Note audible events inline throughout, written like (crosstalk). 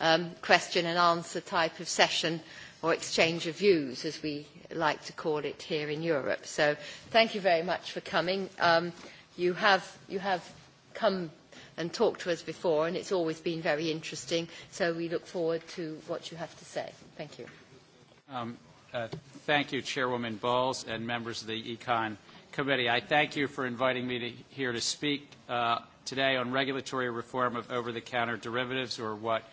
um, question and answer type of session or exchange of views, as we like to call it here in Europe. So thank you very much for coming. Um, you, have, you have come and talked to us before, and it's always been very interesting. So we look forward to what you have to say. Thank you. Um, uh, thank you, Chairwoman Bowles and members of the Econ Committee. I thank you for inviting me to, here to speak uh, today on regulatory reform of over-the-counter derivatives, or what –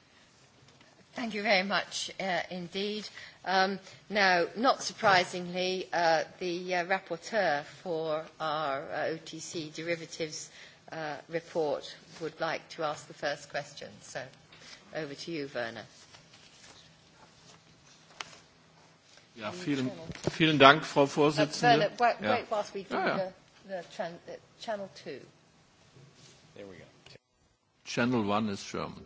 Thank you very much uh, indeed. Um, now, not surprisingly, uh, the uh, rapporteur for our uh, OTC derivatives uh, report would like to ask the first question. So over to you, Werner. Ja, vielen, vielen Dank, Frau Vorsitzende. Uh, Werner, wait, wait whilst we do ja, ja. the, the, tran the channel two. There we go. Channel one is German.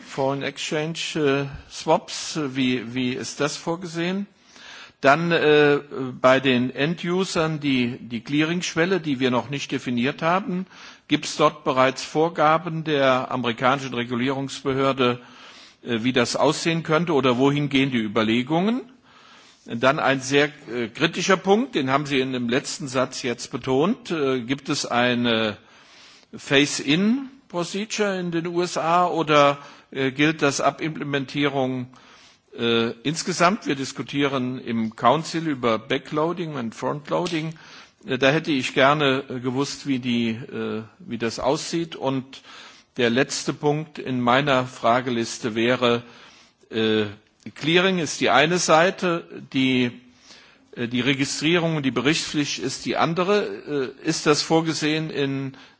Foreign Exchange äh, Swaps, wie, ist das vorgesehen? Dann äh, bei den End-Usern die, Clearingschwelle, die wir noch nicht definiert haben. Gibt es dort bereits Vorgaben der amerikanischen Regulierungsbehörde, äh, wie das aussehen könnte oder wohin gehen die Überlegungen? Dann ein sehr kritischer Punkt, den haben Sie in dem letzten Satz jetzt betont. gibt es eine phase in procedure in den USA oder Äh, gilt das ab Implementierung äh, insgesamt. Wir diskutieren im Council über Backloading und Frontloading. Äh, da hätte ich gerne äh, gewusst, wie, die, äh, wie das aussieht. Und der letzte Punkt in meiner Frageliste wäre, äh, Clearing ist die eine Seite, die, die Registrierung und die Berichtspflicht ist die andere. Ist das vorgesehen in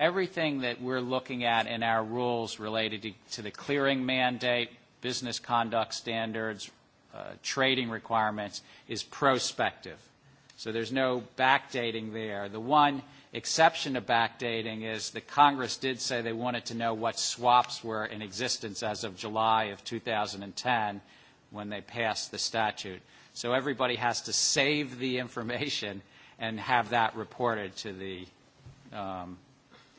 everything that we're looking at in our rules related to, to the clearing mandate, business conduct standards, uh, trading requirements is prospective. So there's no backdating there. The one exception to backdating is the Congress did say they wanted to know what swaps were in existence as of July of 2010 when they passed the statute. So everybody has to save the information and have that reported to the um,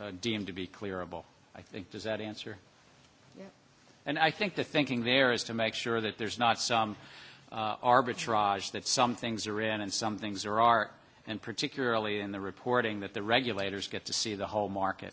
uh, deemed to be clearable. I think, does that answer? Yeah. And I think the thinking there is to make sure that there's not some uh, arbitrage that some things are in and some things are art, and particularly in the reporting that the regulators get to see the whole market.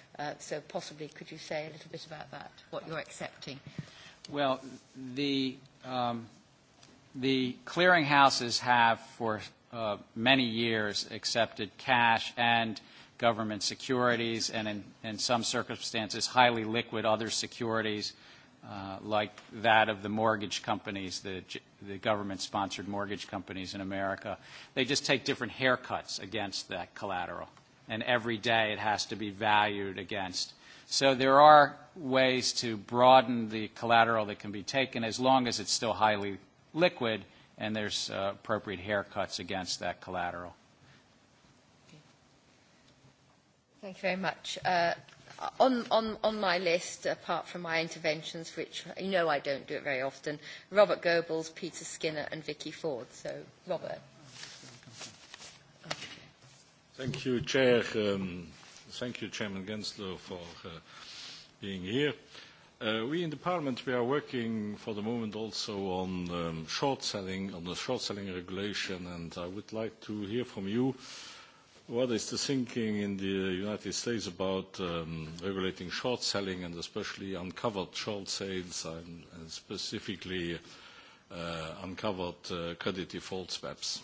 Uh, so possibly could you say a little bit about that, what you're accepting? Well, the, um, the clearinghouses have for uh, many years accepted cash and government securities and in, in some circumstances highly liquid other securities uh, like that of the mortgage companies, the, the government-sponsored mortgage companies in America. They just take different haircuts against that collateral and every day it has to be valued against. So there are ways to broaden the collateral that can be taken as long as it's still highly liquid and there's uh, appropriate haircuts against that collateral. Thank you very much. Uh, on, on, on my list, apart from my interventions, which you know I don't do it very often, Robert Goebbels, Peter Skinner and Vicky Ford. So, Robert. Thank you, Chair. Um, thank you, Chairman Gensler, for uh, being here. Uh, we in the Parliament, we are working for the moment also on um, short selling, on the short selling regulation, and I would like to hear from you what is the thinking in the United States about um, regulating short selling and especially uncovered short sales and, and specifically uh, uncovered uh, credit default swaps?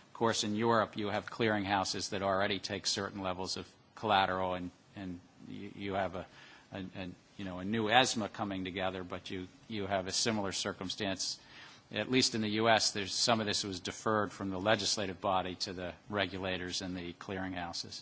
course, in Europe, you have clearinghouses that already take certain levels of collateral, and, and you, you have a, a, a, you know, a new ESMA coming together, but you, you have a similar circumstance. At least in the U.S., there's some of this was deferred from the legislative body to the regulators and the clearinghouses.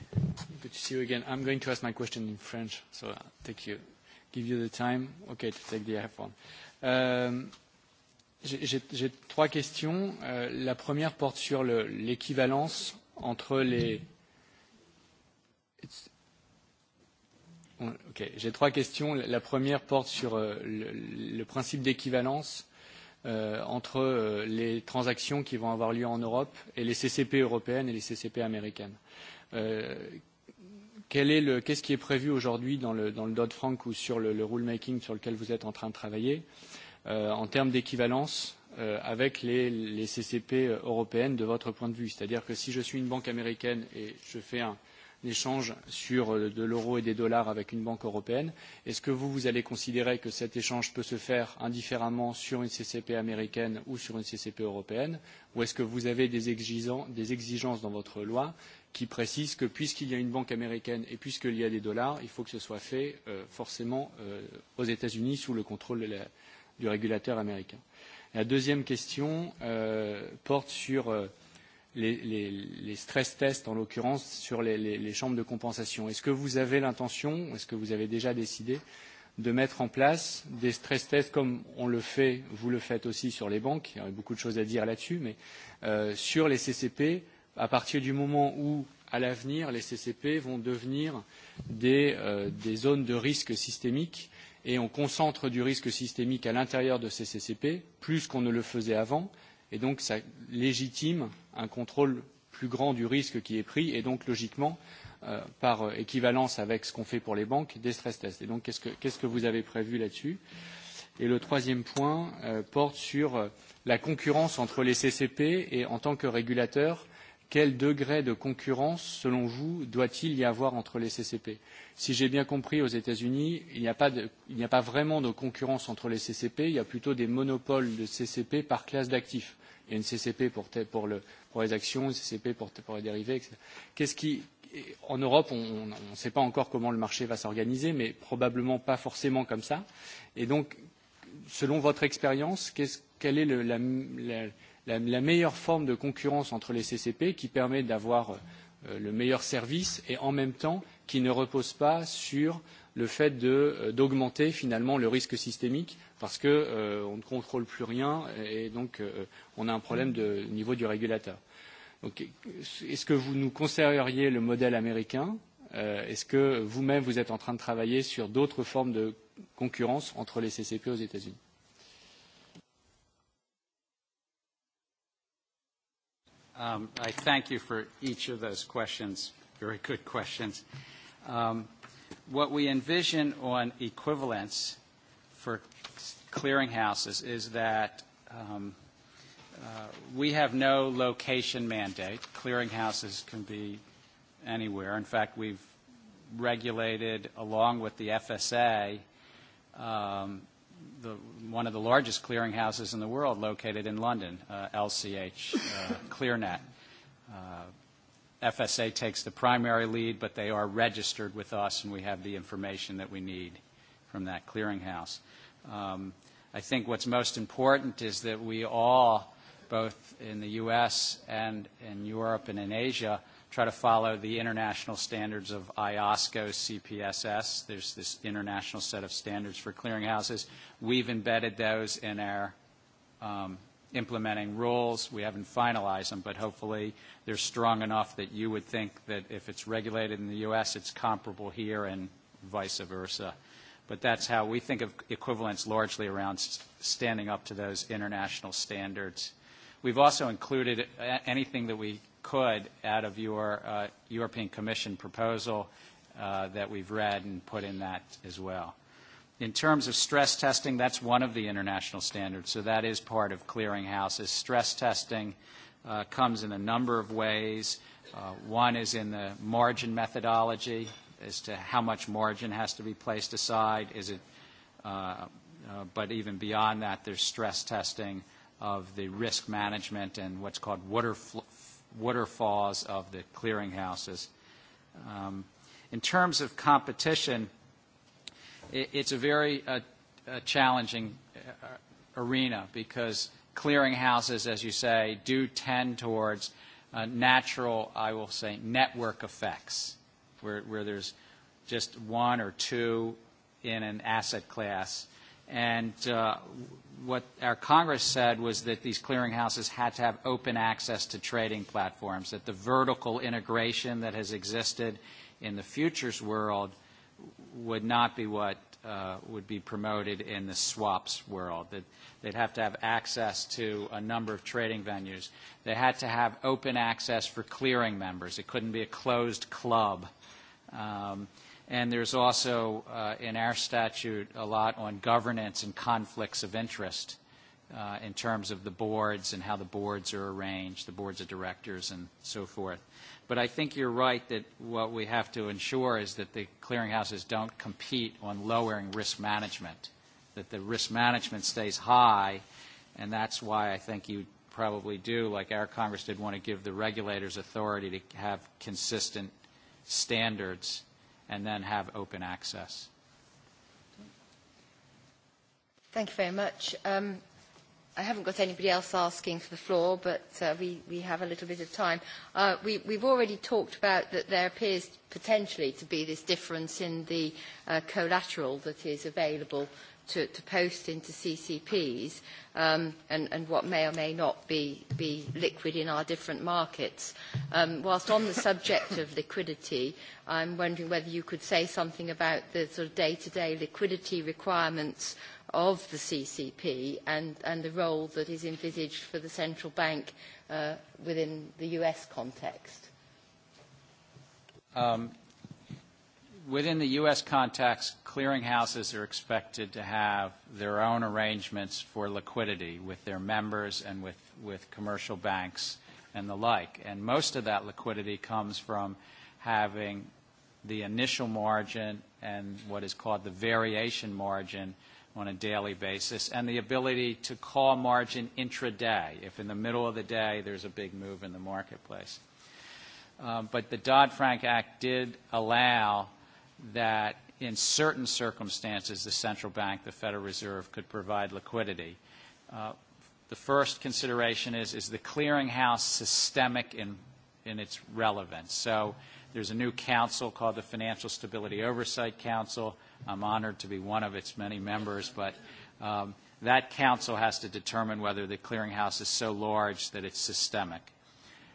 Good to see you again. I'm going to ask my question in French, so I'll take you, give you the time, okay, to take the iPhone. Euh, J'ai trois questions. Euh, la première porte sur l'équivalence entre les... It's... Ok, j'ai trois questions. La première porte sur euh, le, le principe d'équivalence euh, entre euh, les transactions qui vont avoir lieu en Europe et les CCP européennes et les CCP américaines. Euh, Qu'est-ce qui est prévu aujourd'hui dans le, Dodd-Frank ou sur le, rulemaking sur lequel vous êtes en train de travailler euh, en termes d'équivalence euh, avec les, CCP euh, européennes de votre point de vue C'est-à-dire que si je suis une banque américaine et je fais un, échange sur de l'euro et des dollars avec une banque européenne, est-ce que vous, vous allez considérer que cet échange peut se faire indifféremment sur une CCP américaine ou sur une CCP européenne Ou est-ce que vous avez des exigences dans votre loi qui précise que puisqu'il y a une banque américaine et puisqu'il y a des dollars, il faut que ce soit fait euh, forcément euh, aux États-Unis sous le contrôle de la, du régulateur américain. La deuxième question euh, porte sur euh, les, les, les stress tests, en l'occurrence sur les, les, les chambres de compensation. Est-ce que vous avez l'intention, est-ce que vous avez déjà décidé de mettre en place des stress tests comme on le fait, vous le faites aussi sur les banques, il y aurait beaucoup de choses à dire là-dessus, mais euh, sur les CCP à partir du moment où, à l'avenir, les CCP vont devenir des, euh, des zones de risque systémique et on concentre du risque systémique à l'intérieur de ces CCP, plus qu'on ne le faisait avant, et donc ça légitime un contrôle plus grand du risque qui est pris, et donc logiquement, euh, par euh, équivalence avec ce qu'on fait pour les banques, des stress tests. Et donc qu'est-ce que, que vous avez prévu là-dessus Et le troisième point euh, porte sur euh, la concurrence entre les CCP et en tant que régulateurs quel degré de concurrence, selon vous, doit-il y avoir entre les CCP Si j'ai bien compris, aux États-Unis, il n'y a, a, pas vraiment de concurrence entre les CCP, il y a plutôt des monopoles de CCP par classe d'actifs. Il y a une CCP pour, pour, le, pour les actions, une CCP pour, pour les dérivés, etc. Qu'est-ce qui, en Europe, on ne sait pas encore comment le marché va s'organiser, mais probablement pas forcément comme ça. Et donc, selon votre expérience, qu quelle est le, la, la la, la meilleure forme de concurrence entre les CCP qui permet d'avoir euh, le meilleur service et en même temps qui ne repose pas sur le fait euh, d'augmenter euh, finalement le risque systémique parce qu'on euh, ne contrôle plus rien et donc euh, on a un problème de, au niveau du régulateur. est-ce que vous nous conseilleriez le modèle américain euh, Est-ce que vous-même, vous êtes en train de travailler sur d'autres formes de concurrence entre les CCP aux États-Unis Um, I thank you for each of those questions, very good questions. Um, what we envision on equivalence for clearinghouses is that um, uh, we have no location mandate. Clearinghouses can be anywhere. In fact, we've regulated, along with the FSA, um, the, one of the largest clearinghouses in the world located in London, uh, LCH uh, (laughs) ClearNet. Uh, FSA takes the primary lead, but they are registered with us, and we have the information that we need from that clearinghouse. Um, I think what's most important is that we all, both in the U.S. and in Europe and in Asia, try to follow the international standards of IOSCO CPSS. There's this international set of standards for clearinghouses. We've embedded those in our um, implementing rules. We haven't finalized them, but hopefully they're strong enough that you would think that if it's regulated in the U.S., it's comparable here and vice versa. But that's how we think of equivalence largely around standing up to those international standards. We've also included anything that we could out of your uh, European Commission proposal uh, that we've read and put in that as well. In terms of stress testing, that's one of the international standards, so that is part of clearinghouses. Stress testing uh, comes in a number of ways. Uh, one is in the margin methodology as to how much margin has to be placed aside. Is it, uh, uh, but even beyond that, there's stress testing of the risk management and what's called water, fl waterfalls of the clearinghouses. Um, in terms of competition, it, it's a very uh, uh, challenging arena because clearinghouses, as you say, do tend towards uh, natural, I will say, network effects, where, where there's just one or two in an asset class And uh, what our Congress said was that these clearinghouses had to have open access to trading platforms, that the vertical integration that has existed in the futures world would not be what uh, would be promoted in the swaps world, that they'd have to have access to a number of trading venues. They had to have open access for clearing members. It couldn't be a closed club. Um, And there's also uh, in our statute a lot on governance and conflicts of interest uh, in terms of the boards and how the boards are arranged, the boards of directors and so forth. But I think you're right that what we have to ensure is that the clearinghouses don't compete on lowering risk management, that the risk management stays high, and that's why I think you probably do, like our Congress did want to give the regulators authority to have consistent standards and then have open access. Thank you very much. Um, I haven't got anybody else asking for the floor, but uh, we, we have a little bit of time. Uh, we, we've already talked about that there appears potentially to be this difference in the uh, collateral that is available to, to post into CCPs um, and, and what may or may not be, be liquid in our different markets. Um, whilst on the subject of liquidity, I'm wondering whether you could say something about the sort of day-to-day -day liquidity requirements of the CCP and, and the role that is envisaged for the central bank uh, within the US context. Um, within the U.S. context, clearinghouses are expected to have their own arrangements for liquidity with their members and with, with commercial banks and the like. And most of that liquidity comes from having the initial margin and what is called the variation margin on a daily basis, and the ability to call margin intraday if in the middle of the day there's a big move in the marketplace. Um, but the Dodd-Frank Act did allow that in certain circumstances the central bank, the Federal Reserve, could provide liquidity. Uh, the first consideration is, is the clearinghouse systemic in, in its relevance? So there's a new council called the Financial Stability Oversight Council. I'm honored to be one of its many members, but um, that council has to determine whether the clearinghouse is so large that it's systemic.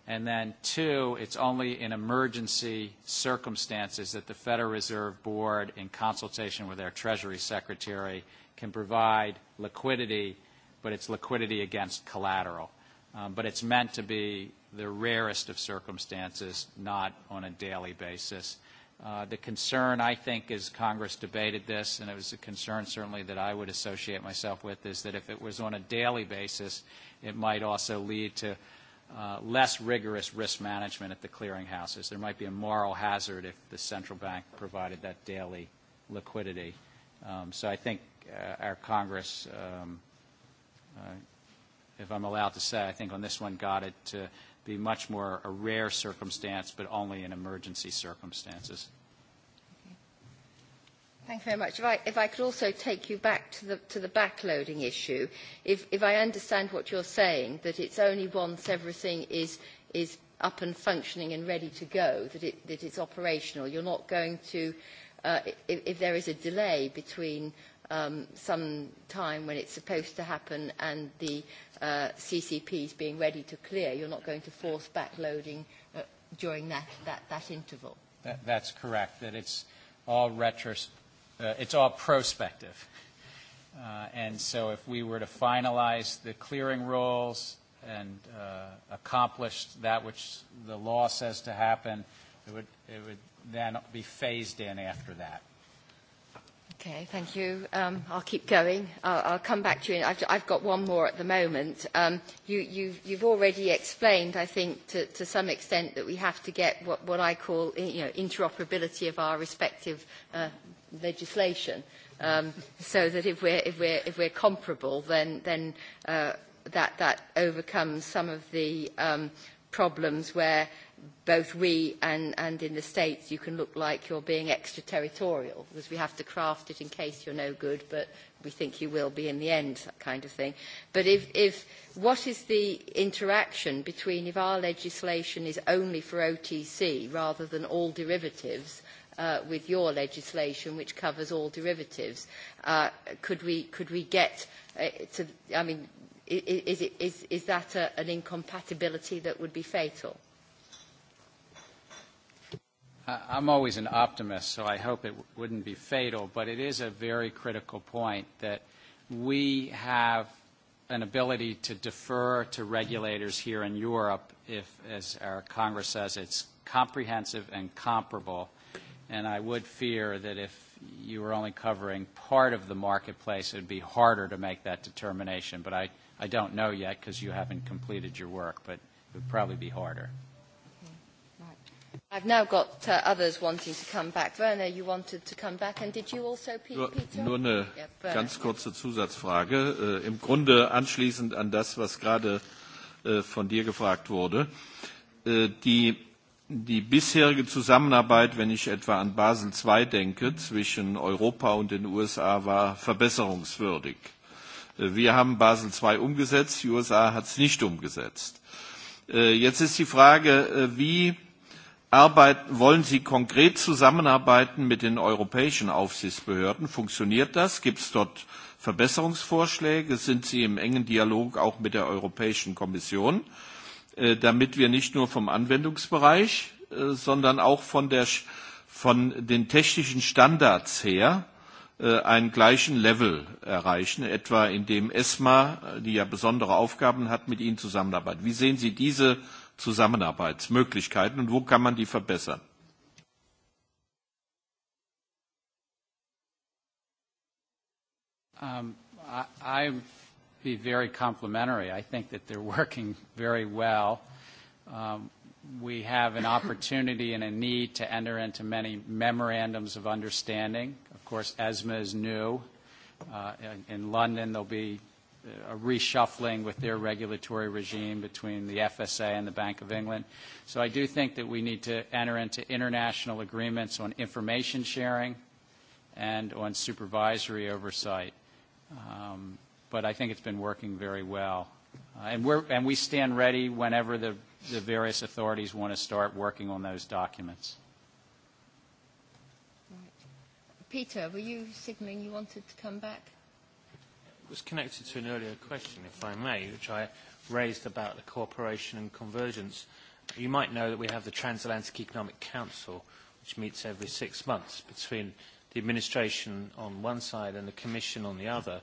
And then two, it's only in emergency circumstances that the Federal Reserve Board, in consultation with their Treasury Secretary, can provide liquidity, but it's liquidity against collateral. Um, but it's meant to be the rarest of circumstances, not on a daily basis. Uh, the concern, I think, as Congress debated this, and it was a concern certainly that I would associate myself with, is that if it was on a daily basis, it might also lead to uh, less rigorous risk management at the clearinghouses. There might be a moral hazard if the central bank provided that daily liquidity. Um, so I think uh, our Congress, um, uh, if I'm allowed to say, I think on this one got it to be much more a rare circumstance, but only in emergency circumstances. Thank you very much. If I, if I could also take you back to the, to the backloading issue, if, if I understand what you're saying, that it's only once everything is, is up and functioning and ready to go, that, it, that it's operational. You're not going to, uh, if, if there is a delay between um, some time when it's supposed to happen and the uh, CCPs being ready to clear, you're not going to force backloading uh, during that, that, that interval. That, that's correct, that it's all retrospective uh, it's all prospective. Uh, and so if we were to finalize the clearing rules and uh, accomplish that which the law says to happen, it would, it would then be phased in after that. Okay, thank you. Um, I'll keep going. I'll, I'll come back to you. I've, I've got one more at the moment. Um, you, you've, you've already explained, I think, to, to some extent that we have to get what, what I call you know, interoperability of our respective uh, legislation um, so that if we're, if we're, if we're comparable, then, then uh, that, that overcomes some of the um, problems where both we and, and in the States you can look like you're being extraterritorial because we have to craft it in case you're no good, but we think you will be in the end, that kind of thing. But if, if what is the interaction between if our legislation is only for OTC rather than all derivatives, uh, with your legislation, which covers all derivatives. Uh, could, we, could we get uh, to, I mean, is, it, is, is that a, an incompatibility that would be fatal? I'm always an optimist, so I hope it wouldn't be fatal, but it is a very critical point that we have an ability to defer to regulators here in Europe if, as our Congress says, it's comprehensive and comparable And I would fear that if you were only covering part of the marketplace, it would be harder to make that determination. But I, I don't know yet because you haven't completed your work, but it would probably be harder. I've now got uh, others wanting to come back. Werner, you wanted to come back, and did you also, Peter? Nur, nur eine yeah, ganz kurze Zusatzfrage. Äh, Im Grunde anschließend an das, was gerade äh, von dir gefragt wurde. Äh, die die bisherige Zusammenarbeit, wenn ich etwa an Basel II denke, zwischen Europa und den USA war verbesserungswürdig. Äh, wir haben Basel II umgesetzt, die USA hat es nicht umgesetzt. Äh, jetzt ist die Frage, äh, wie arbeiten, wollen Sie konkret zusammenarbeiten mit den europäischen Aufsichtsbehörden? Funktioniert das? Gibt es dort Verbesserungsvorschläge? Sind Sie im engen Dialog auch mit der Europäischen Kommission? Äh, damit wir nicht nur vom Anwendungsbereich, äh, sondern auch von, der, von den technischen Standards her äh, einen gleichen Level erreichen, etwa indem ESMA, die ja besondere Aufgaben hat, mit Ihnen zusammenarbeitet. Wie sehen Sie diese Zusammenarbeitsmöglichkeiten und wo kann man die verbessern? Um, I, I'm be very complimentary. I think that they're (laughs) working very well. Um, we have an opportunity and a need to enter into many memorandums of understanding. Of course, ESMA is new. Uh, in, in London, there'll be a reshuffling with their regulatory regime between the FSA and the Bank of England. So I do think that we need to enter into international agreements on information sharing and on supervisory oversight. Um, but I think it's been working very well. Uh, and, we're, and we stand ready whenever the, the various authorities want to start working on those documents. Peter, were you signaling you wanted to come back? It was connected to an earlier question, if I may, which I raised about the cooperation and convergence. You might know that we have the Transatlantic Economic Council, which meets every six months between the administration on one side and the commission on the other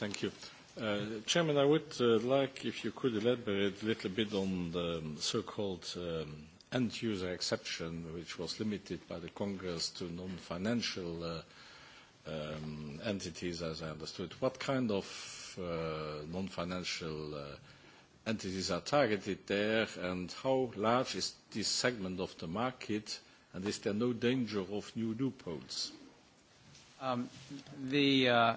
Thank you. Uh, Chairman, I would uh, like if you could elaborate a little bit on the um, so-called um, end-user exception, which was limited by the Congress to non-financial uh, um, entities, as I understood. What kind of uh, non-financial uh, entities are targeted there, and how large is this segment of the market, and is there no danger of new loopholes? Um, the uh,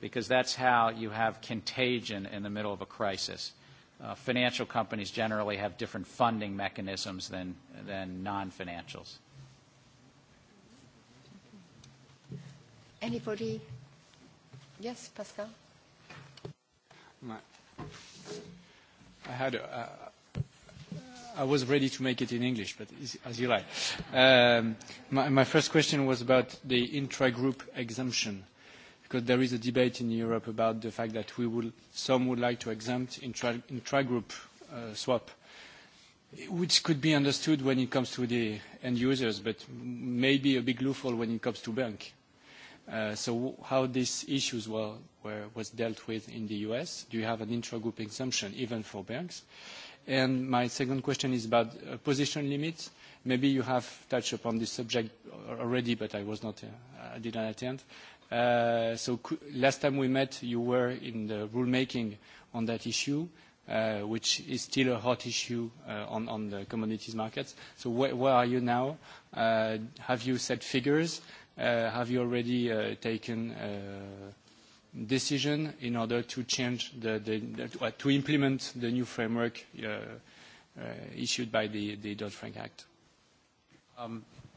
because that's how you have contagion in the middle of a crisis. Uh, financial companies generally have different funding mechanisms than, than non-financials. Anybody? Yes, Pascal? I had a, uh, I was ready to make it in English, but as you like. Um, my, my first question was about the intra-group exemption because there is a debate in Europe about the fact that we will, some would like to exempt intra, intra-group uh, swap, which could be understood when it comes to the end users, but maybe a big loophole when it comes to bank. Uh, so how these issues were, were, was dealt with in the US? Do you have an intra-group exemption even for banks? And my second question is about uh, position limits. Maybe you have touched upon this subject uh, already, but I was not, uh, I didn't attend. Uh, so last time we met, you were in the rulemaking on that issue, uh, which is still a hot issue uh, on, on the commodities markets. So where are you now? Uh, have you set figures? Uh, have you already uh, taken decision in order to change the, the, to implement the new framework issued by the, the Dodd-Frank Act? Um,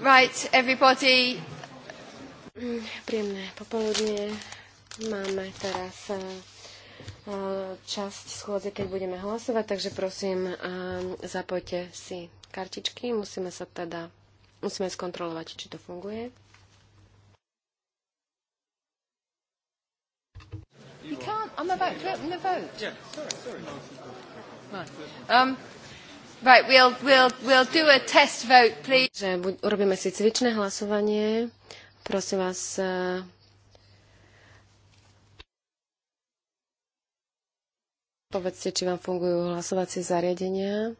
Right, everybody. Príjemné popoludnie. Máme teraz eh, eh, časť schôdze, keď budeme hlasovať, takže prosím, eh, zapojte si kartičky. Musíme sa teda, musíme skontrolovať, či to funguje. You can't. I'm about to open the vote. Yeah, sorry, sorry. Right. Um, Right, we'll, we'll, we'll do a test vote, please. Že urobíme si cvičné hlasovanie. Prosím vás, eh, povedzte, či vám fungujú hlasovacie zariadenia.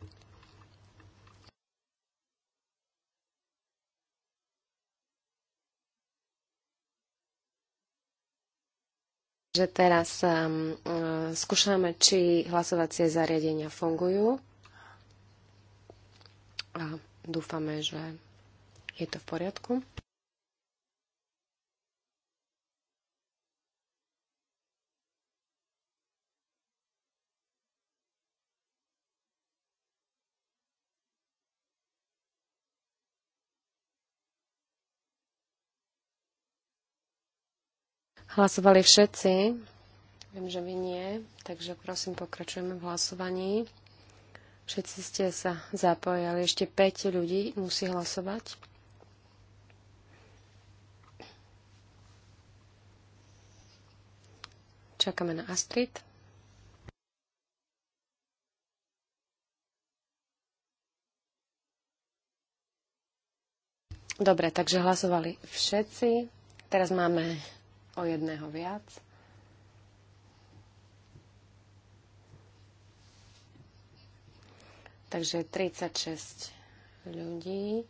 že teraz um, skúšame, či hlasovacie zariadenia fungujú a dúfame, že je to v poriadku. Hlasovali všetci? Viem, že vy nie, takže prosím, pokračujeme v hlasovaní. Všetci ste sa zapojali. Ešte 5 ľudí musí hlasovať. Čakáme na Astrid. Dobre, takže hlasovali všetci. Teraz máme o jedného viac. Takže 36 ľudí.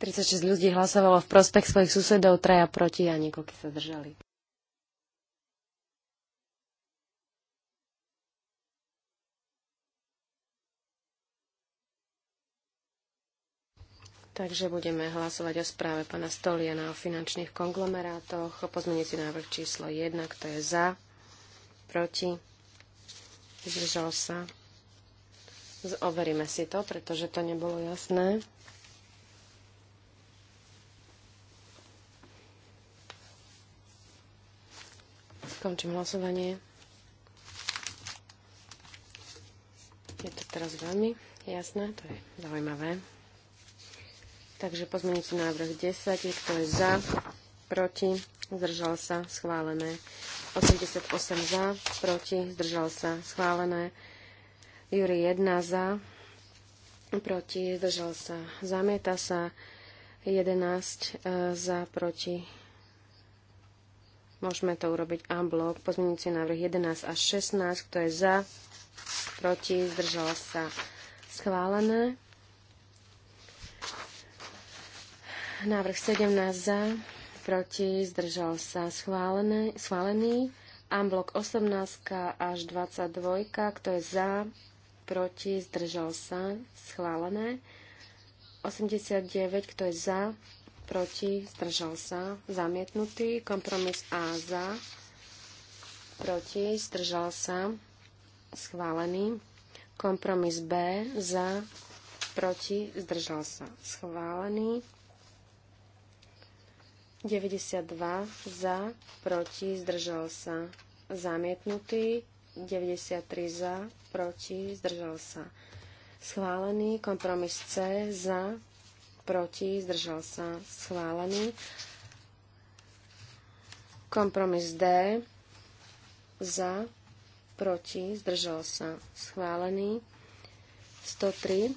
36 (laughs) ľudí hlasovalo v prospech svojich susedov, traja proti a niekoľko sa držali. Takže budeme hlasovať o správe pana Stoliana o finančných konglomerátoch. Pozmeniť si návrh číslo 1, kto je za, proti. Zdržal sa. Overíme si to, pretože to nebolo jasné. Končím hlasovanie. Je to teraz veľmi jasné, to je zaujímavé. Takže si návrh 10, kto je za, proti, zdržal sa, schválené. 88 za, proti, zdržal sa, schválené. Júri 1 za, proti, zdržal sa, zamieta sa. 11 e, za, proti. Môžeme to urobiť a blok. Pozmeňujúci návrh 11 až 16, kto je za, proti, zdržal sa, schválené. Návrh 17 za, proti, zdržal sa schválený. schválený. Amblok 18 až 22, kto je za, proti, zdržal sa, schválené. 89, kto je za, proti, zdržal sa, zamietnutý. Kompromis A za, proti, zdržal sa, schválený. Kompromis B za, proti, zdržal sa, schválený. 92 za, proti, zdržal sa. Zamietnutý. 93 za, proti, zdržal sa. Schválený. Kompromis C za, proti, zdržal sa. Schválený. Kompromis D za, proti, zdržal sa. Schválený. 103.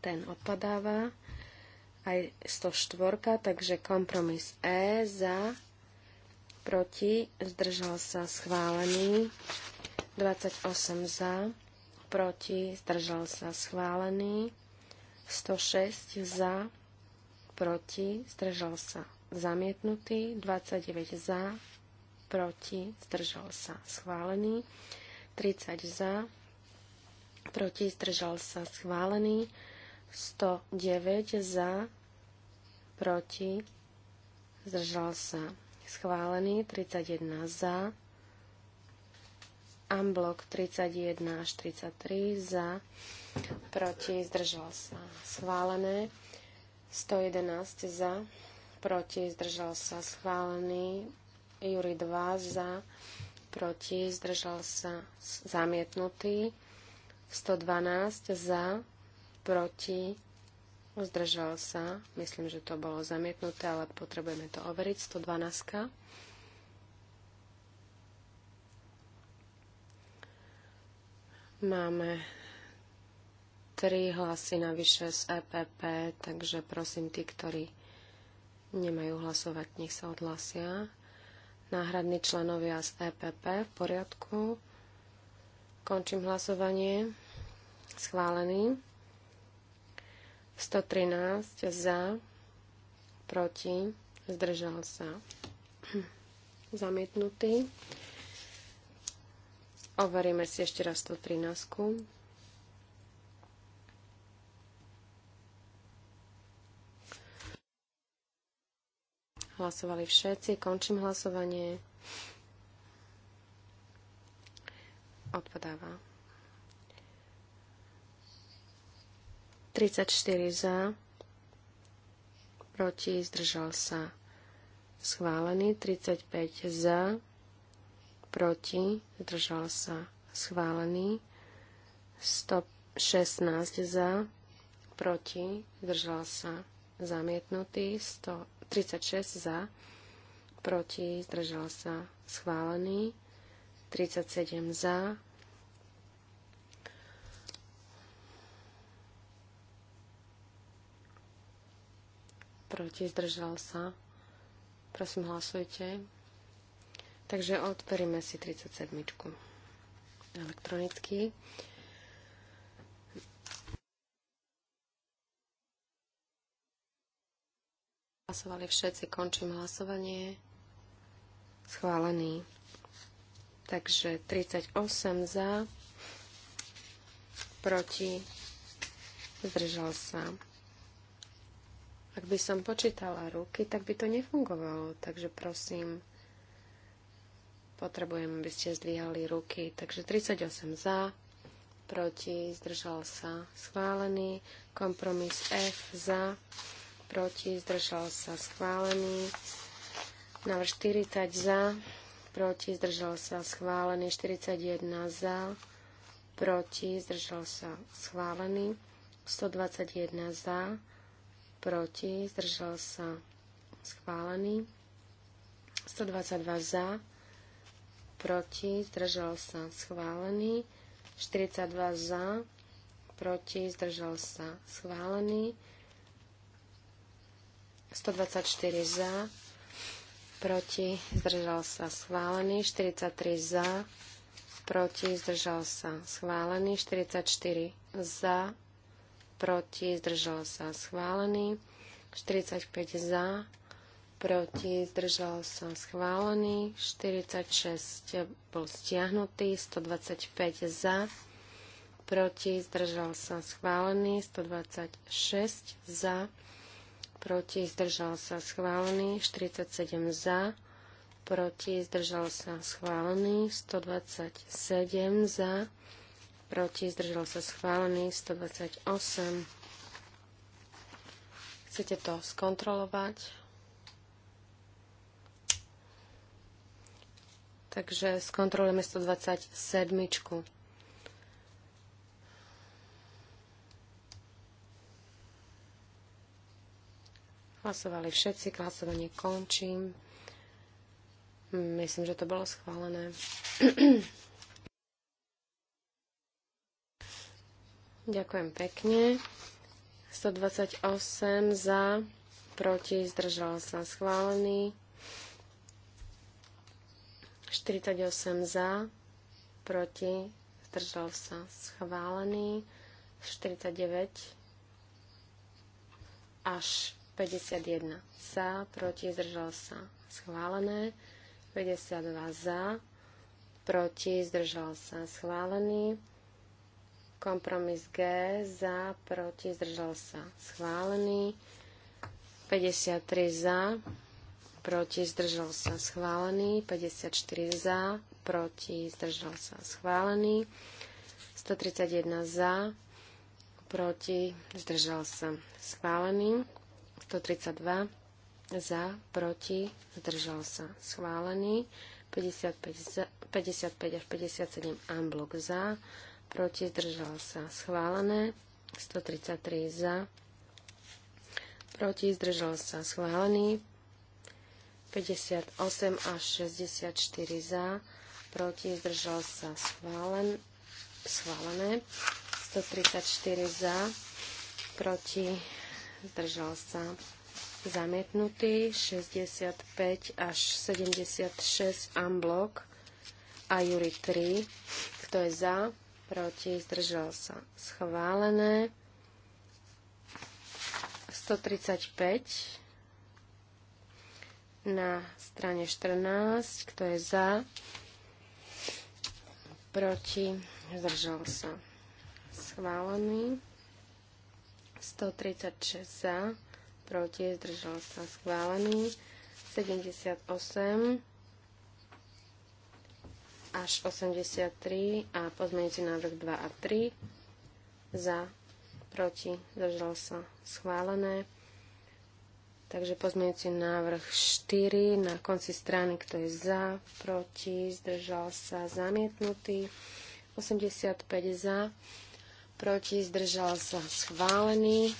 Ten odpadáva aj 104, takže kompromis E za, proti, zdržal sa schválený, 28 za, proti, zdržal sa schválený, 106 za, proti, zdržal sa zamietnutý, 29 za, proti, zdržal sa schválený, 30 za, proti, zdržal sa schválený, 109 za, proti, zdržal sa. Schválený 31 za, Amblok 31 až 33 za, proti, zdržal sa. Schválené 111 za, proti, zdržal sa. Schválený Juri 2 za, proti, zdržal sa. Zamietnutý 112 za, proti, zdržal sa, myslím, že to bolo zamietnuté, ale potrebujeme to overiť, 112. Máme tri hlasy navyše z EPP, takže prosím tí, ktorí nemajú hlasovať, nech sa odhlasia. Náhradní členovia z EPP v poriadku. Končím hlasovanie. Schválený. 113 za, proti, zdržal sa. (clears throat) Zamietnutý. Overíme si ešte raz 113. -ku. Hlasovali všetci. Končím hlasovanie. Odpadáva. 34 za, proti, zdržal sa. Schválený. 35 za, proti, zdržal sa. Schválený. 116 za, proti, zdržal sa. Zamietnutý. 136 za, proti, zdržal sa. Schválený. 37 za, proti, zdržal sa. Prosím, hlasujte. Takže odperíme si 37. elektronicky. Hlasovali všetci, končím hlasovanie. Schválený. Takže 38 za, proti, zdržal sa ak by som počítala ruky, tak by to nefungovalo. Takže prosím, potrebujem, aby ste zdvíhali ruky. Takže 38 za, proti, zdržal sa, schválený. Kompromis F za, proti, zdržal sa, schválený. Návrh 40 za, proti, zdržal sa, schválený. 41 za, proti, zdržal sa, schválený. 121 za, proti, zdržal sa schválený. 122 za, proti, zdržal sa schválený. 42 za, proti, zdržal sa schválený. 124 za, proti, zdržal sa schválený. 43 za, proti, zdržal sa schválený. 44 za, proti, zdržal sa schválený. 45 za, proti, zdržal sa schválený. 46 bol stiahnutý, 125 za, proti, zdržal sa schválený. 126 za, proti, zdržal sa schválený. 47 za, proti, zdržal sa schválený. 127 za, proti, proti, zdržal sa schválený, 128. Chcete to skontrolovať? Takže skontrolujeme 127. Hlasovali všetci, hlasovanie končím. Myslím, že to bolo schválené. (clears throat) Ďakujem pekne. 128 za, proti, zdržal sa schválený. 48 za, proti, zdržal sa schválený. 49 až 51 za, proti, zdržal sa schválené. 52 za, proti, zdržal sa schválený. Kompromis G za, proti, zdržal sa schválený. 53 za, proti, zdržal sa schválený. 54 za, proti, zdržal sa schválený. 131 za, proti, zdržal sa schválený. 132 za, proti, zdržal sa schválený. 55, za, 55 až 57 amblok za, proti, zdržal sa schválené, 133 za, proti, zdržal sa schválený, 58 až 64 za, proti, zdržal sa schválen, schválené, 134 za, proti, zdržal sa zamietnutý, 65 až 76 amblok a Juri 3, kto je za, proti, zdržal sa schválené. 135 na strane 14, kto je za, proti, zdržal sa schválený. 136 za, proti, zdržal sa schválený. 78 až 83 a pozmeňujúci návrh 2 a 3 za, proti, zdržal sa schválené. Takže pozmeňujúci návrh 4 na konci strany, kto je za, proti, zdržal sa zamietnutý. 85 za, proti, zdržal sa schválený.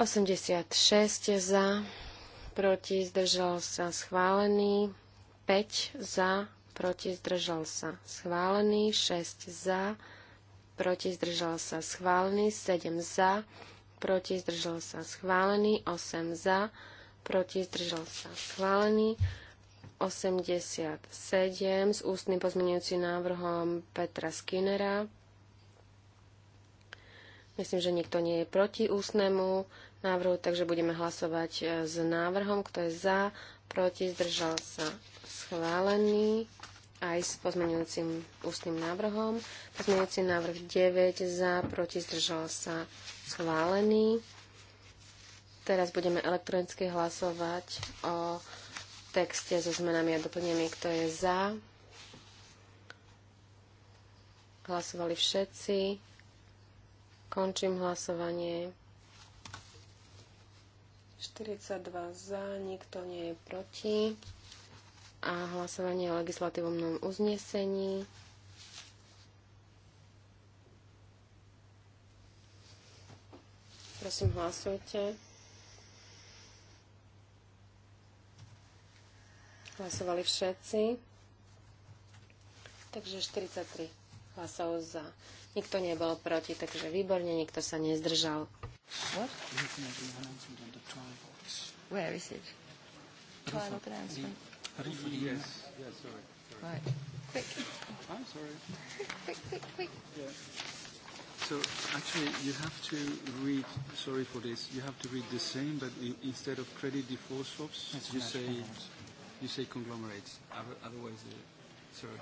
86 za, proti, zdržal sa schválený. 5 za, proti, zdržal sa. Schválený 6 za, proti, zdržal sa. Schválený 7 za, proti, zdržal sa. Schválený 8 za, proti, zdržal sa. Schválený 87 s ústnym pozmeňujúcim návrhom Petra Skinnera. Myslím, že nikto nie je proti ústnemu návrhu, takže budeme hlasovať e, s návrhom, kto je za, proti, zdržal sa schválený aj s pozmenujúcim ústnym návrhom. Pozmenujúci návrh 9 za, proti, zdržal sa, schválený. Teraz budeme elektronicky hlasovať o texte so zmenami a doplnenými, kto je za. Hlasovali všetci. Končím hlasovanie. 42 za, nikto nie je proti a hlasovanie o legislatívnom uznesení. Prosím, hlasujte. Hlasovali všetci. Takže 43 hlasov za. Nikto nebol proti, takže výborne, nikto sa nezdržal. What? Where is it? Trial announcement. Yes, yes, sorry. sorry. Right. Quick. I'm sorry. quick, quick, quick. Yeah. So actually, you have to read, sorry for this, you have to read the same, but i instead of credit default swaps, That's you say, you say conglomerates. Otherwise, uh, sorry.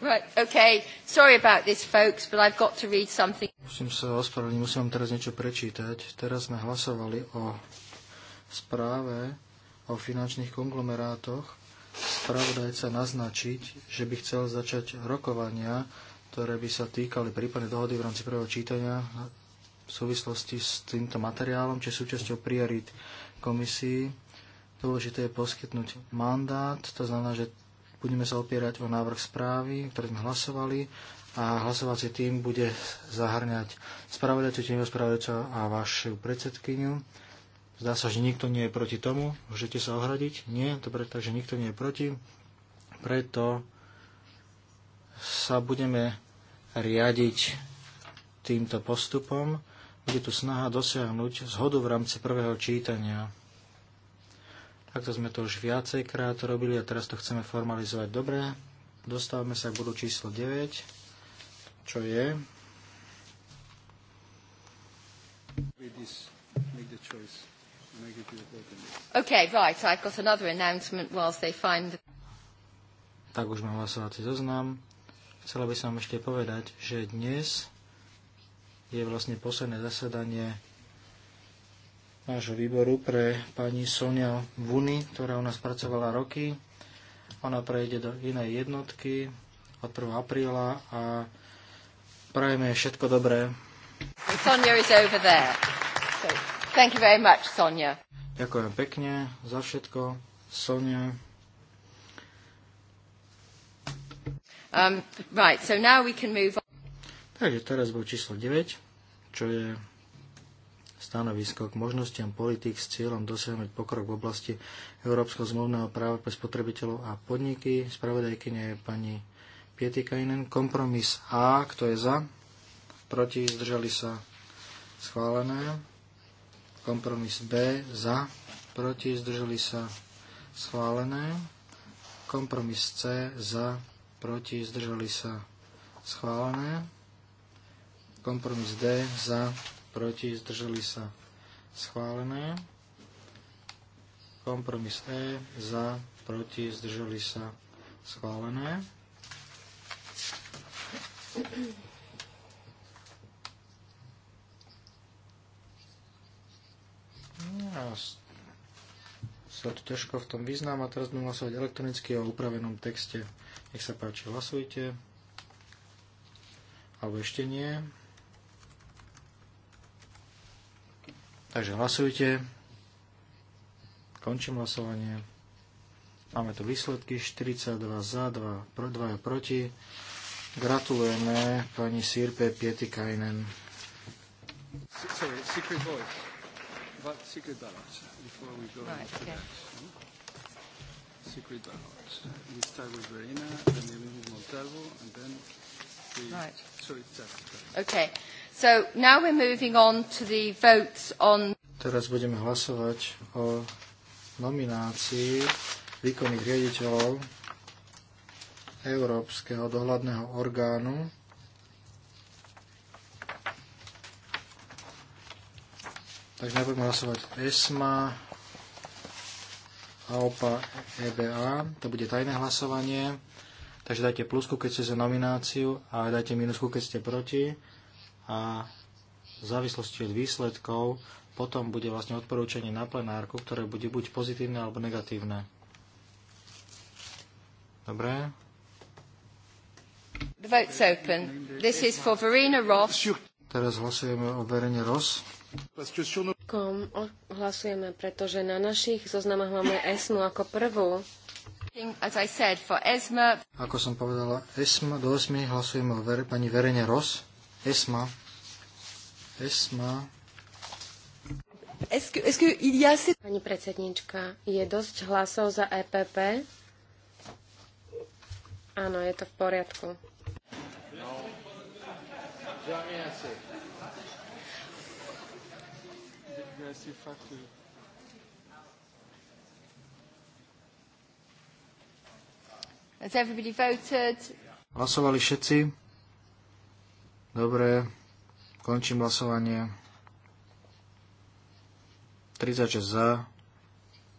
Right, okay. Sorry about this, folks, but I've got to read something. Musím sa ospravedlniť, musím vám teraz niečo prečítať. Teraz sme hlasovali o správe o finančných konglomerátoch spravodajca naznačiť, že by chcel začať rokovania, ktoré by sa týkali prípadnej dohody v rámci prvého čítania v súvislosti s týmto materiálom, či súčasťou priorit komisii. Dôležité je poskytnúť mandát, to znamená, že budeme sa opierať o návrh správy, ktorý sme hlasovali a hlasovací tým bude zahrňať spravodajcu, tým a vašu predsedkyňu. Zdá sa, že nikto nie je proti tomu. Môžete sa ohradiť? Nie? Dobre, takže nikto nie je proti. Preto sa budeme riadiť týmto postupom. Bude tu snaha dosiahnuť zhodu v rámci prvého čítania. Takto sme to už viacejkrát robili a teraz to chceme formalizovať. Dobre, dostávame sa k bodu číslo 9, čo je... With this, make the choice. Okay, right. I've got another announcement whilst they find Tak už mám hlasovací zoznam. Chcela by som ešte povedať, že dnes je vlastne posledné zasadanie nášho výboru pre pani Sonia Vuny, ktorá u nás pracovala roky. Ona prejde do inej jednotky od 1. apríla a prajeme všetko dobré. Sonia is over there. Thank you very much, Sonia. Ďakujem pekne za všetko, Sonia. Um, right, so now we can move on. Takže teraz bol číslo 9, čo je stanovisko k možnostiam politik s cieľom dosiahnuť pokrok v oblasti európskeho zmluvného práva pre spotrebiteľov a podniky. Spravodajkyne je pani Pietikainen. Kompromis A, kto je za? Proti, zdržali sa schválené. Kompromis B za, proti, zdržali sa schválené. Kompromis C za, proti, zdržali sa schválené. Kompromis D za, proti, zdržali sa schválené. Kompromis E za, proti, zdržali sa schválené. sa tu ťažko v tom vyznám a teraz budem hlasovať elektronicky o upravenom texte. Nech sa páči, hlasujte. Alebo ešte nie. Takže hlasujte. Končím hlasovanie. Máme tu výsledky 42 za, 2, 2 proti. Gratulujeme pani Sirpe Pietikainen. Sorry, secret voice. But secret ballots before we go right, into okay. that. Secret ballots. We start with Verena, then we move Montalvo, and then we. Right. Sorry, Okay. So now we're moving on to the votes on. Teraz budeme hlasovať o nominácii výkonných riaditeľov Európskeho dohľadného orgánu Takže najprv hlasovať ESMA e a OPA EBA. To bude tajné hlasovanie. Takže dajte plusku, keď ste za nomináciu a dajte minusku, keď ste proti. A v závislosti od výsledkov potom bude vlastne odporúčanie na plenárku, ktoré bude buď pozitívne alebo negatívne. Dobre. Teraz hlasujeme o Verene Ross. Kom hlasujeme, pretože na našich zoznamoch máme ESMU ako prvú. Ako som povedala, ESMA, do ESMI hlasujeme o ver, pani Verene Ros. ESMA. ESMA. Pani predsednička, je dosť hlasov za EPP? Áno, je to v poriadku. No. assez Has everybody voted? Hlasovali všetci? Dobre, končím hlasovanie. 36 za,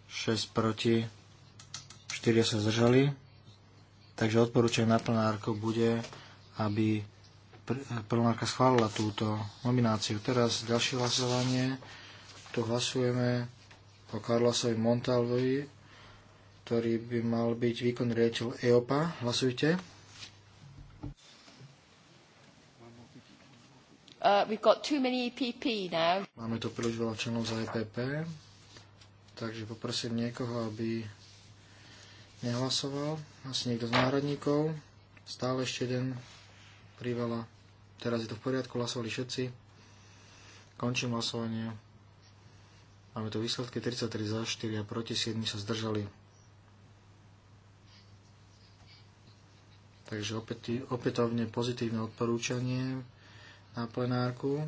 6 proti, 4 sa zdržali. Takže odporúčanie na plenárku bude, aby plenárka schválila túto nomináciu. Teraz ďalšie hlasovanie takto hlasujeme o Karlasovi Montalvovi, ktorý by mal byť výkonný riaditeľ EOPA. Hlasujte. Uh, we've got too many EPP now. Máme tu príliš veľa členov za EPP, takže poprosím niekoho, aby nehlasoval. Asi niekto z náhradníkov. Stále ešte jeden priveľa. Teraz je to v poriadku, hlasovali všetci. Končím hlasovanie. Máme tu výsledky 33 za, 4 a proti, 7 sa zdržali. Takže opäť, opätovne pozitívne odporúčanie na plenárku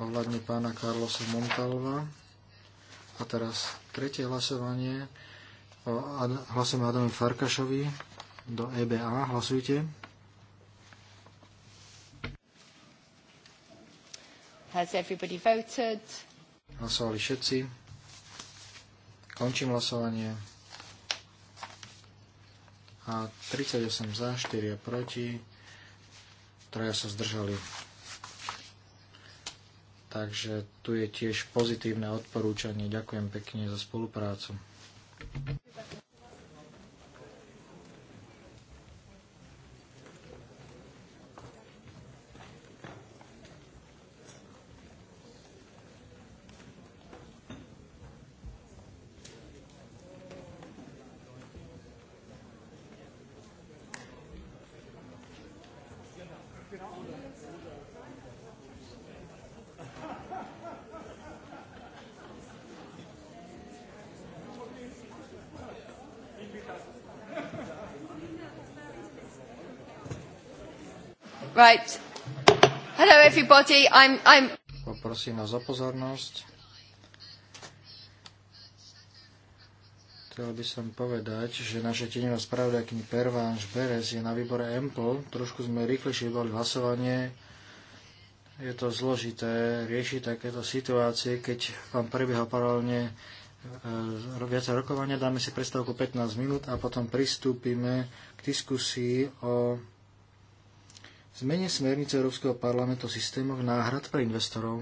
ohľadne pána Carlosa Montalva. A teraz tretie hlasovanie. O Ad- hlasujeme Adamu Farkašovi do EBA. Hlasujte. Has everybody voted? Hlasovali všetci. Končím hlasovanie. A 38 za, 4 proti. Traja sa zdržali. Takže tu je tiež pozitívne odporúčanie. Ďakujem pekne za spoluprácu. Right. Hello everybody, I'm, I'm... Poprosím vás o pozornosť. Chcel by som povedať, že naše naša spravda, akým Pervánž Berez je na výbore EMPL. Trošku sme rýchlejšie vybrali hlasovanie. Je to zložité riešiť takéto situácie, keď vám prebieha paralelne e, viac rokovania. Dáme si predstavku 15 minút a potom pristúpime k diskusii o zmene smernice Európskeho parlamentu o systémoch náhrad pre investorov.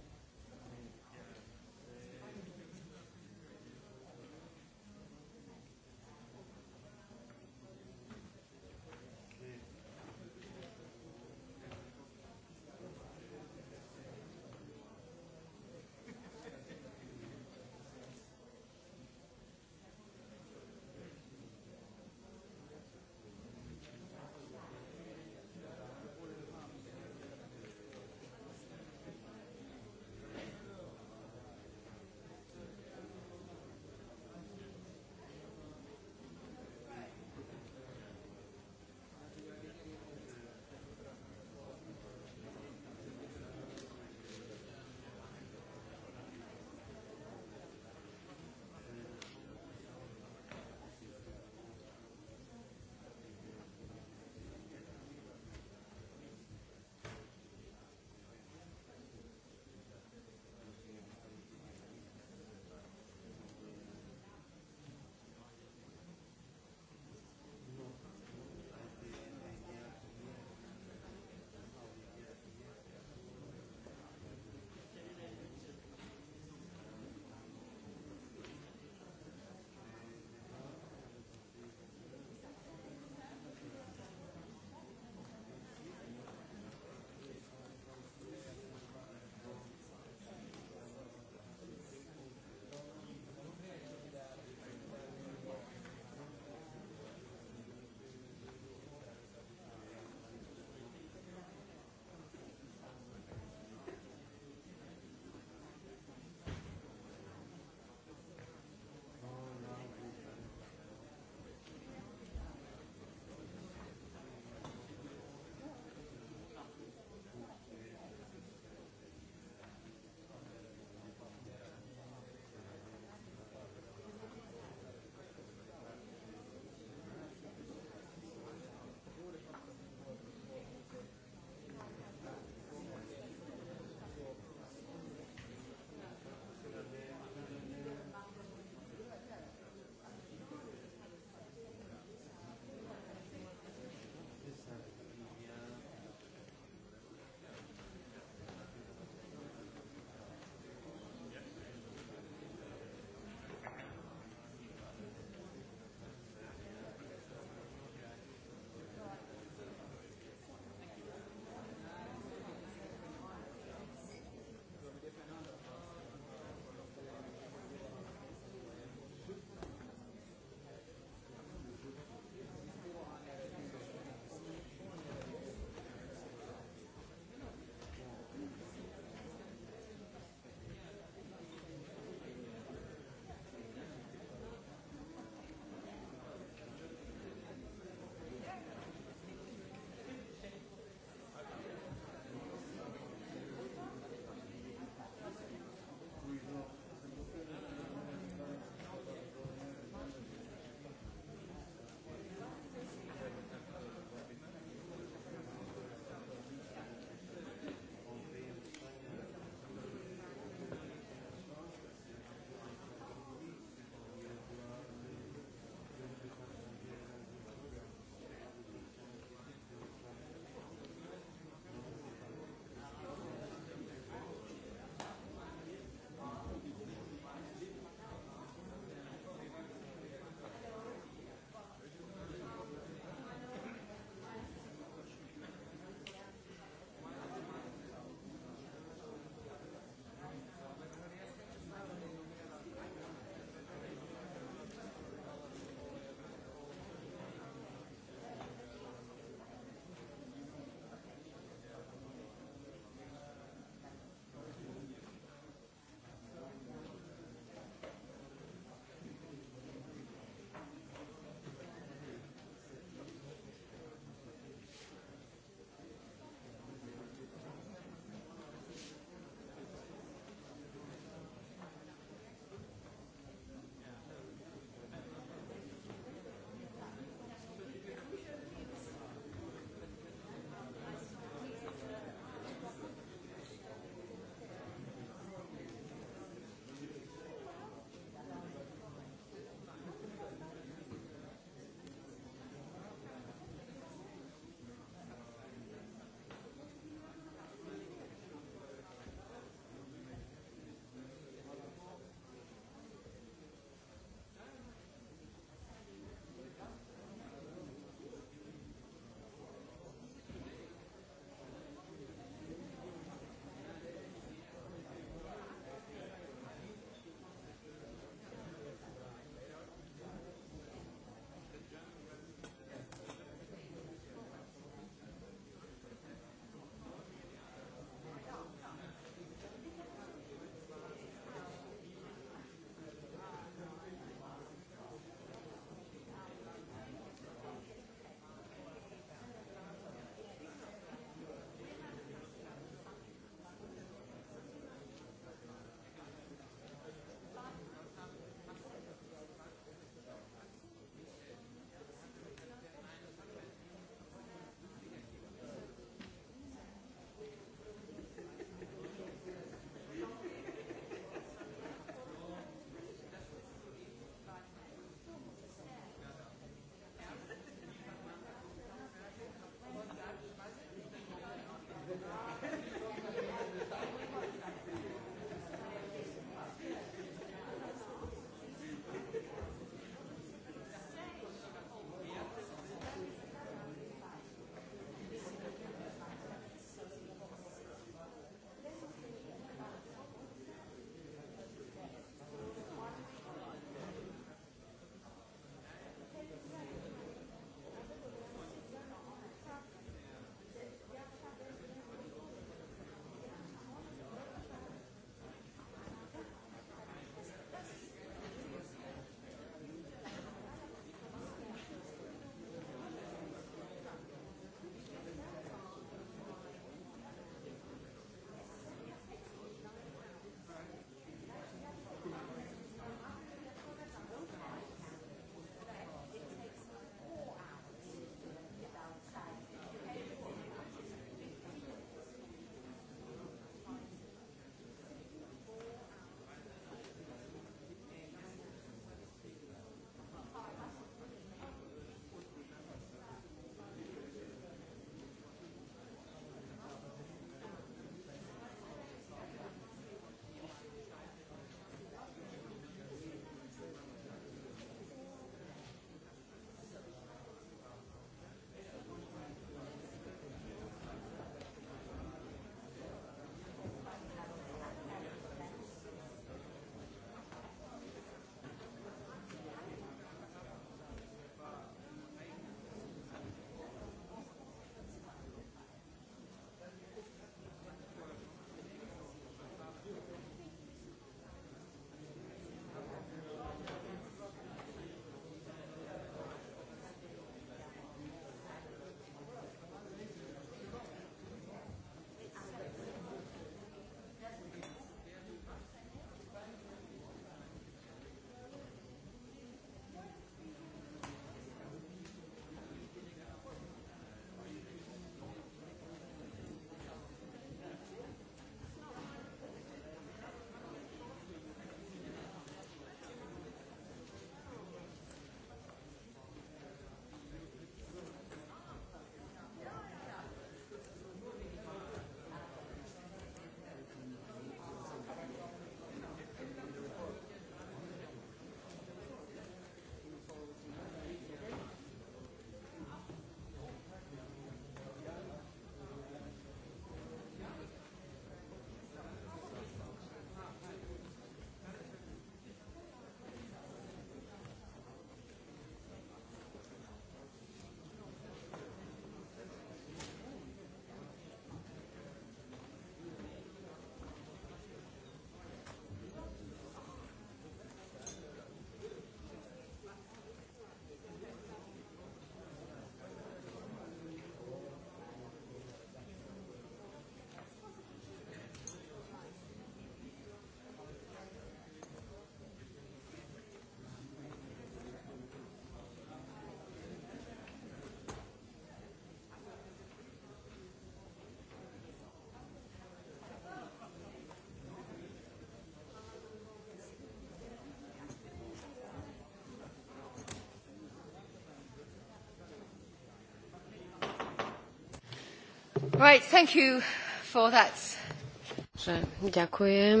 Ďakujem.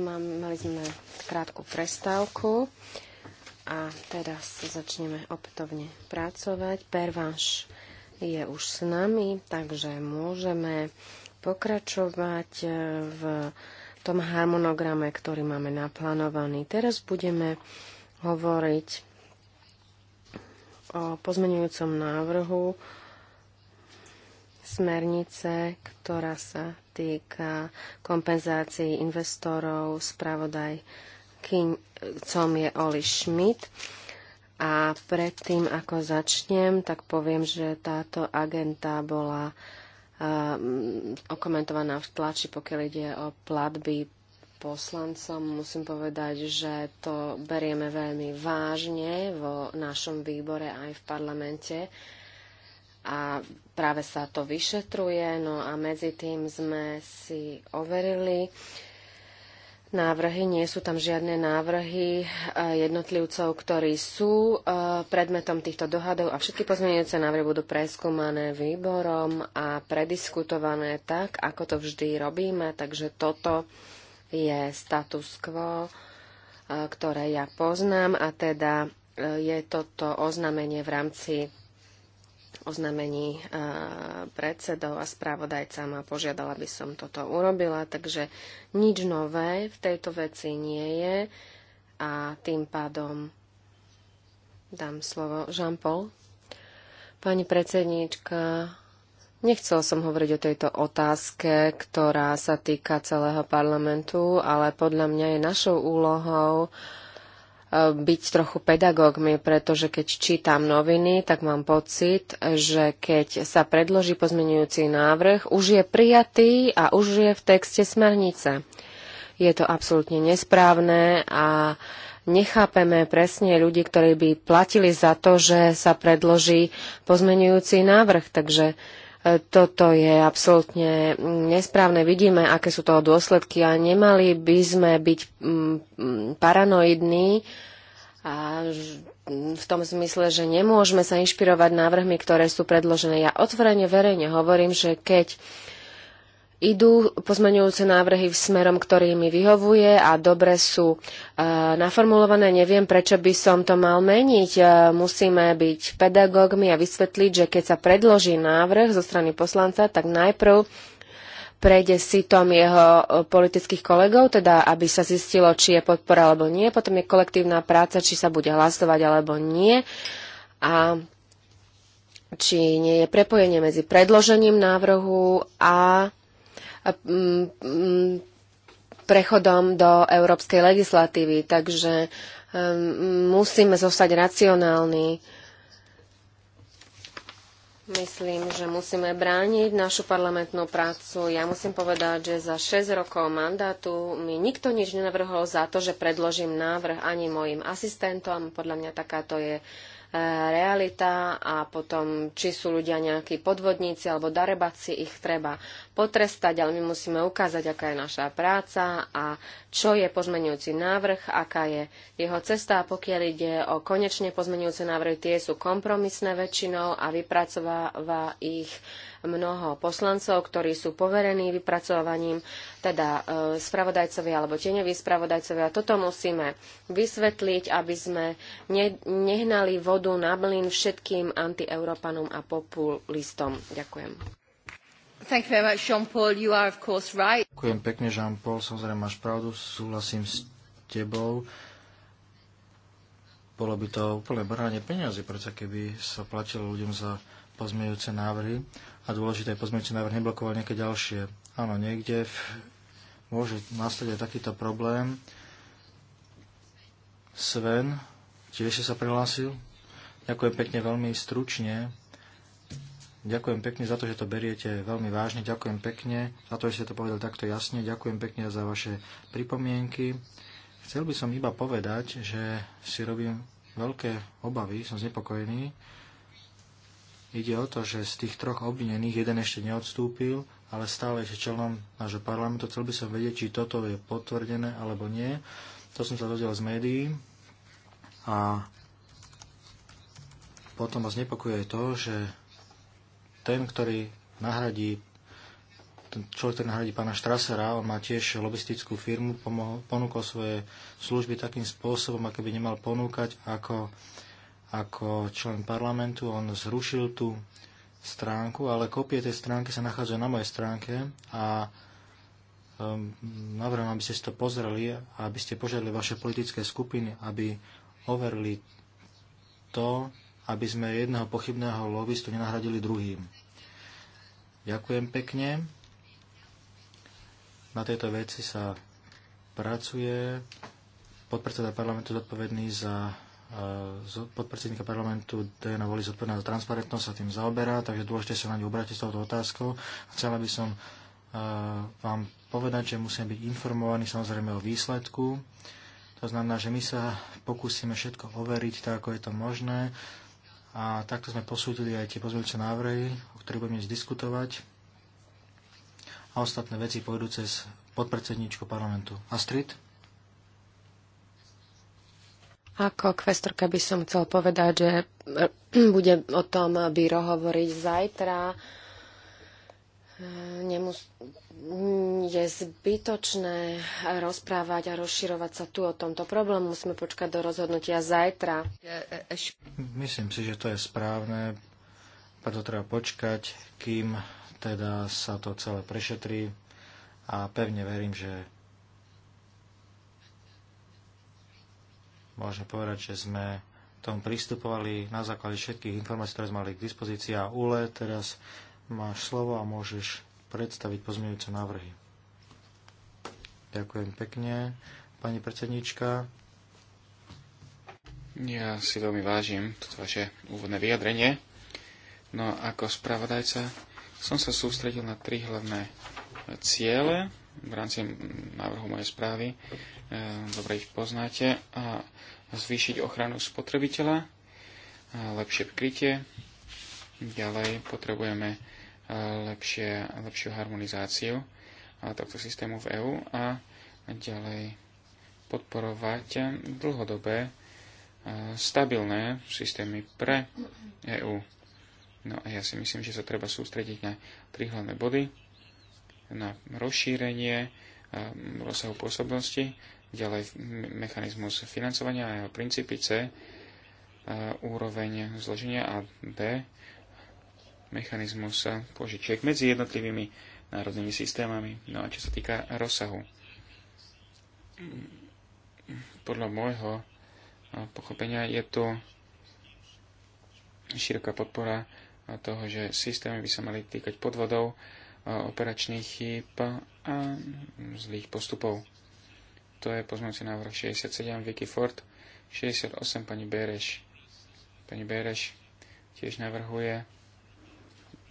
Mám, mali sme krátku prestávku a teraz začneme opätovne pracovať. Pervanš je už s nami, takže môžeme pokračovať e, v tom harmonograme, ktorý máme naplánovaný. Teraz budeme hovoriť o pozmenujúcom návrhu smernice, ktorá sa týka kompenzácií investorov. Spravodaj kincom je Oli Schmidt. A predtým, ako začnem, tak poviem, že táto agenta bola uh, okomentovaná v tlači, pokiaľ ide o platby poslancom. Musím povedať, že to berieme veľmi vážne vo našom výbore aj v parlamente. Uh, a práve sa to vyšetruje. No a medzi tým sme si overili návrhy, nie sú tam žiadne návrhy e, jednotlivcov, ktorí sú e, predmetom týchto dohadov a všetky pozmeňujúce návrhy budú preskúmané výborom a prediskutované tak, ako to vždy robíme. Takže toto je status quo, e, ktoré ja poznám a teda je toto oznámenie v rámci oznámení e, predsedov a spravodajca ma požiadala, aby som toto urobila, takže nič nové v tejto veci nie je a tým pádom dám slovo Jean-Paul. Pani predsedníčka, nechcel som hovoriť o tejto otázke, ktorá sa týka celého parlamentu, ale podľa mňa je našou úlohou uh, byť trochu pedagógmi, pretože keď čítam noviny, tak mám pocit, že keď sa predloží pozmenujúci návrh, už je prijatý a už je v texte smernice. Je to absolútne nesprávne a nechápeme presne ľudí, ktorí by platili za to, že sa predloží pozmenujúci návrh. Takže toto je absolútne nesprávne. Vidíme, aké sú toho dôsledky a nemali by sme byť mm, mm, paranoidní a v tom zmysle, že nemôžeme sa inšpirovať návrhmi, ktoré sú predložené. Ja otvorene verejne hovorím, že keď uh, idú pozmeňujúce návrhy v smerom, ktorý mi vyhovuje a dobre sú e, naformulované. Neviem, prečo by som to mal meniť. E, musíme byť pedagógmi a vysvetliť, že keď sa predloží návrh zo strany poslanca, tak najprv prejde sitom jeho e, politických kolegov, teda aby sa zistilo, či je podpora alebo nie. Potom je kolektívna práca, či sa bude hlasovať alebo nie. A či nie je prepojenie medzi predložením návrhu a Mm, mm, prechodom do európskej legislatívy. Takže ehm, musíme zostať racionálni. Myslím, že musíme brániť našu parlamentnú prácu. Ja musím povedať, že za 6 rokov mandátu mi nikto nič nenavrhol za to, že predložím návrh ani mojim asistentom. Podľa mňa takáto je e, realita a potom, či sú ľudia nejakí podvodníci alebo darebaci, ich treba potrestať, ale my musíme ukázať, aká je naša práca a čo je pozmenujúci návrh, aká je jeho cesta. A pokiaľ ide o konečne pozmenujúce návrhy, tie sú kompromisné väčšinou a vypracováva ich mnoho poslancov, ktorí sú poverení vypracovaním, teda e, spravodajcovia alebo tieňoví spravodajcovia. Toto musíme vysvetliť, aby sme ne, nehnali vodu na mlyn všetkým antieurópanom a populistom. Ďakujem. Ďakujem pekne, Jean-Paul. Samozrejme, máš pravdu. Súhlasím s tebou. Bolo by to úplne brhanie peniazy, preto keby sa platilo ľuďom za pozmejúce návrhy. A dôležité je pozmejúce návrh neblokoval nejaké ďalšie. Áno, niekde v... môže nastať aj takýto problém. Sven, tiež si sa prihlásil. Ďakujem pekne veľmi stručne. Ďakujem pekne za to, že to beriete veľmi vážne. Ďakujem pekne za to, že ste to povedali takto jasne. Ďakujem pekne za vaše pripomienky. Chcel by som iba povedať, že si robím veľké obavy, som znepokojený. Ide o to, že z tých troch obvinených jeden ešte neodstúpil, ale stále ešte členom nášho parlamentu. Chcel by som vedieť, či toto je potvrdené alebo nie. To som sa dozvedel z médií. A potom vás znepokojuje to, že ten, ktorý nahradí ten človek, ktorý nahradí pána Štrasera, on má tiež lobistickú firmu, pomohol, ponúkol svoje služby takým spôsobom, ako by nemal ponúkať ako, ako člen parlamentu. On zrušil tú stránku, ale kopie tej stránky sa nachádzajú na mojej stránke a um, navrhujem, aby ste si to pozreli a aby ste požiadali vaše politické skupiny, aby overili to, aby sme jedného pochybného lobbystu nenahradili druhým. Ďakujem pekne. Na tejto veci sa pracuje. Podpredseda parlamentu zodpovedný za eh, podpredsednika parlamentu Diana Voli zodpovedná za transparentnosť sa tým zaoberá, takže dôležite sa na ňu obrátiť s touto otázkou. Chcela by som eh, vám povedať, že musíme byť informovaní samozrejme o výsledku. To znamená, že my sa pokúsime všetko overiť tak, ako je to možné. A takto sme posúdili aj tie pozmeňujúce návrhy, ktorý budeme diskutovať a ostatné veci pôjdu cez podpredsedničku parlamentu. Astrid? Ako kvestorka by som chcel povedať, že (clears throat) bude o tom Biro hovoriť zajtra. Nemus- je zbytočné rozprávať a rozširovať sa tu o tomto problému. Musíme počkať do rozhodnutia zajtra. E, e, Myslím si, že to je správne preto treba počkať, kým teda sa to celé prešetrí a pevne verím, že môžeme povedať, že sme tom pristupovali na základe všetkých informácií, ktoré sme mali k dispozícii a ULE, teraz máš slovo a môžeš predstaviť pozmeňujúce návrhy. Ďakujem pekne, pani predsednička. Ja si veľmi vážim toto vaše úvodné vyjadrenie. No a ako spravodajca som sa sústredil na tri hlavné ciele v rámci návrhu mojej správy. E, dobre ich poznáte. A zvýšiť ochranu spotrebiteľa, e, lepšie krytie. Ďalej potrebujeme e, lepšie, lepšiu harmonizáciu tohto systému v EÚ a ďalej podporovať dlhodobé stabilné systémy pre EÚ No a ja si myslím, že sa treba sústrediť na tri hlavné body, na rozšírenie ehm, rozsahu pôsobnosti, ďalej mechanizmus financovania a jeho princípy C, ehm, úroveň zloženia a D, mechanizmus požičiek medzi jednotlivými národnými systémami. No a čo sa týka rozsahu, podľa môjho eh, pochopenia je tu široká podpora toho, že systémy by sa mali týkať podvodov, e, operačných chýb a zlých postupov. To je pozmeňujúci návrh 67 Vicky Ford, 68 pani Bereš. Pani Bereš tiež navrhuje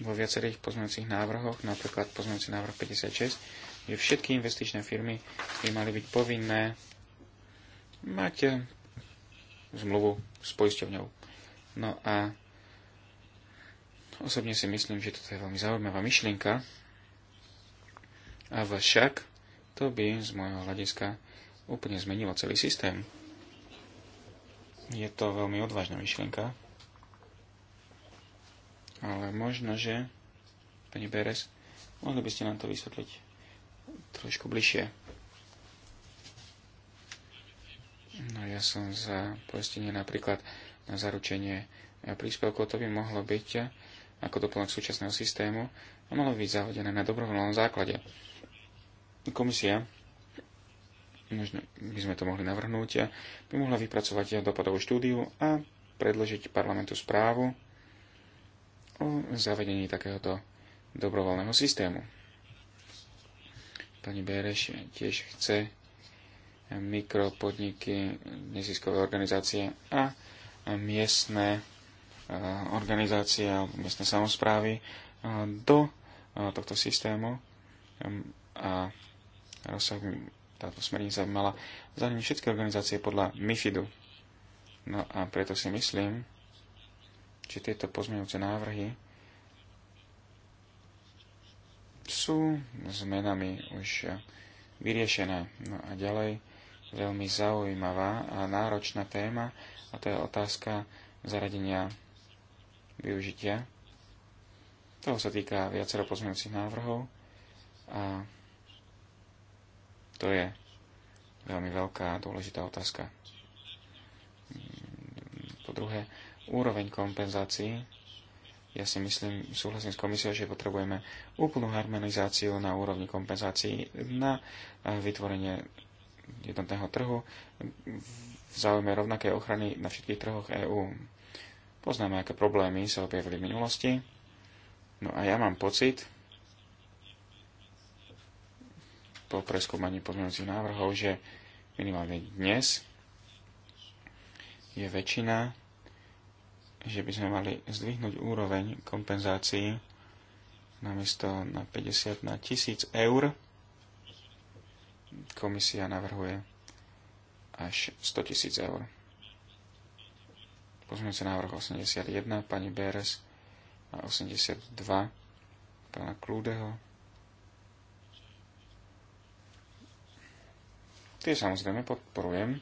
vo viacerých pozmeňujúcich návrhoch, napríklad pozmeňujúci návrh 56, že všetky investičné firmy by mali byť povinné mať zmluvu s poisťovňou. No a Osobne si myslím, že toto je veľmi zaujímavá myšlienka. Avšak to by z môjho hľadiska úplne zmenilo celý systém. Je to veľmi odvážna myšlienka. Ale možno, že, pani Beres, mohli by ste nám to vysvetliť trošku bližšie. No ja som za poistenie napríklad na zaručenie príspevkov, to by mohlo byť ako doplnok súčasného systému a malo byť zahodené na dobrovoľnom základe. Komisia, možno by sme to mohli navrhnúť, by mohla vypracovať dopadovú štúdiu a predložiť parlamentu správu o zavedení takéhoto dobrovoľného systému. Pani Bereš tiež chce mikropodniky, neziskové organizácie a miestne Eh, organizácie a miestne samozprávy eh, do eh, tohto systému a rozsah táto smernica by mala zahrniť všetky organizácie podľa MIFIDu. No a preto si myslím, že tieto pozmeňujúce návrhy sú zmenami už vyriešené. No a ďalej veľmi zaujímavá a náročná téma a to je otázka zaradenia využitia. Toho sa týka viacero pozmeňujúcich návrhov a to je veľmi veľká dôležitá otázka. Po druhé, úroveň kompenzácií. Ja si myslím, súhlasím s komisiou, že potrebujeme úplnú harmonizáciu na úrovni kompenzácií na vytvorenie jednotného trhu v záujme rovnakej ochrany na všetkých trhoch EÚ Poznáme, aké problémy sa objavili v minulosti. No a ja mám pocit, po preskúmaní pozmeňujúcich návrhov, že minimálne dnes je väčšina, že by sme mali zdvihnúť úroveň kompenzácií namiesto na 50 na 1000 eur. Komisia navrhuje až 100 000 eur. Pozmeňujúci návrh 81 pani Beres a 82 pána Klúdeho. Tie samozrejme podporujem.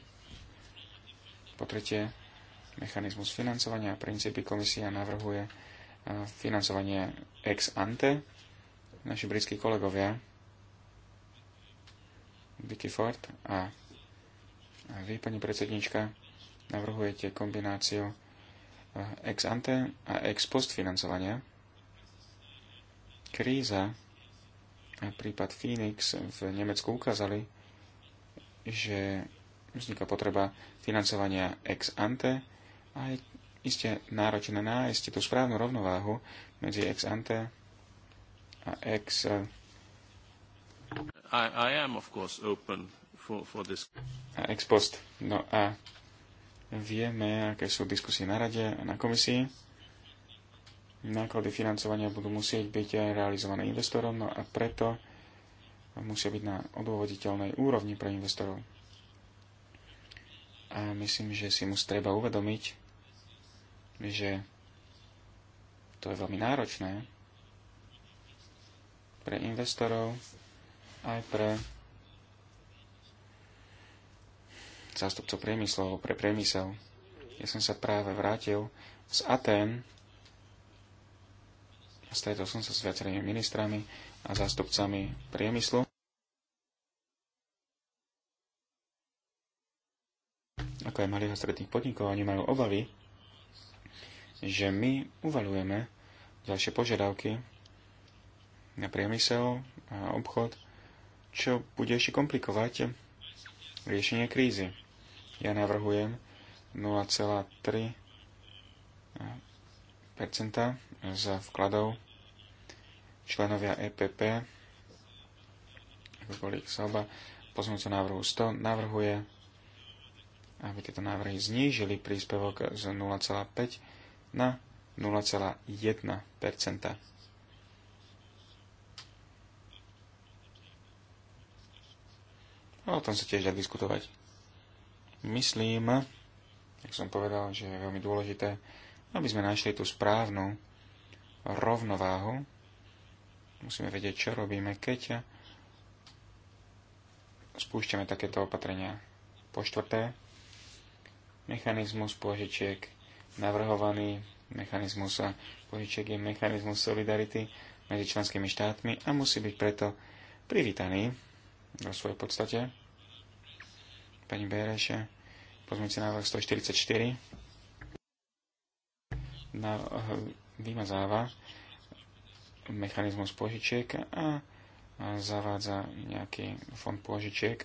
Po tretie, mechanizmus financovania a princípy komisia navrhuje financovanie ex ante. Naši britskí kolegovia Vicky Ford a, a vy, pani predsednička, navrhujete kombináciu eh, ex ante a ex post financovania. Kríza a prípad Phoenix v Nemecku ukázali, že vzniká potreba financovania ex ante a je isté náročné nájsť tú správnu rovnováhu medzi ex ante a ex I, I am of course open for, for this. A ex post. No a Vieme, aké sú diskusie na rade a na komisii. Náklady financovania budú musieť byť aj realizované investorom no a preto musia byť na odôvoditeľnej úrovni pre investorov. A myslím, že si musí treba uvedomiť, že to je veľmi náročné pre investorov aj pre zástupcov priemyslov pre priemysel. Ja som sa práve vrátil z Atén. Stretol som sa s viacerými ministrami a zástupcami priemyslu. Ako aj malých a stredných podnikov, oni majú obavy, že my uvalujeme ďalšie požiadavky na priemysel a obchod, čo bude ešte komplikovať riešenie krízy. Ja navrhujem 0,3 za vkladov členovia EPP Golík Salba sa návrhu 100 navrhuje, aby tieto návrhy znížili príspevok z 0,5 na 0,1 O tom sa tiež dá diskutovať myslím, jak som povedal, že je veľmi dôležité, aby sme našli tú správnu rovnováhu. Musíme vedieť, čo robíme, keď spúšťame takéto opatrenia. Po štvrté, mechanizmus požičiek. Navrhovaný mechanizmus a požičiek je mechanizmus solidarity medzi členskými štátmi a musí byť preto privítaný vo svojej podstate pani Béreše, si návrh 144, na, eh, vymazáva mechanizmus požičiek a zavádza nejaký fond požičiek,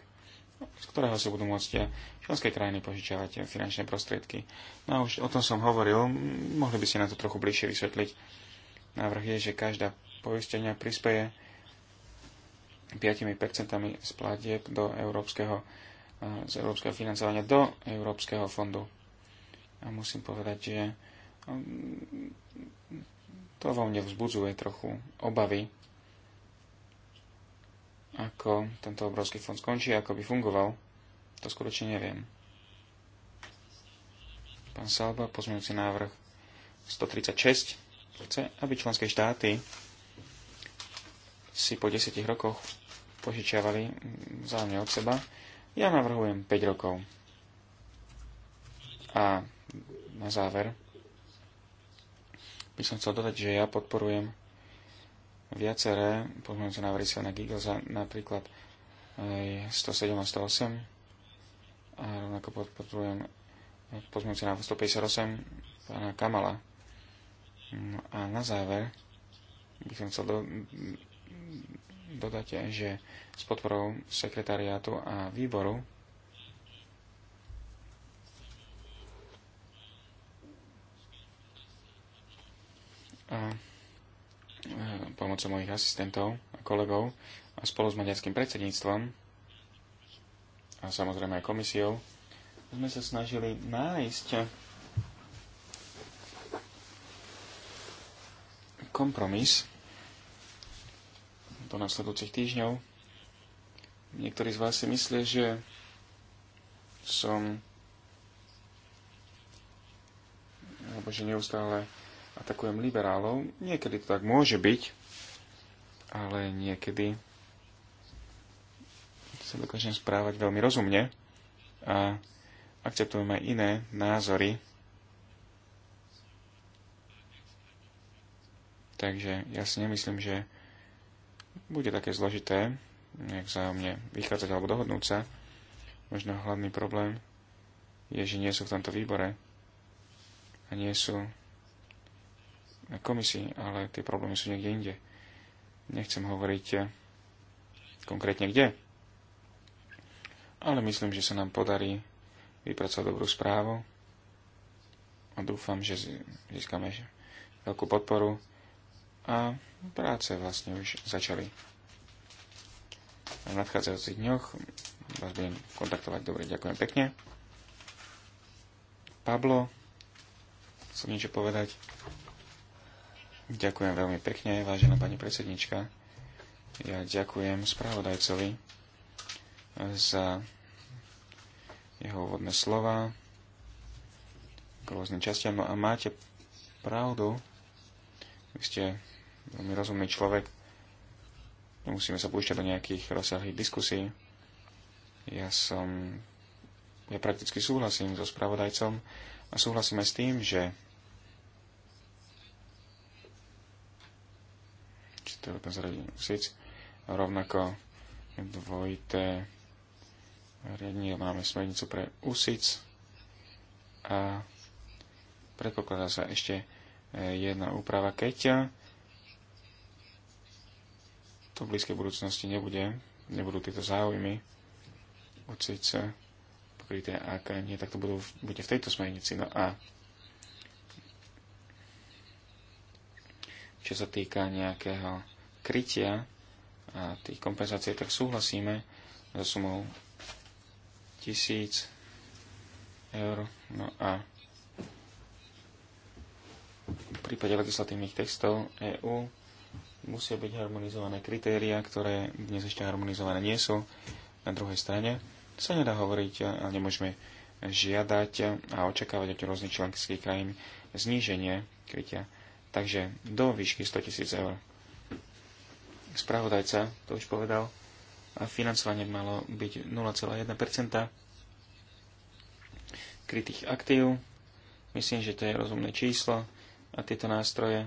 z ktorého sa budú môcť eh, členské krajiny požičiavať eh, finančné prostriedky. No a už o tom som hovoril, mohli by ste na to trochu bližšie vysvetliť. Návrh je, že každá poistenia prispieje 5% z platieb do Európskeho z európskeho financovania do Európskeho fondu. A musím povedať, že mm, to vo mne vzbudzuje trochu obavy, ako tento obrovský fond skončí, ako by fungoval. To skutočne neviem. Pán Salba, pozmeňujúci návrh 136, chce, aby členské štáty si po 10 rokoch požičiavali mm, vzájomne od seba ja navrhujem 5 rokov. A na záver by som chcel dodať, že ja podporujem viaceré pozmeňujúce návrhy na Gigelsa, napríklad 107 eh, a 108 a rovnako podporujem pozmeňujúce návrhy 158 pána Kamala. Mm, a na záver by som chcel do, dodať, že s podporou sekretariátu a výboru a e, pomocou mojich asistentov a kolegov a spolu s maďarským predsedníctvom a samozrejme aj komisiou sme sa snažili nájsť kompromis, do nasledujúcich týždňov. Niektorí z vás si myslia, že som alebo že neustále atakujem liberálov. Niekedy to tak môže byť, ale niekedy sa dokážem správať veľmi rozumne a akceptujem aj iné názory. Takže ja si nemyslím, že bude také zložité nejak vzájomne vychádzať alebo dohodnúť sa. Možno hlavný problém je, že nie sú v tomto výbore a nie sú na komisii, ale tie problémy sú niekde inde. Nechcem hovoriť konkrétne kde, ale myslím, že sa nám podarí vypracovať dobrú správu a dúfam, že získame veľkú podporu a práce vlastne už začali. V nadchádzajúcich dňoch vás budem kontaktovať. Dobre, ďakujem pekne. Pablo, chcem niečo povedať. Ďakujem veľmi pekne, vážená pani predsednička. Ja ďakujem správodajcovi za jeho úvodné slova k rôznym častiam. a máte pravdu, vy ste veľmi rozumný človek. Nemusíme sa púšťať do nejakých rozsiahlých diskusí. Ja som... Ja prakticky súhlasím so spravodajcom a súhlasím aj s tým, že či to je zradím sic, rovnako dvojité riadenie máme smernicu pre usic a predpokladá sa ešte eh, jedna úprava, Keťa to v blízkej budúcnosti nebude, nebudú tieto záujmy od síce pokryté, ak nie, tak to budú, bude v tejto smernici. No a čo sa týka nejakého krytia a tých kompenzácií, tak súhlasíme so sumou 1000 eur. No a v prípade legislatívnych textov EÚ musia byť harmonizované kritéria, ktoré dnes ešte harmonizované nie sú. Na druhej strane sa nedá hovoriť ale nemôžeme žiadať a očakávať od rôznych členských krajín zníženie krytia. Takže do výšky 100 tisíc eur. Spravodajca to už povedal. A financovanie malo byť 0,1% krytých aktív. Myslím, že to je rozumné číslo a tieto nástroje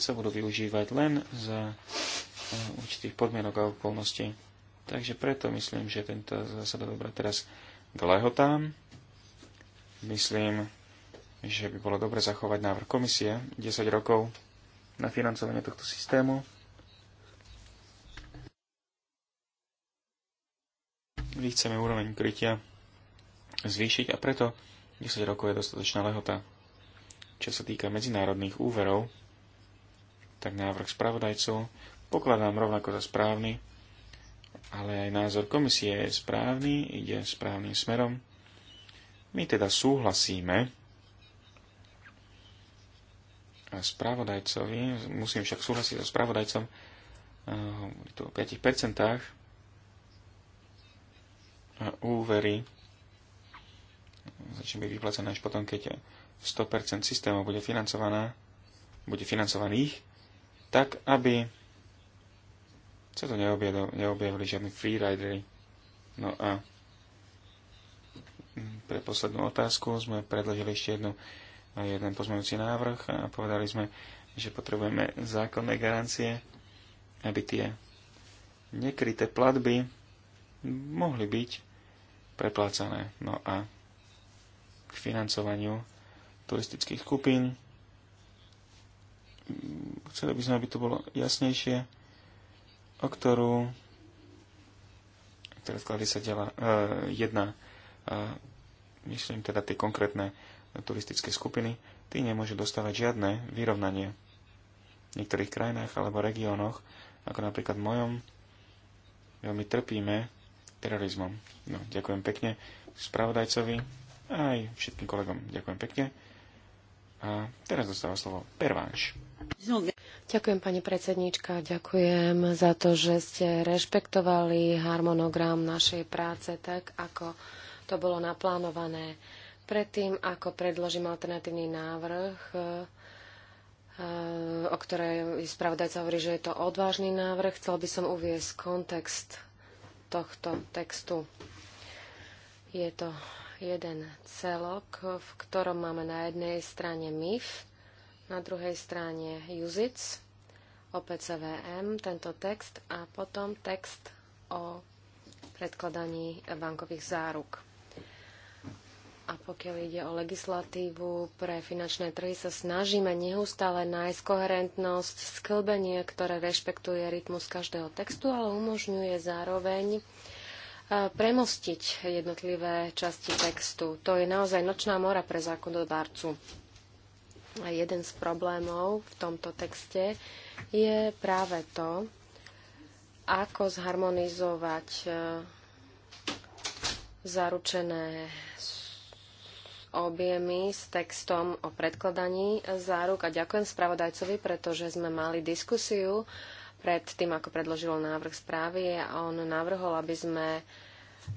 sa budú využívať len za e, určitých podmienok a okolností. Takže preto myslím, že tento zásada dobrá teraz k lehotám. Myslím, že by bolo dobre zachovať návrh komisie 10 rokov na financovanie tohto systému. My chceme úroveň krytia zvýšiť a preto 10 rokov je dostatočná lehota. Čo sa týka medzinárodných úverov, tak návrh spravodajcov pokladám rovnako za správny, ale aj názor komisie je správny, ide správnym smerom. My teda súhlasíme a spravodajcovi, musím však súhlasiť so spravodajcom, hovorí to o 5% a úvery začne byť vyplacené až potom, keď 100% systémov bude financovaná, bude financovaných tak aby sa to neobjavili žiadni freeridery. No a mm, pre poslednú otázku sme predložili ešte jednu, jeden pozmeňujúci návrh a povedali sme, že potrebujeme zákonné garancie, aby tie nekryté platby mohli byť preplácané. No a k financovaniu turistických skupín chceli by sme, aby to bolo jasnejšie, o ktorú ktoré sklady sa dela, e, jedna, e, myslím teda tie konkrétne turistické skupiny, tí nemôžu dostávať žiadne vyrovnanie. V niektorých krajinách alebo regiónoch, ako napríklad v mojom, veľmi trpíme terorizmom. No, ďakujem pekne spravodajcovi aj všetkým kolegom. Ďakujem pekne. A teraz dostáva slovo Pervánš. Ďakujem, pani predsedníčka. Ďakujem za to, že ste rešpektovali harmonogram našej práce tak, ako to bolo naplánované. Predtým, ako predložím alternatívny návrh, e, e, o ktorej spravodajca hovorí, že je to odvážny návrh, chcel by som uviesť kontext tohto textu. Je to jeden celok, v ktorom máme na jednej strane MIF, na druhej strane juzic o PCVM, tento text a potom text o predkladaní bankových záruk. A pokiaľ ide o legislatívu pre finančné trhy, sa snažíme neustále nájsť koherentnosť, sklbenie, ktoré rešpektuje rytmus každého textu, ale umožňuje zároveň e, premostiť jednotlivé časti textu. To je naozaj nočná mora pre zákonodárcu jeden z problémov v tomto texte je práve to, ako zharmonizovať e, zaručené objemy s textom o predkladaní záruk. A ďakujem spravodajcovi, pretože sme mali diskusiu pred tým, ako predložil návrh správy a on navrhol, aby sme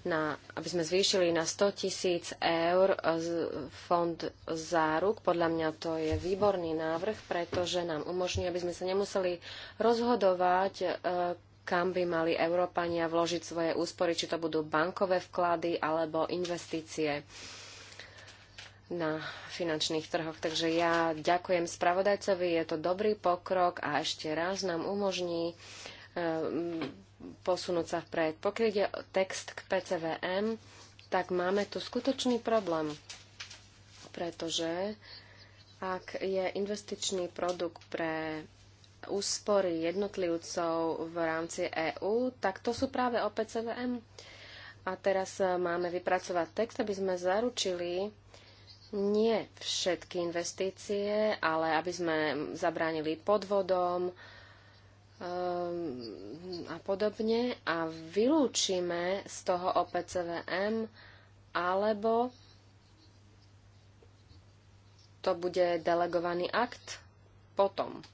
na, aby sme zvýšili na 100 tisíc eur e, fond záruk. Podľa mňa to je výborný návrh, pretože nám umožní, aby sme sa nemuseli rozhodovať, e, kam by mali Európania vložiť svoje úspory, či to budú bankové vklady alebo investície na finančných trhoch. Takže ja ďakujem spravodajcovi, je to dobrý pokrok a ešte raz nám umožní e, posunúť sa vpred. Pokiaľ ide o text k PCVM, tak máme tu skutočný problém, pretože ak je investičný produkt pre úspory jednotlivcov v rámci EÚ, tak to sú práve o PCVM. A teraz e, máme vypracovať text, aby sme zaručili nie všetky investície, ale aby sme zabránili podvodom, Ehm, a podobne a vylúčime z toho OPCVM alebo to bude delegovaný akt potom.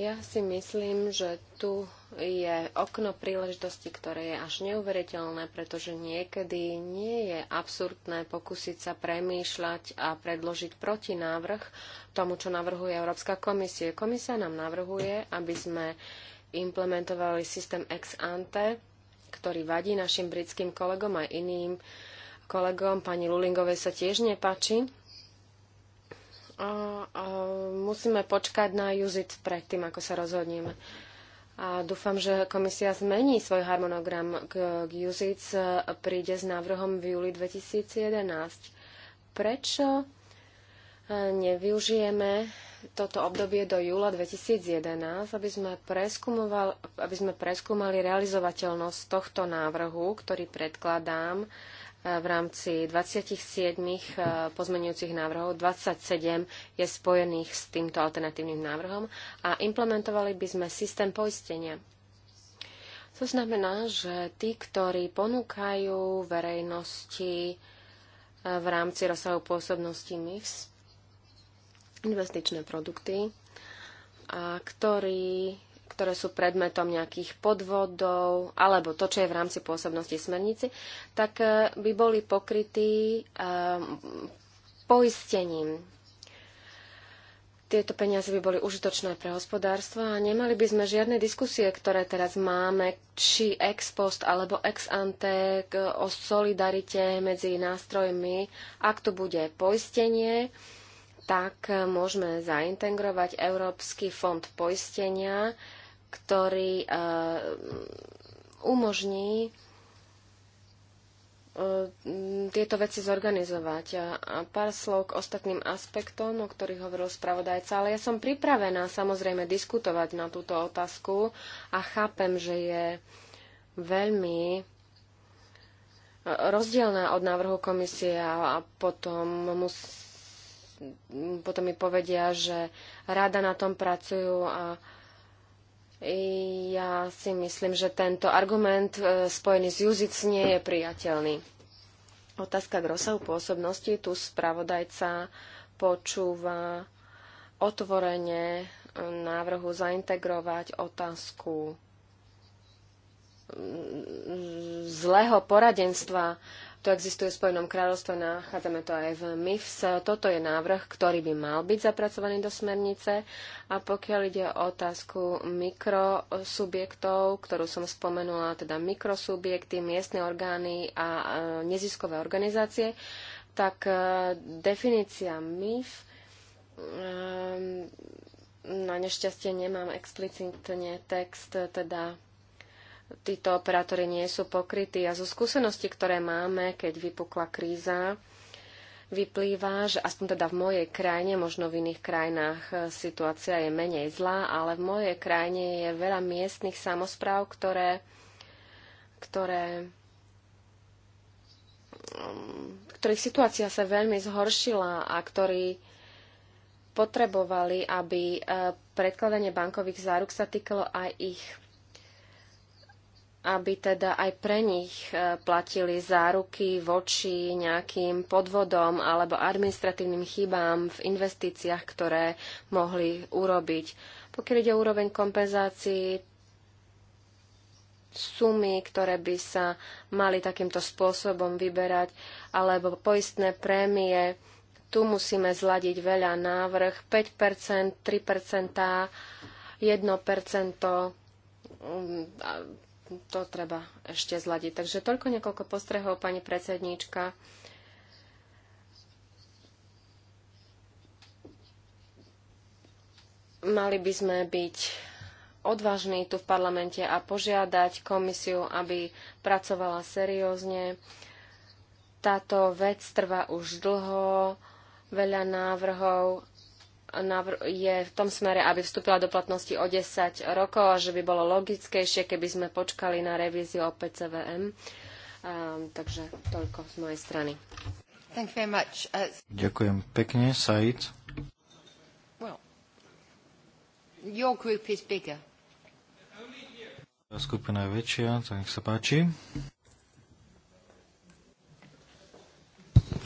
Ja si myslím, že tu je okno príležitosti, ktoré je až neuveriteľné, pretože niekedy nie je absurdné pokúsiť sa premýšľať a predložiť protinávrh tomu, čo navrhuje Európska komisie. Komisia nám navrhuje, aby sme implementovali systém ex ante, ktorý vadí našim britským kolegom aj iným kolegom. Pani Lulingovej sa tiež nepáči, a, a musíme počkať na UZIT predtým, ako sa rozhodneme. A dúfam, že komisia zmení svoj harmonogram k, k USIC, e, príde s návrhom v júli 2011. Prečo e, nevyužijeme toto obdobie do júla 2011, aby sme, aby sme preskúmali realizovateľnosť tohto návrhu, ktorý predkladám v rámci 27 e, pozmenujúcich návrhov, 27 je spojených s týmto alternatívnym návrhom a implementovali by sme systém poistenia. To znamená, že tí, ktorí ponúkajú verejnosti e, v rámci rozsahu pôsobnosti MIFS investičné produkty, a ktorí ktoré sú predmetom nejakých podvodov alebo to, čo je v rámci pôsobnosti smernici, tak e, by boli pokrytí e, poistením. Tieto peniaze by boli užitočné pre hospodárstvo a nemali by sme žiadne diskusie, ktoré teraz máme, či ex post alebo ex ante o solidarite medzi nástrojmi. Ak to bude poistenie, tak e, môžeme zaintegrovať Európsky fond poistenia ktorý eh, umožní eh, tieto veci zorganizovať. A pár slov k ostatným aspektom, o ktorých hovoril spravodajca, ale ja som pripravená samozrejme diskutovať na túto otázku a chápem, že je veľmi eh, rozdielná od návrhu komisie a potom, mus, potom mi povedia, že rada na tom pracujú a ja si myslím, že tento argument e, spojený s Juzic nie je priateľný. Otázka k rozsahu pôsobnosti. Tu spravodajca počúva otvorenie e, návrhu zaintegrovať otázku zlého poradenstva to existuje v Spojenom kráľovstve, nachádzame to aj v MIFS. Toto je návrh, ktorý by mal byť zapracovaný do smernice. A pokiaľ ide o otázku mikrosubjektov, ktorú som spomenula, teda mikrosubjekty, miestne orgány a e, neziskové organizácie, tak e, definícia MIF e, na nešťastie nemám explicitne text, teda títo operátori nie sú pokrytí. A zo skúseností, ktoré máme, keď vypukla kríza, vyplýva, že aspoň teda v mojej krajine, možno v iných krajinách e, situácia je menej zlá, ale v mojej krajine je veľa miestnych samozpráv, ktoré, ktoré mm, ktorých situácia sa veľmi zhoršila a ktorí potrebovali, aby e, predkladanie bankových záruk sa týkalo aj ich aby teda aj pre nich e, platili záruky voči nejakým podvodom alebo administratívnym chybám v investíciách, ktoré mohli urobiť. Pokiaľ ide o úroveň kompenzácií, sumy, ktoré by sa mali takýmto spôsobom vyberať, alebo poistné prémie, tu musíme zladiť veľa návrh, 5%, 3%, 1%, to treba ešte zladiť. Takže toľko niekoľko postrehov, pani predsedníčka. Mali by sme byť odvážni tu v parlamente a požiadať komisiu, aby pracovala seriózne. Táto vec trvá už dlho, veľa návrhov je v tom smere, aby vstúpila do platnosti o 10 rokov a že by bolo logickejšie, keby sme počkali na revíziu o PCVM. Um, takže toľko z mojej strany. Thank you very much. Uh... Ďakujem pekne, Said. Well, your group is bigger. Skupina je väčšia, tak nech sa páči.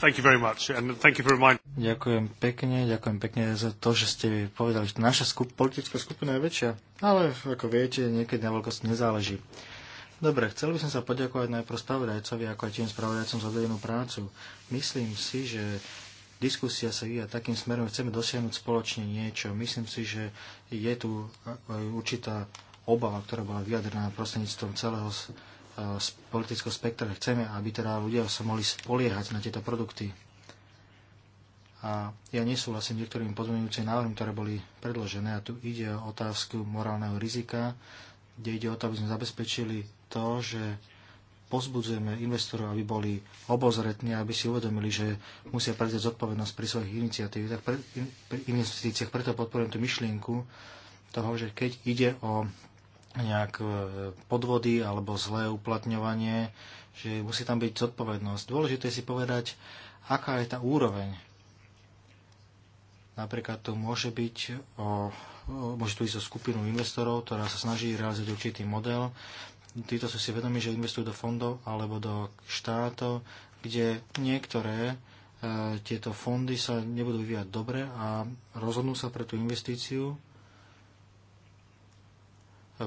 Ďakujem pekne, ďakujem pekne za to, že ste povedali, že naša skup- politická skupina je väčšia. Ale ako viete, niekedy na veľkosti nezáleží. Dobre, chcel by som sa poďakovať najprv spravodajcovi, ako aj tým spravodajcom za dojenú prácu. Myslím si, že diskusia sa vyvíja takým smerom, chceme dosiahnuť spoločne niečo. Myslím si, že je tu určitá obava, ktorá bola vyjadrená prostredníctvom celého Eh, z politického spektra. Chceme, aby teda ľudia sa mohli spoliehať na tieto produkty. A ja nesúhlasím niektorým pozmeňujúcim návrhom, ktoré boli predložené. A tu ide o otázku morálneho rizika, kde ide o to, aby sme zabezpečili to, že pozbudzujeme investorov, aby boli obozretní, aby si uvedomili, že musia prevziať zodpovednosť pri svojich iniciatívach, pre, in, pri investíciách. Preto podporujem tú myšlienku toho, že keď ide o nejak e, podvody alebo zlé uplatňovanie, že musí tam byť zodpovednosť. Dôležité je si povedať, aká je tá úroveň. Napríklad to môže byť o, môže tu ísť o skupinu investorov, ktorá sa snaží realizovať určitý model. Títo sú si vedomi, že investujú do fondov alebo do štátov, kde niektoré e, tieto fondy sa nebudú vyvíjať dobre a rozhodnú sa pre tú investíciu,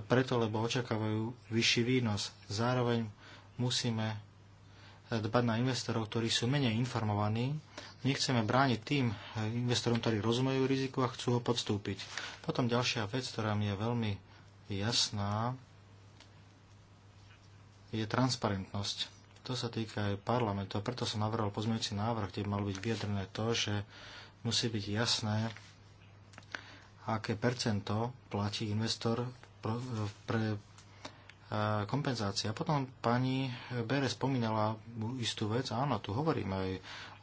preto, lebo očakávajú vyšší výnos. Zároveň musíme dbať na investorov, ktorí sú menej informovaní. Nechceme brániť tým investorom, ktorí rozumejú riziku a chcú ho podstúpiť. Potom ďalšia vec, ktorá mi je veľmi jasná, je transparentnosť. To sa týka aj parlamentu a preto som navrhol pozmeňujúci návrh, kde by malo byť vyjadrené to, že musí byť jasné, aké percento platí investor pre e, kompenzácia. Potom pani Bere spomínala istú vec, áno, tu hovoríme aj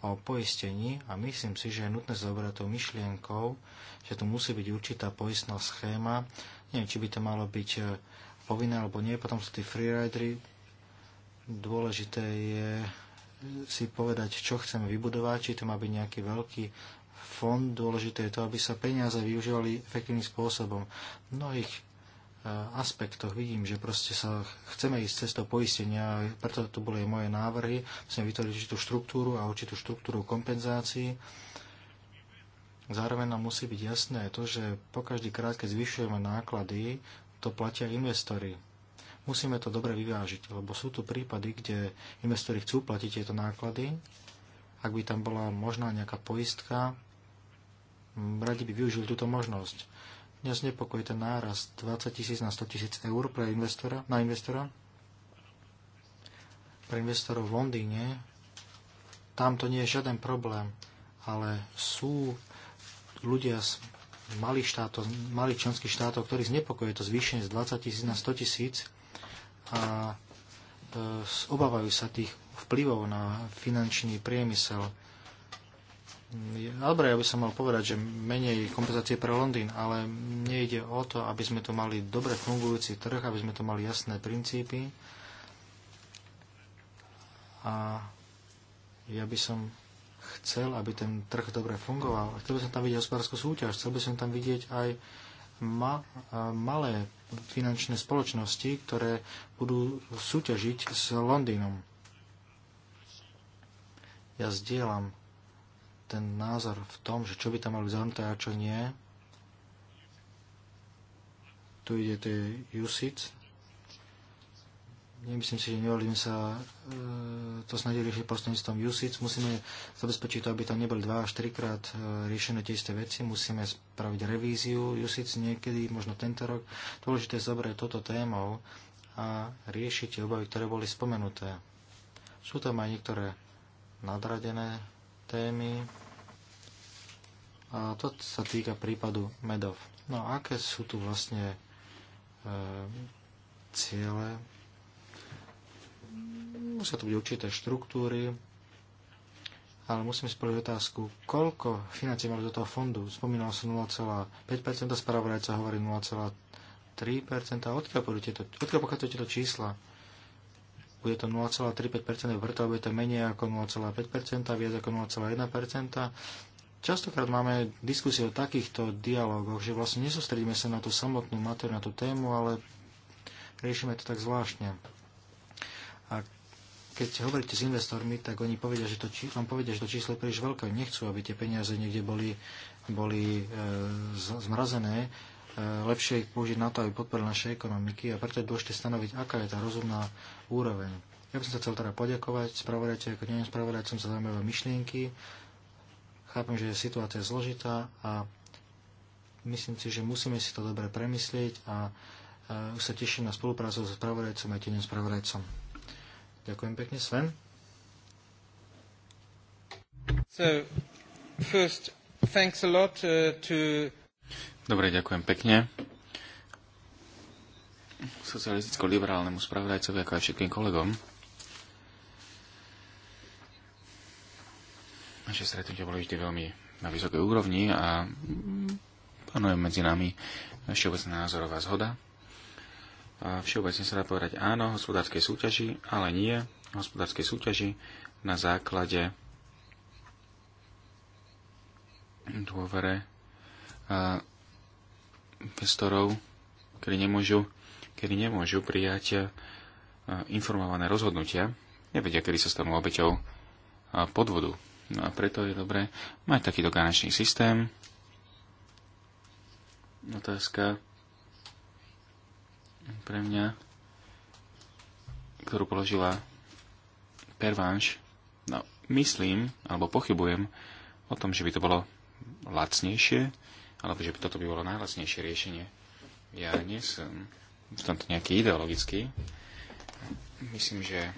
o poistení a myslím si, že je nutné zobrať tou myšlienkou, že tu musí byť určitá poistná schéma. Neviem, či by to malo byť e, povinné alebo nie. Potom sú tí freeridery. Dôležité je e, si povedať, čo chceme vybudovať, či to má byť nejaký veľký fond. Dôležité je to, aby sa peniaze využívali efektívnym spôsobom. V mnohých Eh, aspektoch vidím, že proste sa chceme ísť cestou poistenia, preto to boli aj moje návrhy, musíme vytvoriť určitú štruktúru a určitú štruktúru kompenzácií. Zároveň nám musí byť jasné to, že po každý krát, keď zvyšujeme náklady, to platia investori. Musíme to dobre vyvážiť, lebo sú tu prípady, kde investori chcú platiť tieto náklady. Ak by tam bola možná nejaká poistka, radi by využili túto možnosť. Mňa znepokojí ten náraz 20 tisíc na 100 tisíc eur pre investora, na investora. Pre investorov v Londýne tam to nie je žiaden problém, ale sú ľudia z malých, štátov, malých členských štátov, ktorí znepokojí to zvýšenie z 20 tisíc na 100 tisíc a e, obávajú sa tých vplyvov na finančný priemysel. Dobre, ja by som mal povedať, že menej kompenzácie pre Londýn, ale mne ide o to, aby sme tu mali dobre fungujúci trh, aby sme tu mali jasné princípy. A ja by som chcel, aby ten trh dobre fungoval. Chcel by som tam vidieť hospodárskú súťaž, chcel by som tam vidieť aj ma, malé finančné spoločnosti, ktoré budú súťažiť s Londýnom. Ja zdieľam ten názor v tom, že čo by tam mali zahrnuté a čo nie. Tu ide to USIC. Nemyslím si, že nemali sme sa e, to snadili riešiť prostredníctvom USIC. Musíme zabezpečiť to, aby tam neboli 2 až 3 krát e, riešené tie isté veci. Musíme spraviť revíziu USIC niekedy, možno tento rok. Dôležité je zobrať toto témou a riešiť tie obavy, ktoré boli spomenuté. Sú tam aj niektoré nadradené témy. A to sa týka prípadu Medov. No a aké sú tu vlastne e, ciele? Musia tu byť určité štruktúry, ale musím spraviť otázku, koľko financí máme do toho fondu? Spomínal som 0,5%, spravodajca hovorí 0,3%. Odkiaľ, tieto, odkiaľ pochádzajú tieto čísla? bude to 0,35% vrta, bude to menej ako 0,5%, viac ako 0,1%. Častokrát máme diskusie o takýchto dialogoch, že vlastne nesústredíme sa na tú samotnú materiu, na tú tému, ale riešime to tak zvláštne. A keď hovoríte s investormi, tak oni povedia, že to, vám povedia, že to číslo je príliš veľké. Nechcú, aby tie peniaze niekde boli, boli e, zmrazené. E, lepšie ich použiť na to, aby podporili naše ekonomiky a preto je dôležité stanoviť, aká je tá rozumná úroveň. Ja by som sa chcel teda poďakovať spravodajte, ako neviem spravodajcom sa zaujímavé myšlienky Chápem, že situácia je zložitá a myslím si, že musíme si to dobre premyslieť a už sa teším na spoluprácu so spravodajcom a teným spravodajcom. Ďakujem pekne, Sven. So, first, thanks a lot uh, to... Dobre, ďakujem pekne socialisticko-liberálnemu spravodajcovi, ako aj všetkým kolegom. Naše stretnutia boli vždy veľmi na vysokej úrovni a mm, panuje medzi nami všeobecná názorová zhoda. A všeobecne sa dá povedať áno hospodárskej súťaži, ale nie hospodárskej súťaži na základe dôvere investorov, ktorí nemôžu, ktorí nemôžu prijať informované rozhodnutia, nevedia, kedy sa stanú obeťou podvodu. No a preto je dobré mať takýto garančný systém. Otázka pre mňa, ktorú položila Pervanš. No, myslím, alebo pochybujem o tom, že by to bolo lacnejšie, alebo že by toto by bolo najlacnejšie riešenie. Ja nie som v tomto nejaký ideologický. Myslím, že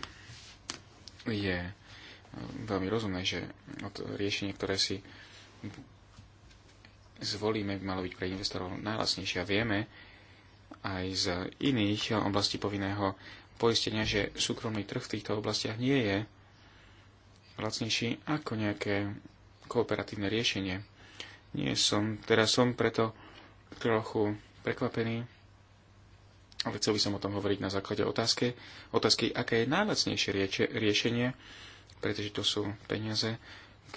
je veľmi rozumné, že riešenie, ktoré si zvolíme, by malo byť pre investorov najlasnejšie. A vieme aj z iných oblastí povinného poistenia, že súkromný trh v týchto oblastiach nie je lacnejší ako nejaké kooperatívne riešenie. Nie som, teraz som preto trochu prekvapený, ale chcel by som o tom hovoriť na základe otázky, otázky aké je najlacnejšie riešenie pretože to sú peniaze,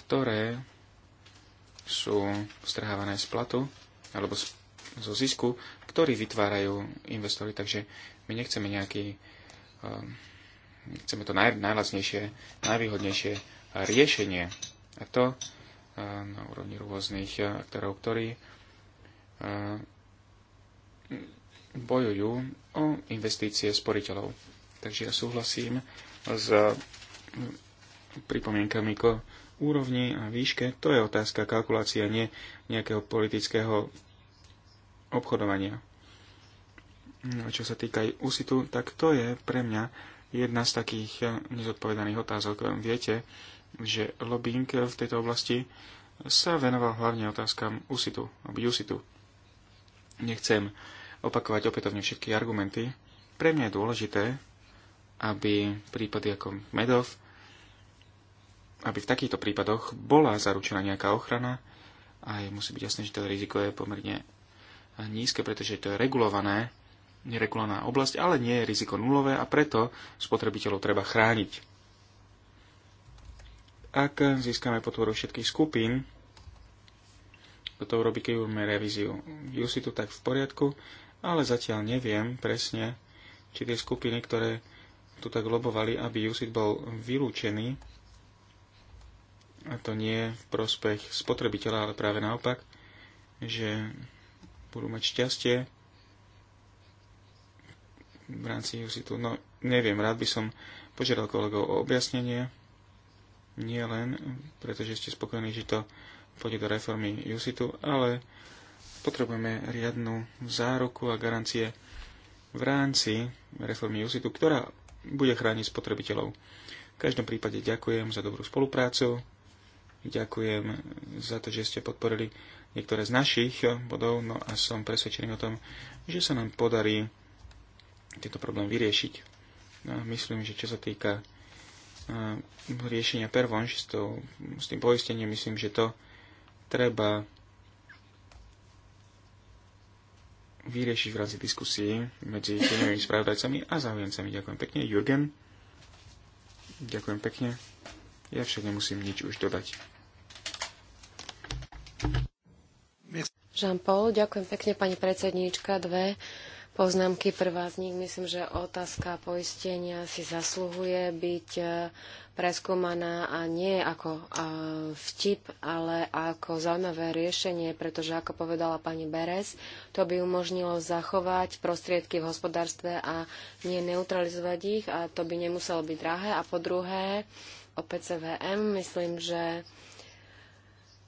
ktoré sú strhávané z platu alebo zo zisku, ktorý vytvárajú investori. Takže my nechceme nejaký, ehm, chceme to naj, najlacnejšie, najvýhodnejšie riešenie. A to ehm, na úrovni rôznych eh, aktorov, ktorí ehm, bojujú o investície sporiteľov. Takže ja súhlasím s pripomienkami ko úrovni a výške. To je otázka kalkulácia, nie nejakého politického obchodovania. No, čo sa týka aj USITu, tak to je pre mňa jedna z takých eh, nezodpovedaných otázok. Viete, že lobbying eh, v tejto oblasti sa venoval hlavne otázkam USITu, aby USITu. Nechcem opakovať opätovne všetky argumenty. Pre mňa je dôležité, aby prípady ako Medov aby v takýchto prípadoch bola zaručená nejaká ochrana. A je, musí byť jasné, že to riziko je pomerne nízke, pretože to je regulované, neregulovaná oblasť, ale nie je riziko nulové a preto spotrebiteľov treba chrániť. Ak získame podporu všetkých skupín, toto urobí, keď urobíme revíziu Jusitu, tak v poriadku, ale zatiaľ neviem presne, či tie skupiny, ktoré tu tak lobovali, aby usit bol vylúčený, a to nie v prospech spotrebiteľa, ale práve naopak, že budú mať šťastie v rámci Jusitu. No, neviem, rád by som požiadal kolegov o objasnenie, nie len pretože ste spokojní, že to pôjde do reformy Jusitu, ale potrebujeme riadnu záruku a garancie v rámci reformy Jusitu, ktorá bude chrániť spotrebiteľov. V každom prípade ďakujem za dobrú spoluprácu Ďakujem za to, že ste podporili niektoré z našich bodov, no a som presvedčený o tom, že sa nám podarí tento problém vyriešiť. No a myslím, že čo sa týka riešenia pervon, s, s tým poistením, myslím, že to treba vyriešiť v rámci diskusí medzi tieňovými spravodajcami a záujemcami. Ďakujem pekne. Jurgen? Ďakujem pekne. Ja však nemusím nič už dodať. Jean-Paul, ďakujem pekne, pani predsedníčka. Dve poznámky. Prvá z nich, myslím, že otázka poistenia si zasluhuje byť e, preskúmaná a nie ako e, vtip, ale ako zaujímavé riešenie, pretože, ako povedala pani Beres, to by umožnilo zachovať prostriedky v hospodárstve a nie neutralizovať ich a to by nemuselo byť drahé. A po druhé, o PCVM, myslím, že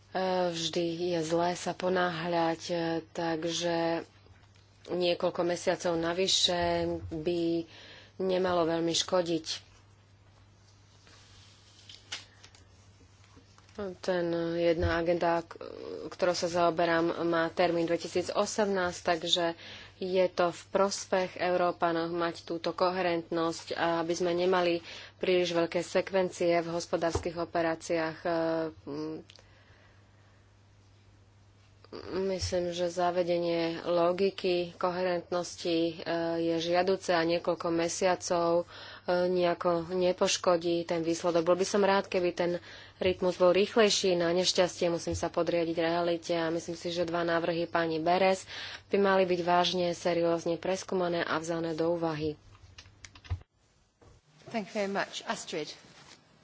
E, vždy je zlé sa ponáhľať, e, takže niekoľko mesiacov navyše by nemalo veľmi škodiť. Ten jedna agenda, ktorou sa zaoberám, má termín 2018, takže je to v prospech Európanov mať túto koherentnosť, aby sme nemali príliš veľké sekvencie v hospodárskych operáciách e, Myslím, že zavedenie logiky, koherentnosti e, je žiaduce a niekoľko mesiacov e, nejako nepoškodí ten výsledok. Bol by som rád, keby ten rytmus bol rýchlejší. Na nešťastie musím sa podriadiť realite a myslím si, že dva návrhy pani Beres by mali byť vážne, seriózne preskúmané a vzané do úvahy.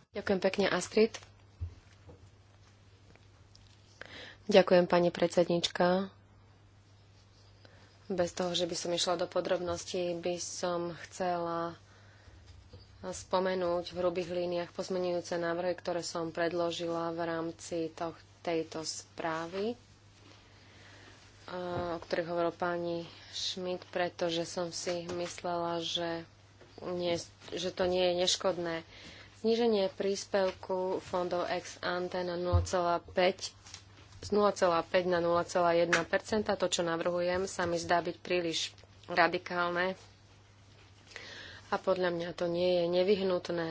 Ďakujem pekne, Astrid. Ďakujem, pani predsednička. Bez toho, že by som išla do podrobností, by som chcela spomenúť v hrubých líniách pozmenujúce návrhy, ktoré som predložila v rámci tejto správy, o ktorých hovoril pani Schmidt, pretože som si myslela, že, nie, že to nie je neškodné. Zníženie príspevku fondov ex ante na 0,5 z 0,5 na 0,1 To, čo navrhujem, sa mi zdá byť príliš radikálne a podľa mňa to nie je nevyhnutné.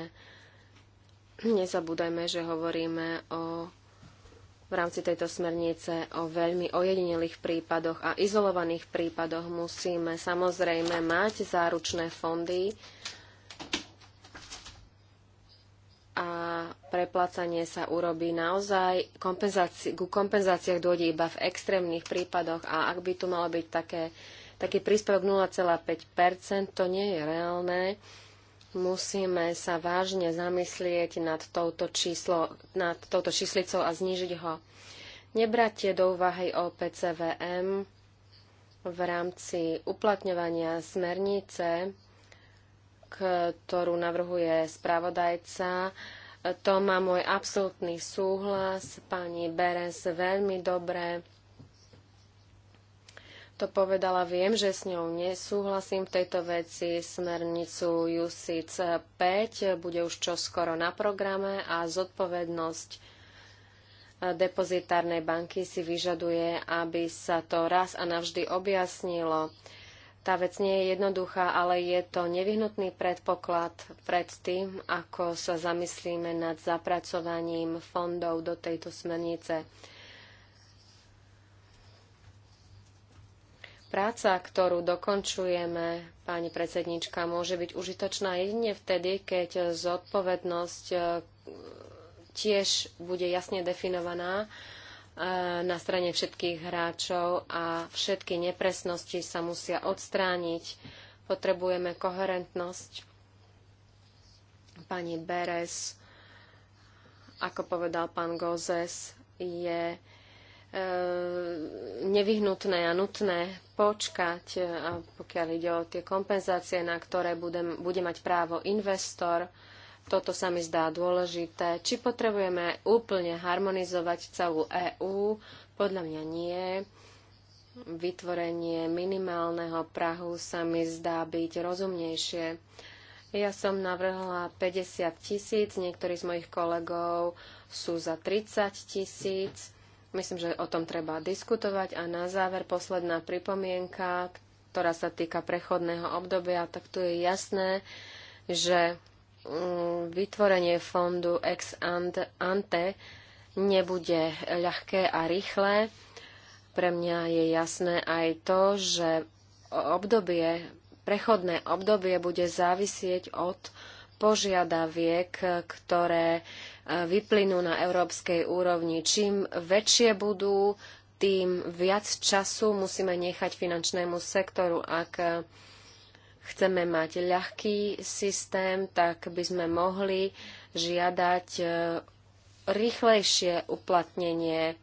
Nezabúdajme, že hovoríme o v rámci tejto smernice o veľmi ojedinelých prípadoch a izolovaných prípadoch musíme samozrejme mať záručné fondy, a preplácanie sa urobí naozaj, kompenzáci- ku kompenzáciách dôjde iba v extrémnych prípadoch a ak by tu malo byť také, taký príspevok 0,5%, to nie je reálne. Musíme sa vážne zamyslieť nad touto, číslo, nad touto číslicou a znížiť ho. Nebratie do úvahy o PCVM v rámci uplatňovania smernice ktorú navrhuje spravodajca. To má môj absolútny súhlas. Pani Beres veľmi dobre to povedala. Viem, že s ňou nesúhlasím v tejto veci. Smernicu USIC 5 bude už čoskoro na programe a zodpovednosť depozitárnej banky si vyžaduje, aby sa to raz a navždy objasnilo. Tá vec nie je jednoduchá, ale je to nevyhnutný predpoklad pred tým, ako sa zamyslíme nad zapracovaním fondov do tejto smernice. Práca, ktorú dokončujeme, pani predsednička, môže byť užitočná jedine vtedy, keď zodpovednosť eh, tiež bude jasne definovaná na strane všetkých hráčov a všetky nepresnosti sa musia odstrániť. Potrebujeme koherentnosť. Pani Beres, ako povedal pán Gozes, je e, nevyhnutné a nutné počkať, pokiaľ ide o tie kompenzácie, na ktoré bude, bude mať právo investor. Toto sa mi zdá dôležité. Či potrebujeme úplne harmonizovať celú EÚ? Podľa mňa nie. Vytvorenie minimálneho Prahu sa mi zdá byť rozumnejšie. Ja som navrhla 50 tisíc, niektorí z mojich kolegov sú za 30 tisíc. Myslím, že o tom treba diskutovať. A na záver posledná pripomienka, ktorá sa týka prechodného obdobia, tak tu je jasné, že vytvorenie fondu ex ante nebude ľahké a rýchle. Pre mňa je jasné aj to, že obdobie, prechodné obdobie bude závisieť od požiadaviek, ktoré e, vyplynú na európskej úrovni. Čím väčšie budú, tým viac času musíme nechať finančnému sektoru. Ak chceme mať ľahký systém, tak by sme mohli žiadať e, rýchlejšie uplatnenie.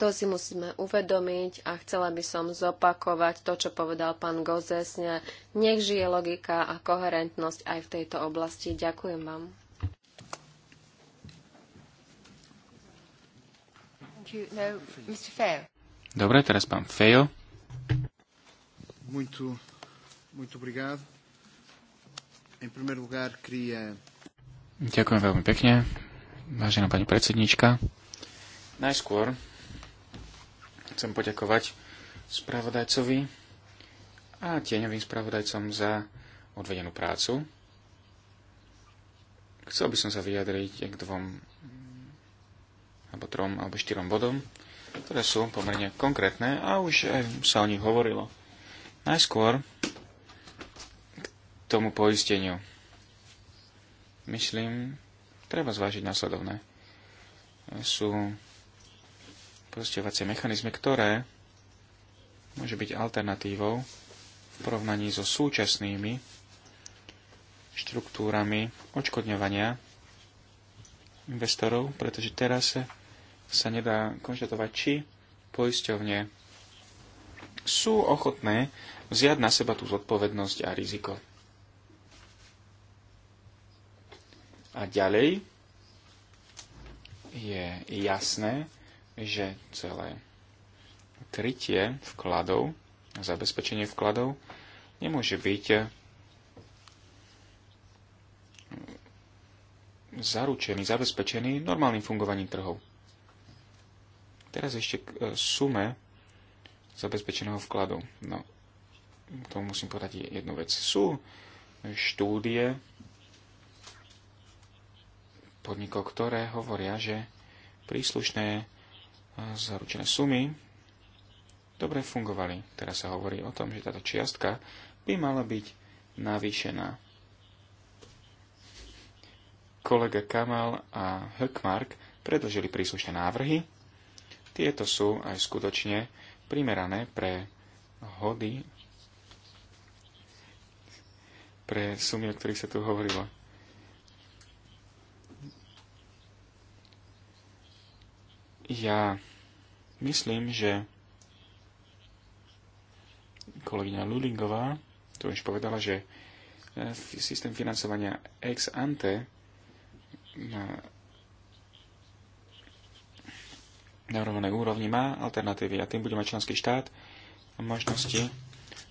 To si musíme uvedomiť a chcela by som zopakovať to, čo povedal pán Gozesne. Nech žije logika a koherentnosť aj v tejto oblasti. Ďakujem vám. No, Dobre, teraz pán Fejo. Muito obrigado. Em primeiro lugar, queria... Ďakujem veľmi pekne, vážená pani predsednička. Najskôr chcem poďakovať spravodajcovi a tieňovým spravodajcom za odvedenú prácu. Chcel by som sa vyjadriť k dvom alebo trom alebo štyrom bodom, ktoré sú pomerne konkrétne a už aj sa o nich hovorilo. Najskôr tomu poisteniu. Myslím, treba zvážiť následovné. Sú poistovacie mechanizmy, ktoré môže byť alternatívou v porovnaní so súčasnými štruktúrami odškodňovania investorov, pretože teraz sa nedá konštatovať, či poisťovne sú ochotné vziať na seba tú zodpovednosť a riziko. A ďalej je jasné, že celé krytie vkladov, zabezpečenie vkladov nemôže byť zaručený, zabezpečený normálnym fungovaním trhov. Teraz ešte k e, sume zabezpečeného vkladu. No, k tomu musím povedať jednu vec. Sú štúdie, podnikov, ktoré hovoria, že príslušné e, zaručené sumy dobre fungovali. Teraz sa hovorí o tom, že táto čiastka by mala byť navýšená. Kolega Kamal a Höckmark predložili príslušné návrhy. Tieto sú aj skutočne primerané pre hody, pre sumy, o ktorých sa tu hovorilo Ja myslím, že kolegyňa Lulingová tu už povedala, že e, systém financovania ex ante na navrhovanej úrovni má alternatívy a tým bude mať členský štát a možnosti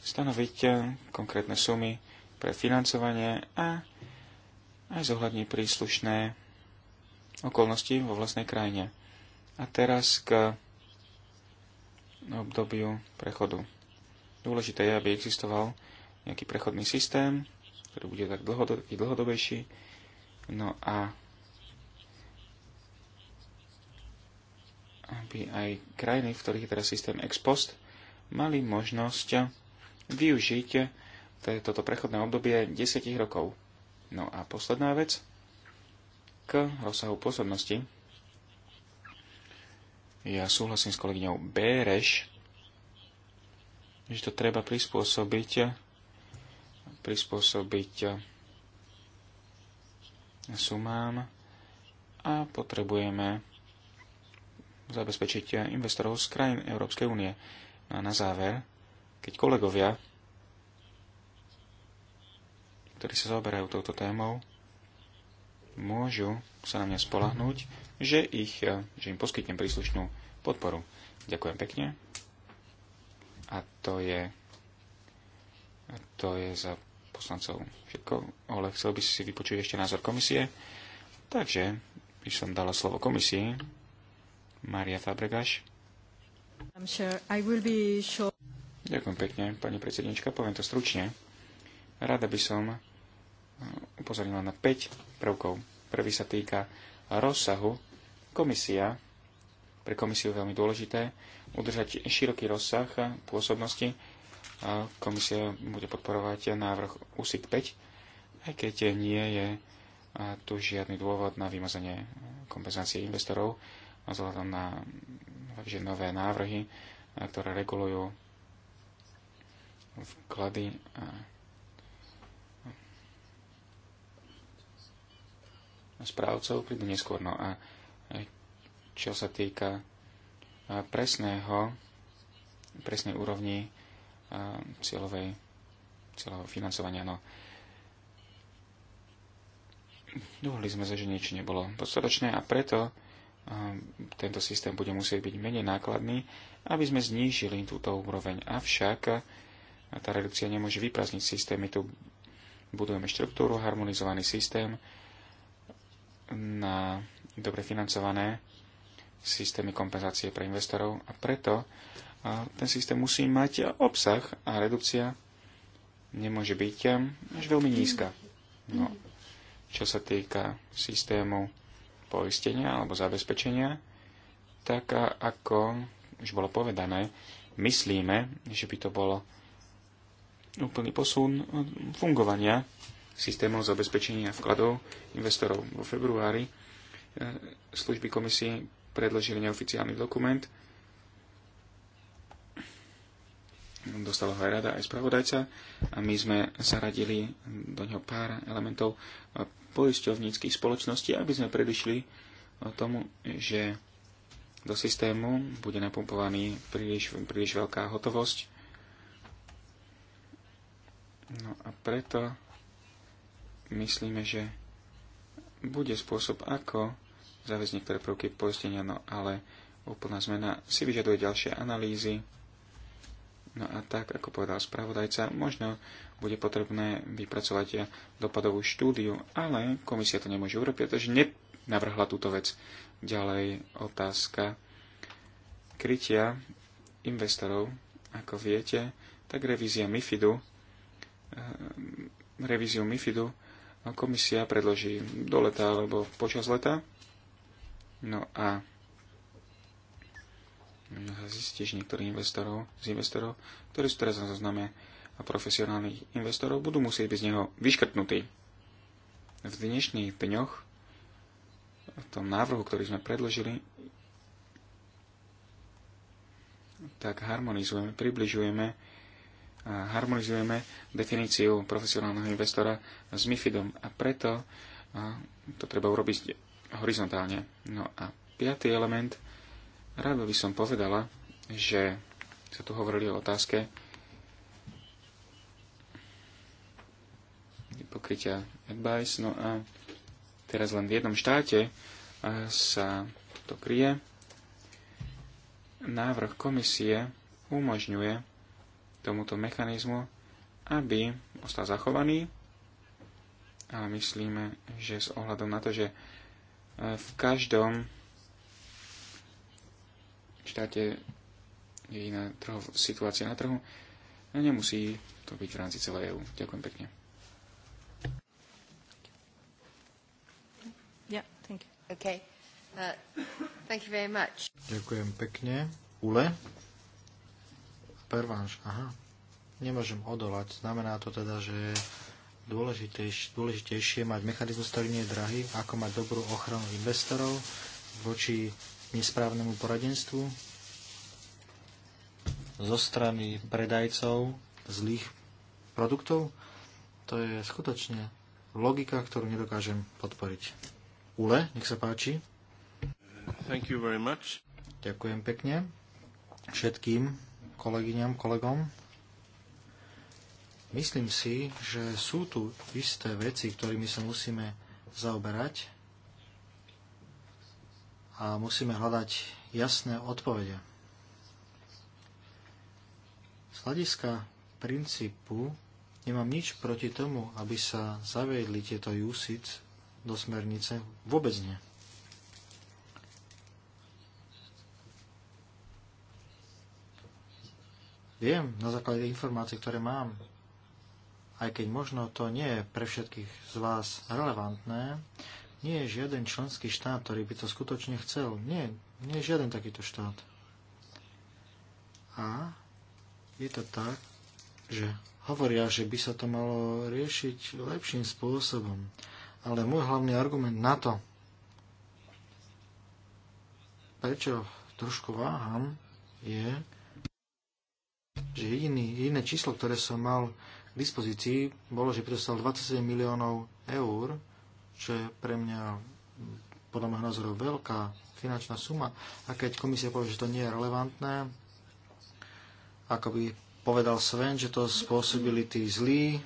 stanoviť e, konkrétne sumy pre financovanie a aj zohľadní príslušné okolnosti vo vlastnej krajine. A teraz k obdobiu prechodu. Dôležité je, aby existoval nejaký prechodný systém, ktorý bude tak dlhodo- dlhodobejší. No a aby aj krajiny, v ktorých je teraz systém ex post, mali možnosť využiť toto prechodné obdobie 10 rokov. No a posledná vec k rozsahu pôsobnosti ja súhlasím s kolegyňou Béreš, že to treba prispôsobiť, prispôsobiť sumám a potrebujeme zabezpečiť investorov z krajín Európskej únie. No a na záver, keď kolegovia, ktorí sa zaoberajú touto témou, môžu sa na mňa spolahnúť, že, ich, e, že im poskytnem príslušnú podporu. Ďakujem pekne. A to je, to je za poslancov všetko. Ole, chcel by si vypočuť ešte názor komisie. Takže by som dala slovo komisii. Maria Fabregaš. Um, Ďakujem pekne, pani predsednička, poviem to stručne. Rada by som e, upozornila na 5 prvkov. Prvý sa týka rozsahu. Komisia, pre komisiu veľmi dôležité, udržať široký rozsah pôsobnosti. Komisia bude podporovať návrh USIK 5, aj keď nie je tu žiadny dôvod na vymazanie kompenzácie investorov, vzhľadom na že nové návrhy, ktoré regulujú vklady a správcov prídu neskôr. No a e, čo sa týka e, presného, presnej úrovni e, cieľovej, cieľového financovania, no dohodli sme sa, že niečo nebolo dostatočné a preto tento systém bude musieť byť menej nákladný, aby sme znížili túto úroveň. Avšak tá redukcia nemôže vyprázdniť systém. My tu budujeme štruktúru, harmonizovaný systém, na dobre financované systémy kompenzácie pre investorov a preto ten systém musí mať obsah a redukcia nemôže byť až veľmi nízka. No, čo sa týka systému poistenia alebo zabezpečenia, tak ako už bolo povedané, myslíme, že by to bolo úplný posun fungovania systémov zabezpečenia vkladov investorov. Vo februári e, služby komisie predložili neoficiálny dokument. Dostala ho aj rada, aj spravodajca. A my sme zaradili do neho pár elementov poisťovníckých spoločností, aby sme predišli tomu, že do systému bude napumpovaný príliš, príliš veľká hotovosť. No a preto myslíme, že bude spôsob, ako zaviesť niektoré prvky poistenia, no ale úplná zmena si vyžaduje ďalšie analýzy. No a tak, ako povedal spravodajca, možno bude potrebné vypracovať dopadovú štúdiu, ale komisia to nemôže urobiť, pretože nenavrhla túto vec. Ďalej otázka krytia investorov. Ako viete, tak revízia MIFIDu, ehm, revíziu MIFIDu komisia predloží do leta alebo počas leta. No a zistíš niektorých investorov, z investorov, ktorí sú teraz na zozname a profesionálnych investorov, budú musieť byť z neho vyškrtnutí. V dnešných dňoch v tom návrhu, ktorý sme predložili, tak harmonizujeme, približujeme harmonizujeme definíciu profesionálneho investora s MIFIDom a preto to treba urobiť horizontálne. No a piatý element, rád by som povedala, že sa tu hovorili o otázke pokrytia advice, no a teraz len v jednom štáte sa to kryje. Návrh komisie umožňuje tomuto mechanizmu, aby ostal zachovaný, ale myslíme, že s ohľadom na to, že e, v každom štáte je iná trho, situácia na trhu, nemusí to byť v rámci celej EÚ. Ďakujem pekne. Yeah, thank you. Okay. Uh, thank you very much. Ďakujem pekne. Ule? Pervanš, aha, nemôžem odolať. Znamená to teda, že je dôležitejšie, dôležitejšie mať mechanizmus, ktorý nie je drahý, ako mať dobrú ochranu investorov voči nesprávnemu poradenstvu zo strany predajcov zlých produktov. To je skutočne logika, ktorú nedokážem podporiť. Ule, nech sa páči. Thank you very much. Ďakujem pekne všetkým kolegyňam, kolegom. Myslím si, že sú tu isté veci, ktorými sa musíme zaoberať a musíme hľadať jasné odpovede. Z hľadiska princípu nemám nič proti tomu, aby sa zaviedli tieto USIC do smernice. Vôbec nie. Viem na základe informácií, ktoré mám, aj keď možno to nie je pre všetkých z vás relevantné, nie je žiaden členský štát, ktorý by to skutočne chcel. Nie, nie je žiaden takýto štát. A je to tak, že hovoria, že by sa to malo riešiť lepším spôsobom. Ale môj hlavný argument na to, prečo trošku váham, je, že jediný, jediné číslo, ktoré som mal k dispozícii, bolo, že predstavil 27 miliónov eur, čo je pre mňa podľa môjho názoru veľká finančná suma. A keď komisia povie, že to nie je relevantné, ako by povedal Sven, že to spôsobili tí zlí,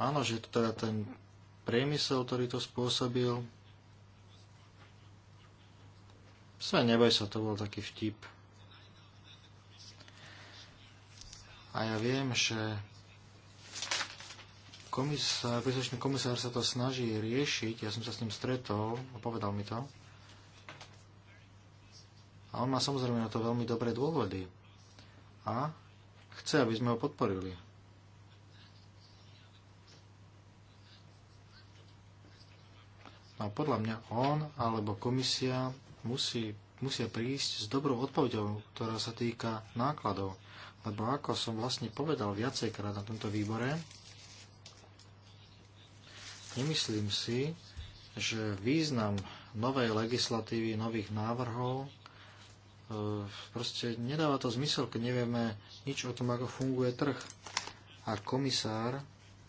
áno, že to teda ten priemysel, ktorý to spôsobil, Sven, neboj sa, to bol taký vtip. A ja viem, že komisár, príslušný komisár sa to snaží riešiť, ja som sa s ním stretol a povedal mi to. A on má samozrejme na to veľmi dobré dôvody. A chce, aby sme ho podporili. No a podľa mňa on alebo komisia musí, musia prísť s dobrou odpovedou, ktorá sa týka nákladov lebo ako som vlastne povedal viacejkrát na tomto výbore, nemyslím si, že význam novej legislatívy, nových návrhov, e, proste nedáva to zmysel, keď nevieme nič o tom, ako funguje trh. A komisár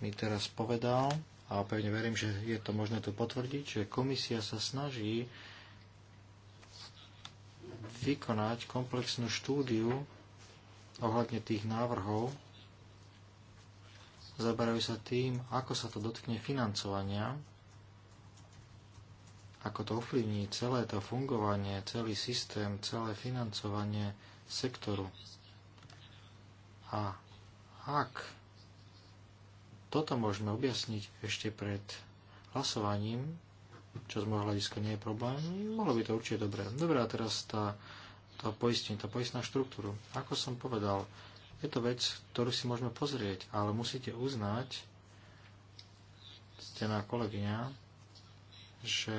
mi teraz povedal, a pevne verím, že je to možné tu potvrdiť, že komisia sa snaží vykonať komplexnú štúdiu ohľadne tých návrhov, zaberajú sa tým, ako sa to dotkne financovania, ako to ovplyvní celé to fungovanie, celý systém, celé financovanie sektoru. A ak toto môžeme objasniť ešte pred hlasovaním, čo z môjho hľadiska nie je problém, mohlo by to určite dobre. Dobre, a teraz tá to poistenie, tá poistná štruktúru. Ako som povedal, je to vec, ktorú si môžeme pozrieť, ale musíte uznať, stená kolegyňa, že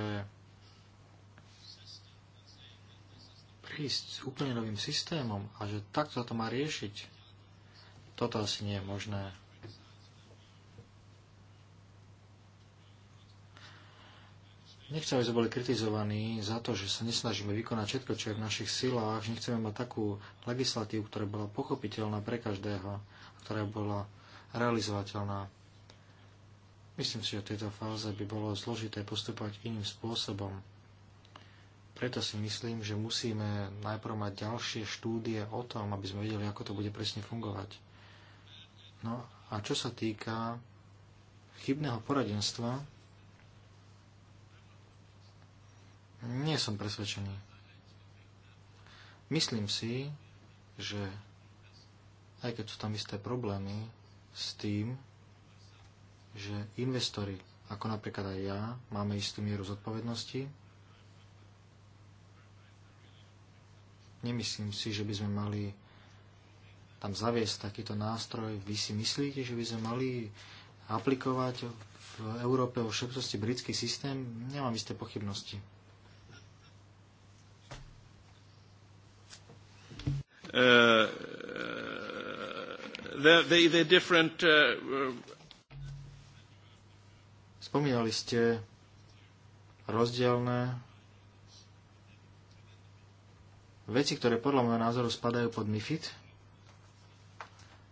prísť s úplne novým systémom a že takto to má riešiť, toto asi nie je možné. Nechcem, aby sme boli kritizovaní za to, že sa nesnažíme vykonať všetko, čo je v našich silách. že Nechceme mať takú legislatívu, ktorá bola pochopiteľná pre každého, ktorá bola realizovateľná. Myslím si, že v tejto fáze by bolo zložité postupovať iným spôsobom. Preto si myslím, že musíme najprv mať ďalšie štúdie o tom, aby sme vedeli, ako to bude presne fungovať. No a čo sa týka chybného poradenstva, Nie som presvedčený. Myslím si, že aj keď sú tam isté problémy s tým, že investori, ako napríklad aj ja, máme istú mieru zodpovednosti, nemyslím si, že by sme mali tam zaviesť takýto nástroj. Vy si myslíte, že by sme mali aplikovať v Európe o všetkosti britský systém? Nemám isté pochybnosti. uh, uh different uh, Spomínali ste rozdielne veci, ktoré podľa môjho názoru spadajú pod MIFID.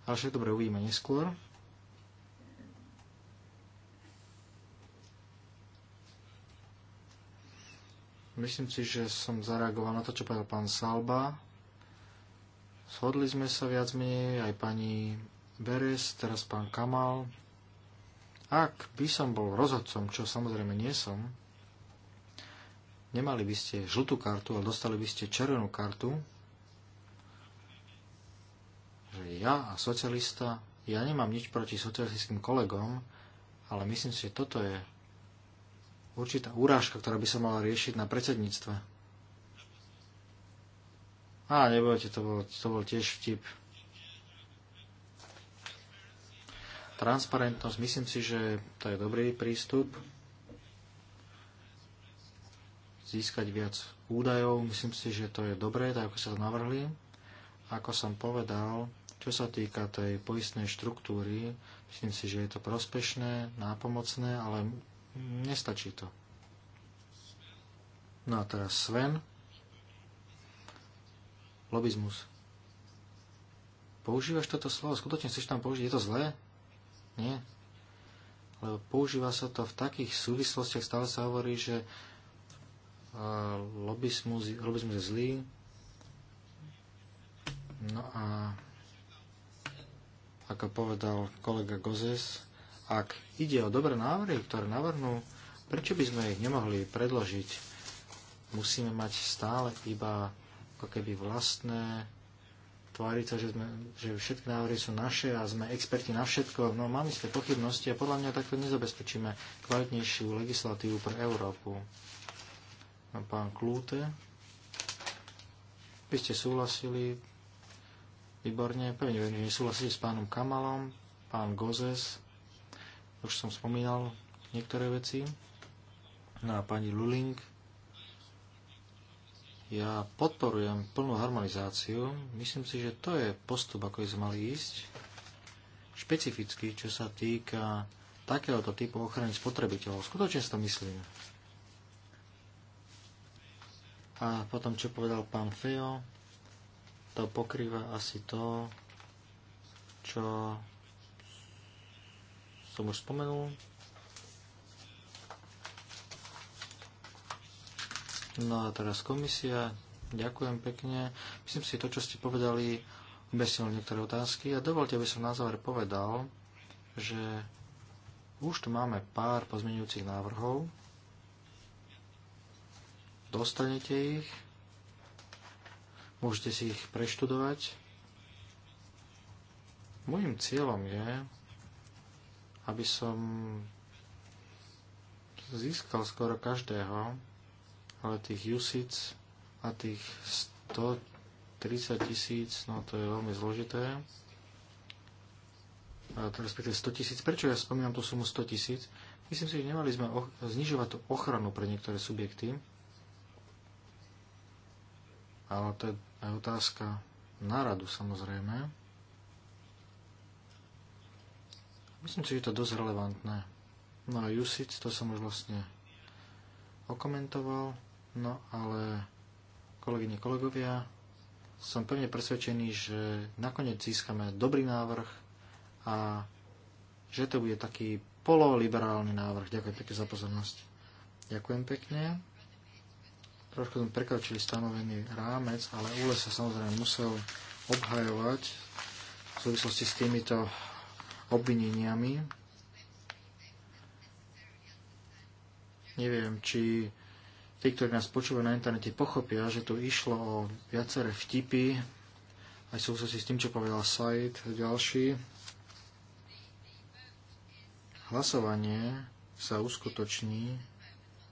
Ale všetko dobre uvidíme neskôr. Myslím si, že som zareagoval na to, čo povedal pán Salba. Shodli sme sa viac menej aj pani Beres, teraz pán Kamal. Ak by som bol rozhodcom, čo samozrejme nie som, nemali by ste žltú kartu, ale dostali by ste červenú kartu, že ja a socialista, ja nemám nič proti socialistickým kolegom, ale myslím si, že toto je určitá úrážka, ktorá by sa mala riešiť na predsedníctve. Á, nebojte, to bol, to bol tiež vtip. Transparentnosť, myslím si, že to je dobrý prístup. Získať viac údajov, myslím si, že to je dobré, tak ako sa to navrhli. Ako som povedal, čo sa týka tej poistnej štruktúry, myslím si, že je to prospešné, nápomocné, ale nestačí to. No a teraz Sven lobizmus. Používaš toto slovo? Skutočne chceš tam použiť? Je to zlé? Nie. Lebo používa sa to v takých súvislostiach, stále sa hovorí, že lobizmus, lobizmus je zlý. No a ako povedal kolega Gozes, ak ide o dobré návrhy, ktoré navrhnú, prečo by sme ich nemohli predložiť? Musíme mať stále iba ako keby vlastné, tváriť sa, že, sme, že všetky návrhy sú naše a sme experti na všetko. No mám isté pochybnosti a podľa mňa takto nezabezpečíme kvalitnejšiu legislatívu pre Európu. No, pán Klúte, vy ste súhlasili, výborne, pevne verím, že súhlasíte s pánom Kamalom, pán Gozes, už som spomínal niektoré veci, no a pani Luling, ja podporujem plnú harmonizáciu. Myslím si, že to je postup, ako sme mali ísť. Špecificky, čo sa týka takéhoto typu ochrany spotrebiteľov. Skutočne si to myslím. A potom, čo povedal pán Feo, to pokrýva asi to, čo som už spomenul. No a teraz komisia, ďakujem pekne. Myslím si, to, čo ste povedali, objasnil niektoré otázky a dovolte, aby som na záver povedal, že už tu máme pár pozmeňujúcich návrhov. Dostanete ich, môžete si ich preštudovať. Mojím cieľom je, aby som získal skoro každého, ale tých USIC a tých 130 tisíc, no to je veľmi zložité. A respektíve 100 tisíc. Prečo ja spomínam tú sumu 100 tisíc? Myslím si, že nemali sme znižovať tú ochranu pre niektoré subjekty. Ale to je aj otázka náradu samozrejme. Myslím si, že to je dosť relevantné. No a USIC, to som už vlastne okomentoval. No ale, kolegyne, kolegovia, som pevne presvedčený, že nakoniec získame dobrý návrh a že to bude taký pololiberálny návrh. Ďakujem pekne za pozornosť. Ďakujem pekne. Trošku sme prekročili stanovený rámec, ale Ule sa samozrejme musel obhajovať v súvislosti s týmito obvineniami. Neviem, či tí, ktorí nás počúvajú na internete, pochopia, že tu išlo o viaceré vtipy, aj súvisí s tým, čo povedal Said, ďalší. Hlasovanie sa uskutoční,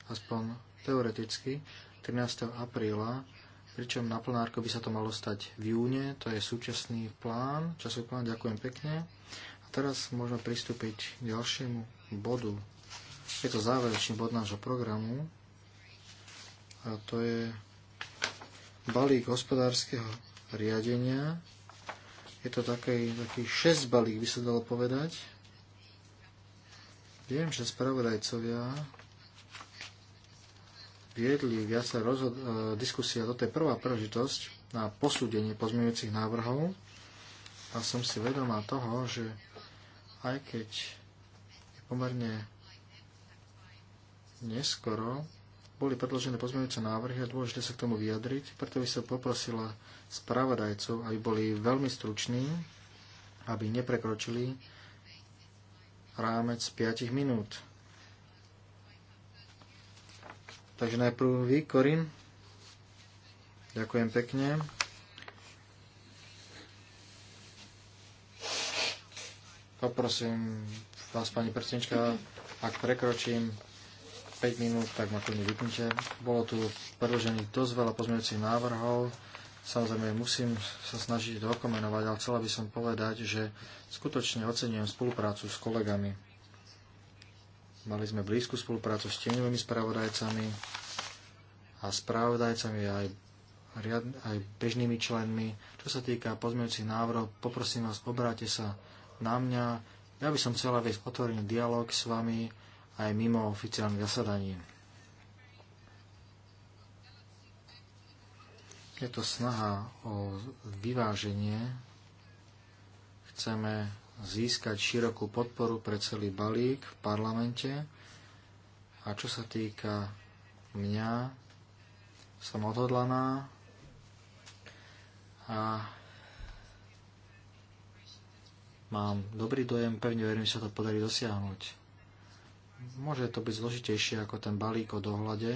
aspoň teoreticky, 13. apríla, pričom na plnárko by sa to malo stať v júne, to je súčasný plán, časový plán, ďakujem pekne. A teraz môžeme pristúpiť k ďalšiemu bodu. Je to záverečný bod nášho programu, a to je balík hospodárskeho riadenia. Je to taký, taký 6 balík, by sa dalo povedať. Viem, že spravodajcovia viedli viac rozhod- e, diskusia. Toto je prvá príležitosť na posúdenie pozmeňujúcich návrhov a som si vedomá toho, že aj keď je pomerne neskoro, boli predložené pozmeňujúce návrhy a dôležité sa k tomu vyjadriť, preto by som poprosila správodajcov, aby boli veľmi struční, aby neprekročili rámec 5 minút. Takže najprv vy, Korin. Ďakujem pekne. Poprosím vás, pani predsednička, ak prekročím 5 minút, tak ma kľudne vypnite. Bolo tu predložených dosť veľa pozmeňujúcich návrhov. Samozrejme, musím sa snažiť dokomenovať, ale chcela by som povedať, že skutočne ocenujem spoluprácu s kolegami. Mali sme blízku spoluprácu s tieňovými spravodajcami a spravodajcami aj, aj bežnými členmi. Čo sa týka pozmeňujúcich návrhov, poprosím vás, obráte sa na mňa. Ja by som chcela viesť otvorený dialog s vami aj mimo oficiálnych zasadaní. Je to snaha o vyváženie. Chceme získať širokú podporu pre celý balík v parlamente. A čo sa týka mňa, som odhodlaná a mám dobrý dojem, pevne verím, že sa to podarí dosiahnuť môže to byť zložitejšie ako ten balík o dohľade,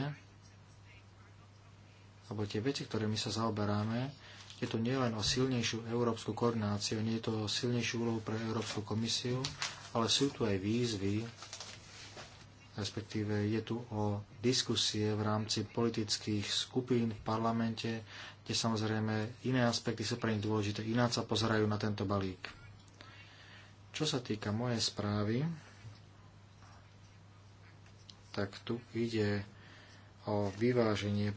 alebo tie veci, ktoré my sa zaoberáme, je to nielen o silnejšiu európsku koordináciu, nie je to o silnejšiu úlohu pre Európsku komisiu, ale sú tu aj výzvy, respektíve je tu o diskusie v rámci politických skupín v parlamente, kde samozrejme iné aspekty sú pre nich dôležité, ináč sa pozerajú na tento balík. Čo sa týka mojej správy, tak tu ide o vyváženie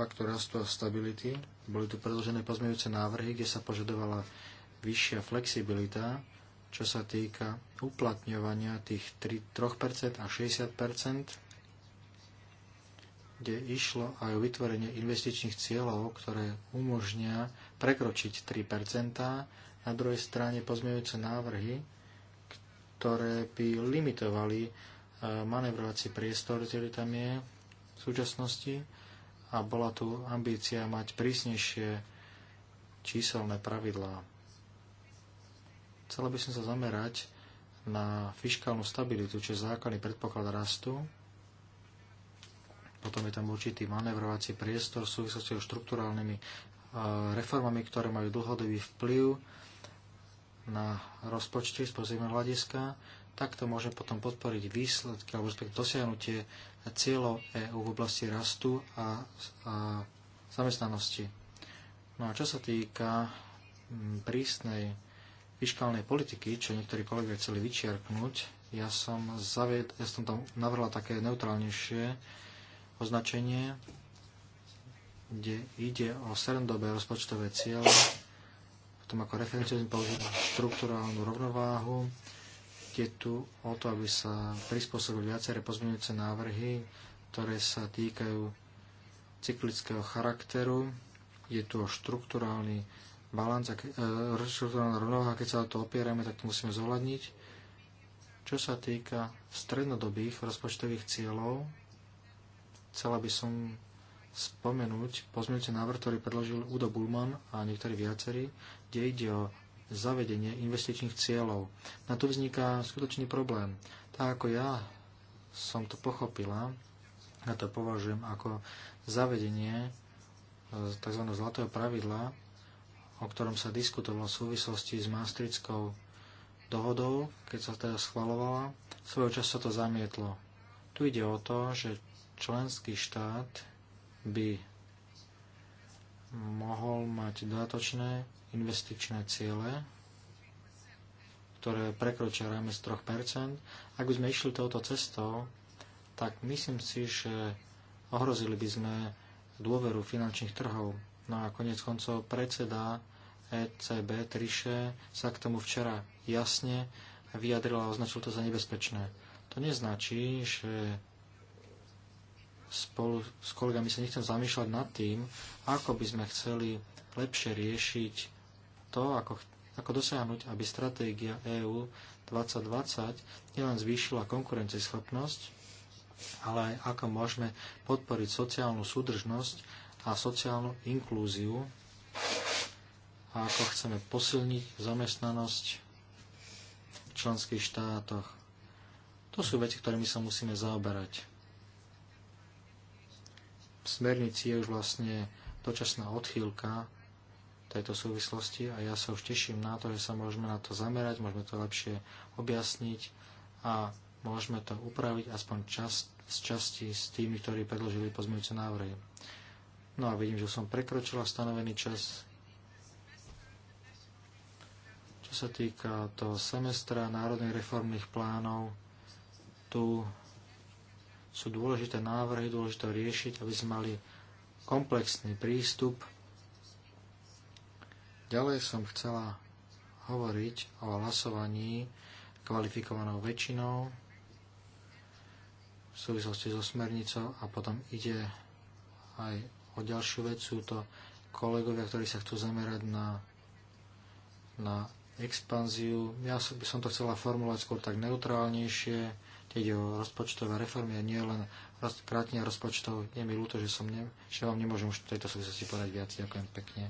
paktu rastu a stability. Boli tu predložené pozmeňujúce návrhy, kde sa požadovala vyššia flexibilita, čo sa týka uplatňovania tých 3, 3% a 60%, kde išlo aj o vytvorenie investičných cieľov, ktoré umožnia prekročiť 3%, na druhej strane pozmeňujúce návrhy, ktoré by limitovali manevrovací priestor, ktorý tam je v súčasnosti a bola tu ambícia mať prísnejšie číselné pravidlá. Chcela by som sa zamerať na fiskálnu stabilitu, čo je základný predpoklad rastu. Potom je tam určitý manevrovací priestor v súvislosti so štrukturálnymi e, reformami, ktoré majú dlhodobý vplyv na rozpočty z pozemného hľadiska takto môžeme potom podporiť výsledky alebo dosiahnutie cieľov EÚ v oblasti rastu a, a zamestnanosti. No a čo sa týka mm, prísnej fiskálnej politiky, čo niektorí kolegovia chceli vyčiarknúť, ja som, zaved, ja som tam navrhla také neutrálnejšie označenie, kde ide o serendobé rozpočtové ciele, potom ako referenciu použiť štruktúrálnu rovnováhu, ste tu o to, aby sa prispôsobili viaceré pozmeňujúce návrhy, ktoré sa týkajú cyklického charakteru. Je tu o štruktúrálny balans, e, štruktúrálna rovnováha, keď sa o to opierame, tak to musíme zohľadniť. Čo sa týka strednodobých rozpočtových cieľov, chcela by som spomenúť pozmeňujúce návrh, ktorý predložil Udo Bulman a niektorí viacerí, kde ide o zavedenie investičných cieľov. Na tu vzniká skutočný problém. Tak ako ja som to pochopila, ja to považujem ako zavedenie e, tzv. zlatého pravidla, o ktorom sa diskutovalo v súvislosti s Maastrickou dohodou, keď sa teda schvalovala. Svojho času sa to zamietlo. Tu ide o to, že členský štát by mohol mať dodatočné investičné ciele, ktoré prekročia rámec 3%. Ak by sme išli touto cestou, tak myslím si, že ohrozili by sme dôveru finančných trhov. No a konec koncov predseda ECB Triše sa k tomu včera jasne vyjadrila a označil to za nebezpečné. To neznačí, že spolu s kolegami sa nechcem zamýšľať nad tým, ako by sme chceli lepšie riešiť to, ako, ako dosiahnuť, aby stratégia EÚ 2020 nielen zvýšila konkurencieschopnosť, ale aj ako môžeme podporiť sociálnu súdržnosť a sociálnu inklúziu a ako chceme posilniť zamestnanosť v členských štátoch. To sú veci, ktorými sa musíme zaoberať. V smernici je už vlastne dočasná odchýlka tejto súvislosti a ja sa už teším na to, že sa môžeme na to zamerať, môžeme to lepšie objasniť a môžeme to upraviť aspoň čas, z časti s tými, ktorí predložili pozmeňujúce návrhy. No a vidím, že som prekročila stanovený čas. Čo sa týka toho semestra národných reformných plánov, tu sú dôležité návrhy, dôležité riešiť, aby sme mali komplexný prístup Ďalej som chcela hovoriť o hlasovaní kvalifikovanou väčšinou v súvislosti so smernicou a potom ide aj o ďalšiu vec. Sú to kolegovia, ktorí sa chcú zamerať na, na expanziu. Ja by som to chcela formulovať skôr tak neutrálnejšie, ide o rozpočtové reformy a nie len krátne rozpočtov. Je mi ľúto, že, som ne, že vám nemôžem už v tejto súvislosti povedať viac. Ďakujem pekne.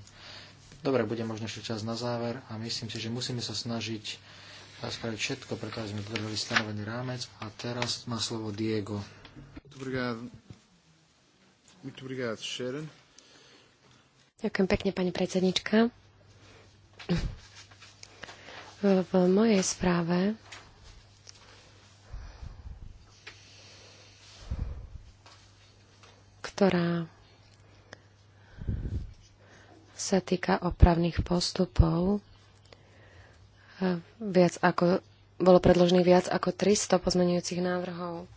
Dobre, bude možno ešte čas na záver a myslím si, že musíme sa snažiť spraviť všetko, preto sme dodržali stanovený rámec. A teraz má slovo Diego. Ďakujem pekne, pani predsednička. V mojej správe ktorá sa týka opravných postupov. E, viac ako, bolo predložených viac ako 300 pozmenujúcich návrhov.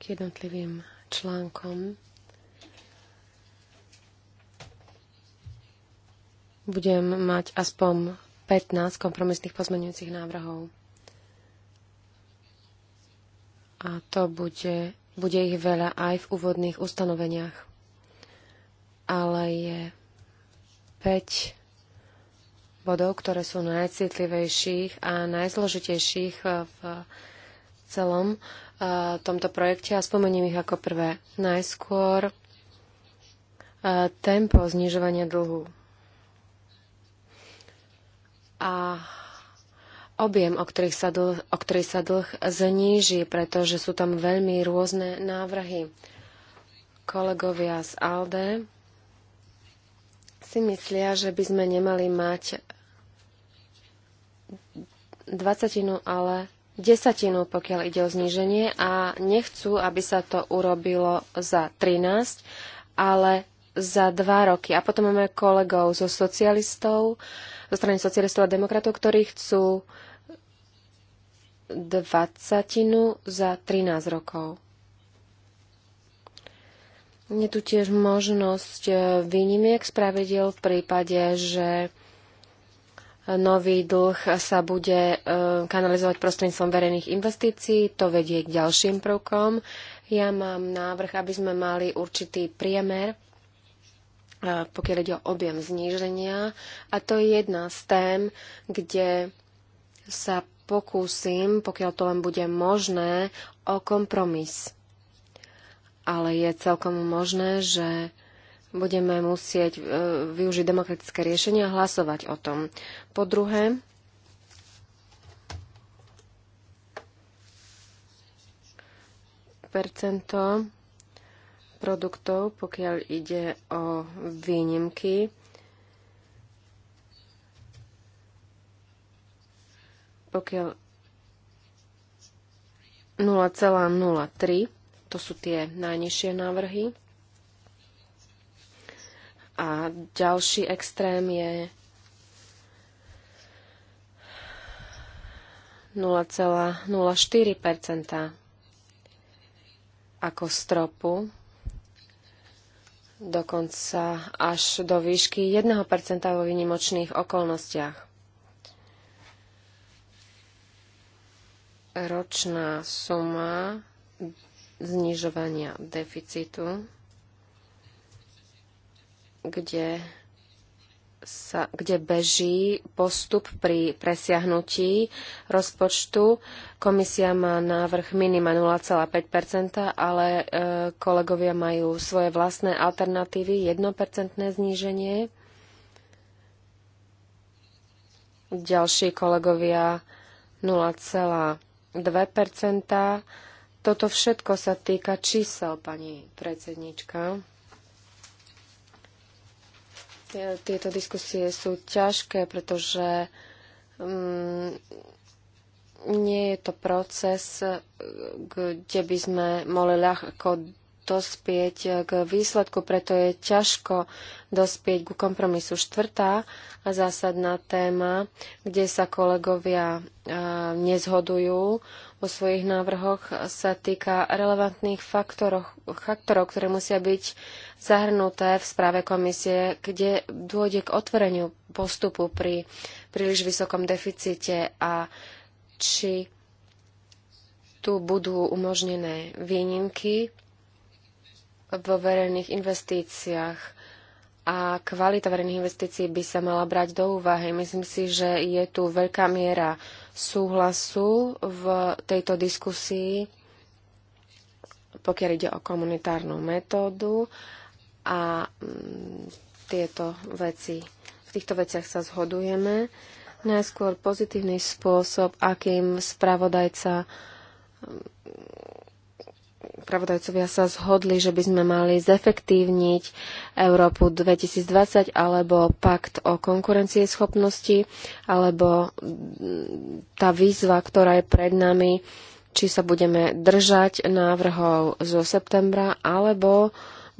K jednotlivým článkom budem mať aspoň 15 kompromisných pozmenujúcich návrhov a to bude, bude ich veľa aj v úvodných ustanoveniach. Ale je 5 bodov, ktoré sú najcitlivejších a najzložitejších e, v celom e, tomto projekte a spomením ich ako prvé. Najskôr e, tempo znižovania dlhu. A objem, o, ktorých sa dlh, o ktorý sa dlh zníži, pretože sú tam veľmi rôzne návrhy. Kolegovia z ALDE si myslia, že by sme nemali mať dvacatinu, ale desatinu, pokiaľ ide o zníženie a nechcú, aby sa to urobilo za 13, ale za dva roky. A potom máme kolegov zo so socialistov, zo strany socialistov a demokratov, ktorí chcú dvacatinu za 13 rokov. Je tu tiež možnosť e, výnimiek z pravidel v prípade, že nový dlh sa bude e, kanalizovať prostredníctvom verejných investícií. To vedie k ďalším prvkom. Ja mám návrh, aby sme mali určitý priemer, e, pokiaľ ide o objem zníženia. A to je jedna z tém, kde sa pokúsim, pokiaľ to len bude možné, o kompromis. Ale je celkom možné, že budeme musieť e, využiť demokratické riešenie a hlasovať o tom. Po druhé, percento produktov, pokiaľ ide o výnimky, Pokiaľ 0,03, to sú tie najnižšie návrhy. A ďalší extrém je 0,04 ako stropu, dokonca až do výšky 1 vo výnimočných okolnostiach. ročná suma znižovania deficitu, kde, sa, kde beží postup pri presiahnutí rozpočtu. Komisia má návrh minima 0,5%, ale e, kolegovia majú svoje vlastné alternatívy, 1% zníženie. Ďalší kolegovia 2%. Toto všetko sa týka čísel, pani predsednička. Tieto diskusie sú ťažké, pretože um, nie je to proces, eh, kde by sme mohli ľahko dospieť eh, k výsledku, preto je ťažko dospieť ku kompromisu. Štvrtá a zásadná téma, kde sa kolegovia eh, nezhodujú vo svojich návrhoch, sa týka relevantných faktorov, faktorov ktoré musia byť zahrnuté v správe komisie, kde dôjde k otvoreniu postupu pri príliš vysokom deficite a či tu budú umožnené výnimky vo verejných investíciách a kvalita verejných investícií by sa mala brať do úvahy. Myslím si, že je tu veľká miera súhlasu v tejto diskusii, pokiaľ ide o komunitárnu metódu a mm, tieto veci. V týchto veciach sa zhodujeme. Najskôr pozitívny spôsob, akým spravodajca pravodajcovia sa zhodli, že by sme mali zefektívniť Európu 2020 alebo pakt o konkurencieschopnosti alebo mm, tá výzva, ktorá je pred nami, či sa budeme držať návrhov zo septembra alebo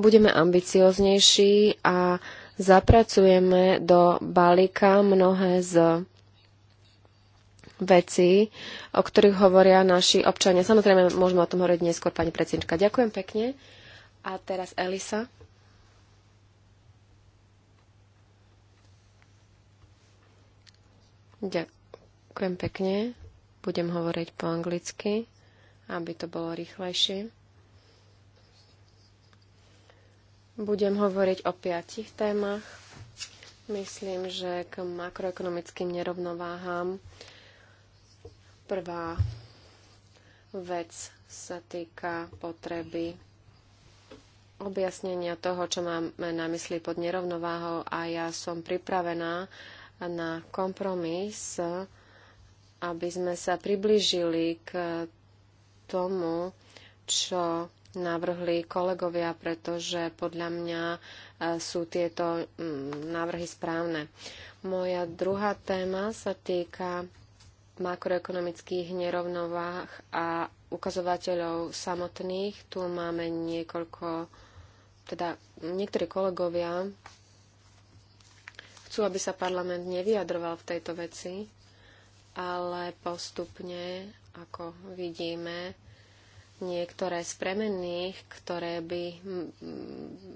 budeme ambicioznejší a zapracujeme do balíka mnohé z veci, o ktorých hovoria naši občania. Samozrejme, môžeme o tom hovoriť neskôr, pani predsednička. Ďakujem pekne. A teraz Elisa. Ďakujem pekne. Budem hovoriť po anglicky, aby to bolo rýchlejšie. Budem hovoriť o piatich témach. Myslím, že k makroekonomickým nerovnováhám Prvá vec sa týka potreby objasnenia toho, čo máme na mysli pod nerovnováhou a ja som pripravená na kompromis, aby sme sa priblížili k tomu, čo navrhli kolegovia, pretože podľa mňa e, sú tieto mm, návrhy správne. Moja druhá téma sa týka makroekonomických nerovnovách a ukazovateľov samotných. Tu máme niekoľko, teda niektorí kolegovia chcú, aby sa parlament nevyjadroval v tejto veci, ale postupne, ako vidíme, niektoré z premenných, ktoré by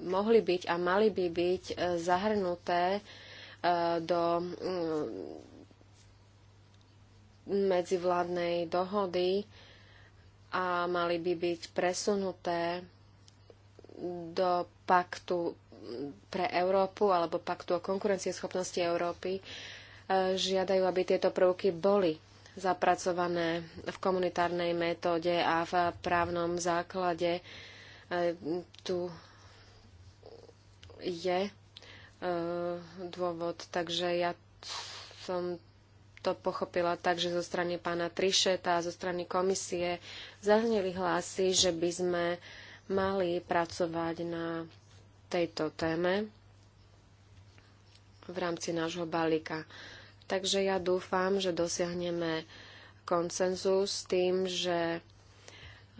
mohli byť a mali by byť eh, zahrnuté eh, do mm, medzivládnej dohody a mali by byť presunuté do paktu pre Európu alebo paktu o konkurencieschopnosti Európy. E, žiadajú, aby tieto prvky boli zapracované v komunitárnej metóde a v právnom základe. E, tu je e, dôvod, takže ja som to pochopila tak, že zo strany pána Trišeta a zo strany komisie zazneli hlasy, že by sme mali pracovať na tejto téme v rámci nášho balíka. Takže ja dúfam, že dosiahneme konsenzus tým, že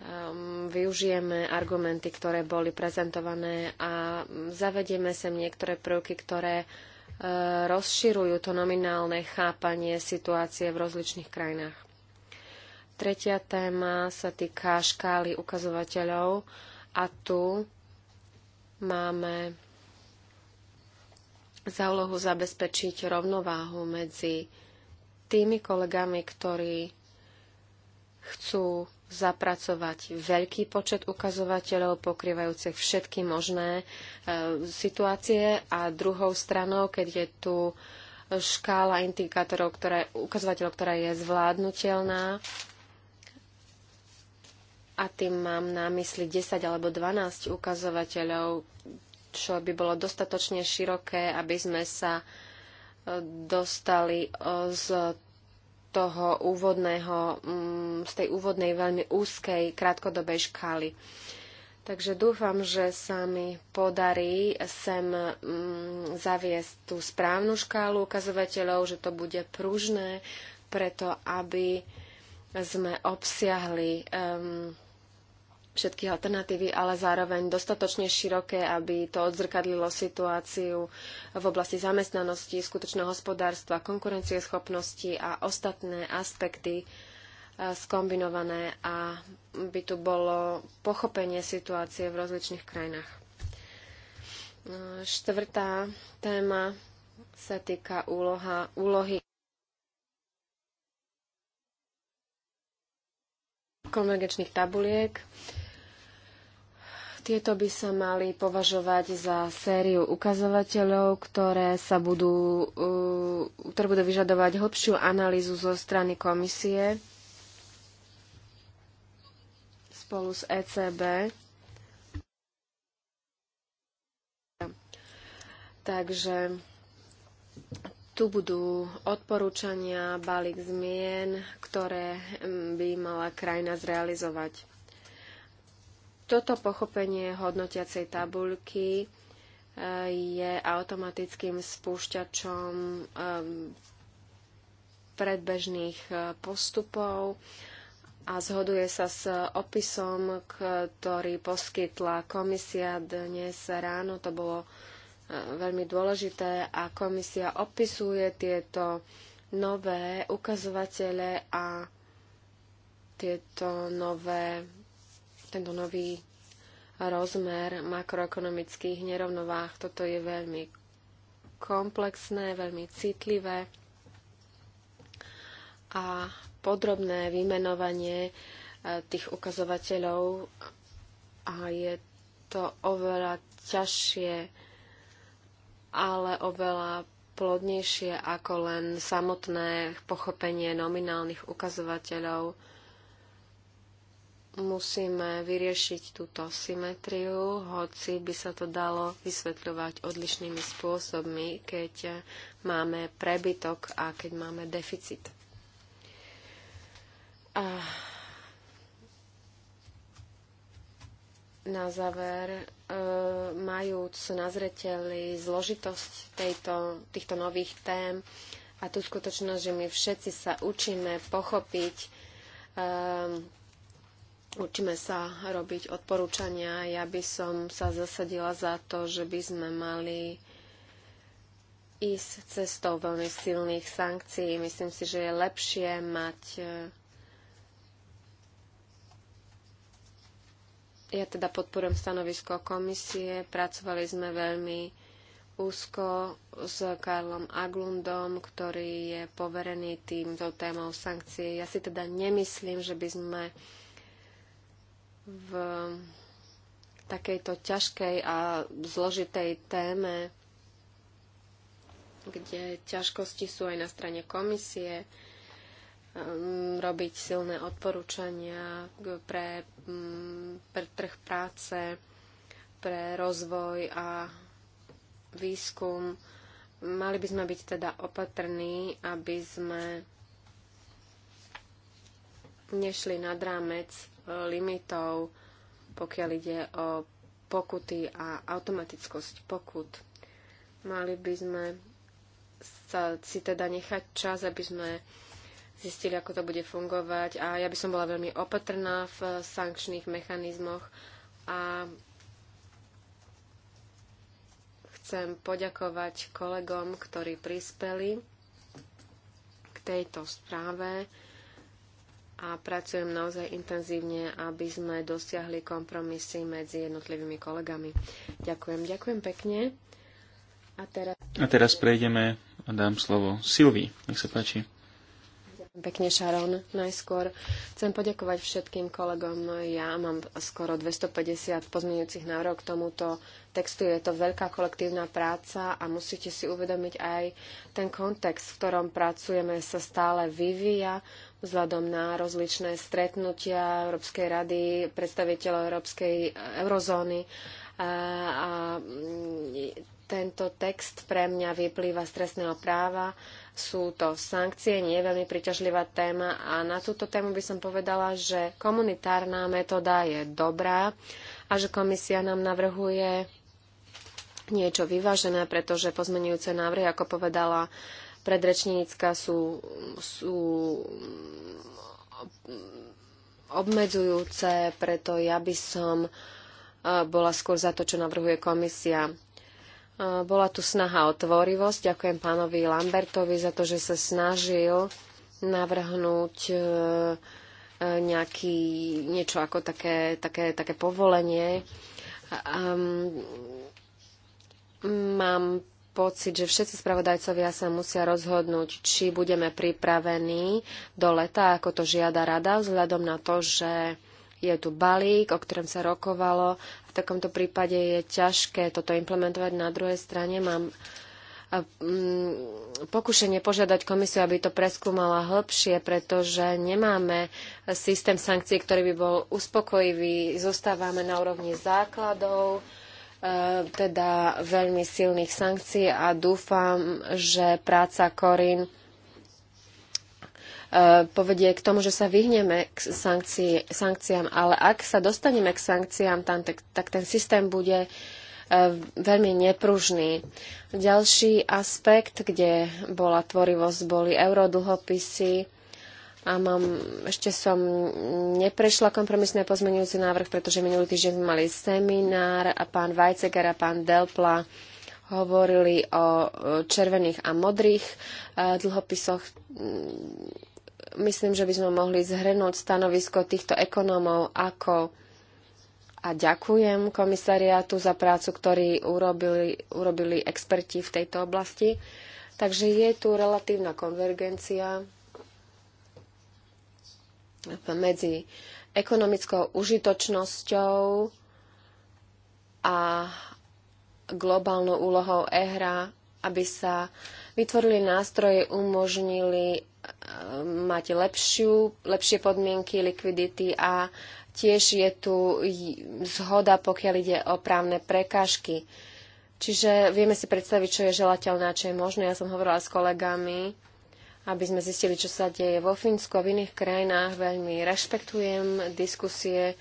um, využijeme argumenty, ktoré boli prezentované a zavedieme sem niektoré prvky, ktoré uh, Eh, rozširujú to nominálne chápanie situácie v rozličných krajinách. Tretia téma sa týka škály ukazovateľov a tu máme za úlohu zabezpečiť rovnováhu medzi tými kolegami, ktorí chcú zapracovať veľký počet ukazovateľov pokrývajúcich všetky možné e, situácie a druhou stranou, keď je tu škála indikátorov, ktoré, ukazovateľov, ktorá je zvládnutelná a tým mám na mysli 10 alebo 12 ukazovateľov, čo by bolo dostatočne široké, aby sme sa e, dostali e, z toho úvodného, mm, z tej úvodnej veľmi úzkej krátkodobej škály. Takže dúfam, že sa mi podarí sem mm, zaviesť tú správnu škálu ukazovateľov, že to bude pružné, preto aby sme obsiahli um, všetky alternatívy, ale zároveň dostatočne široké, aby to odzrkadlilo situáciu v oblasti zamestnanosti, skutočného hospodárstva, konkurencieschopnosti a ostatné aspekty e, skombinované a by tu bolo pochopenie situácie v rozličných krajinách. E, štvrtá téma sa týka úloha, úlohy konvergenčných tabuliek. Tieto by sa mali považovať za sériu ukazovateľov, ktoré sa budú, uh, ktoré budú vyžadovať hlbšiu analýzu zo strany komisie spolu s ECB. Takže tu budú odporúčania, balík zmien, ktoré mm, by mala krajina zrealizovať. Toto pochopenie hodnotiacej tabuľky eh, je automatickým spúšťačom ehm, predbežných eh, postupov a zhoduje sa s opisom, ktorý poskytla komisia dnes ráno. To bolo eh, veľmi dôležité a komisia opisuje tieto nové ukazovatele a tieto nové tento nový rozmer makroekonomických nerovnováh. Toto je veľmi komplexné, veľmi citlivé a podrobné vymenovanie e, tých ukazovateľov a je to oveľa ťažšie, ale oveľa plodnejšie ako len samotné pochopenie nominálnych ukazovateľov musíme vyriešiť túto symetriu, hoci by sa to dalo vysvetľovať odlišnými spôsobmi, keď máme prebytok a keď máme deficit. A na záver, e, majúc na zreteli zložitosť tejto, týchto nových tém a tú skutočnosť, že my všetci sa učíme pochopiť e, Učíme sa robiť odporúčania. Ja by som sa zasadila za to, že by sme mali ísť cestou veľmi silných sankcií. Myslím si, že je lepšie mať. Eh, ja teda podporujem stanovisko komisie. Pracovali sme veľmi úzko s Karlom Aglundom, ktorý je poverený týmto témou sankcií. Ja si teda nemyslím, že by sme v takejto ťažkej a zložitej téme, kde ťažkosti sú aj na strane komisie, um, robiť silné odporúčania pre, um, pre trh práce, pre rozvoj a výskum. Mali by sme byť teda opatrní, aby sme nešli nad rámec limitov, pokiaľ ide o pokuty a automatickosť pokut. Mali by sme sa si teda nechať čas, aby sme zistili, ako to bude fungovať. A ja by som bola veľmi opatrná v sankčných mechanizmoch a chcem poďakovať kolegom, ktorí prispeli k tejto správe a pracujem naozaj intenzívne, aby sme dosiahli kompromisy medzi jednotlivými kolegami. Ďakujem, ďakujem pekne. A teraz, a teraz prejdeme a dám slovo Silvii. Nech sa páči. Pekne, Sharon. Najskôr chcem poďakovať všetkým kolegom. Ja mám skoro 250 pozmeňujúcich návrhov k tomuto textu. Je to veľká kolektívna práca a musíte si uvedomiť aj ten kontext, v ktorom pracujeme, sa stále vyvíja vzhľadom na rozličné stretnutia Európskej rady, predstaviteľov Európskej eurozóny a mm, tento text pre mňa vyplýva z trestného práva. Sú to sankcie, nie je veľmi príťažlivá téma a na túto tému by som povedala, že komunitárna metóda je dobrá a že komisia nám navrhuje niečo vyvážené, pretože pozmenujúce návrhy, ako povedala predrečnícka, sú, sú obmedzujúce, preto ja by som uh, bola skôr za to, čo navrhuje komisia. Bola tu snaha o tvorivosť. Ďakujem pánovi Lambertovi za to, že sa snažil navrhnúť e, e, nejaký, niečo ako také, také, také povolenie. Mám pocit, že všetci spravodajcovia sa musia rozhodnúť, či budeme pripravení do leta, ako to žiada rada, vzhľadom na to, že je tu balík, o ktorom sa rokovalo. V takomto prípade je ťažké toto implementovať. Na druhej strane mám mm, pokušenie požiadať komisiu, aby to preskúmala hĺbšie, pretože nemáme systém sankcií, ktorý by bol uspokojivý. Zostávame na úrovni základov, e, teda veľmi silných sankcií a dúfam, že práca Korin povedie k tomu, že sa vyhneme k sankcii, sankciám, ale ak sa dostaneme k sankciám, tam, tak, tak ten systém bude e, veľmi nepružný. Ďalší aspekt, kde bola tvorivosť, boli eurodlhopisy a mám, ešte som neprešla kompromisné pozmenujúci návrh, pretože minulý týždeň sme mali seminár a pán Vajceger a pán Delpla hovorili o červených a modrých e, dlhopisoch myslím, že by sme mohli zhrnúť stanovisko týchto ekonómov ako a ďakujem komisariátu za prácu, ktorý urobili, urobili experti v tejto oblasti. Takže je tu relatívna konvergencia medzi ekonomickou užitočnosťou a globálnou úlohou EHRA, aby sa vytvorili nástroje, umožnili máte lepšiu, lepšie podmienky likvidity a tiež je tu zhoda, pokiaľ ide o právne prekážky. Čiže vieme si predstaviť, čo je želateľné a čo je možné. Ja som hovorila s kolegami, aby sme zistili, čo sa deje vo Fínsku a v iných krajinách. Veľmi rešpektujem diskusie e,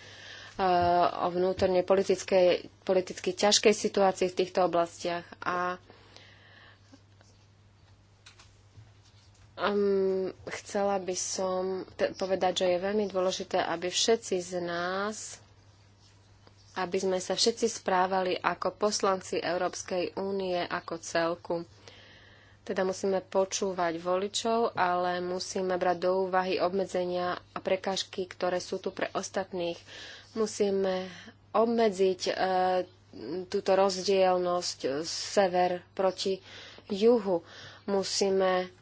o vnútorne politickej, politicky ťažkej situácii v týchto oblastiach a Um, chcela by som povedať, že je veľmi dôležité, aby všetci z nás, aby sme sa všetci správali ako poslanci Európskej únie ako celku. Teda musíme počúvať voličov, ale musíme brať do úvahy obmedzenia a prekážky, ktoré sú tu pre ostatných. Musíme obmedziť e, túto rozdielnosť e, sever proti juhu. Musíme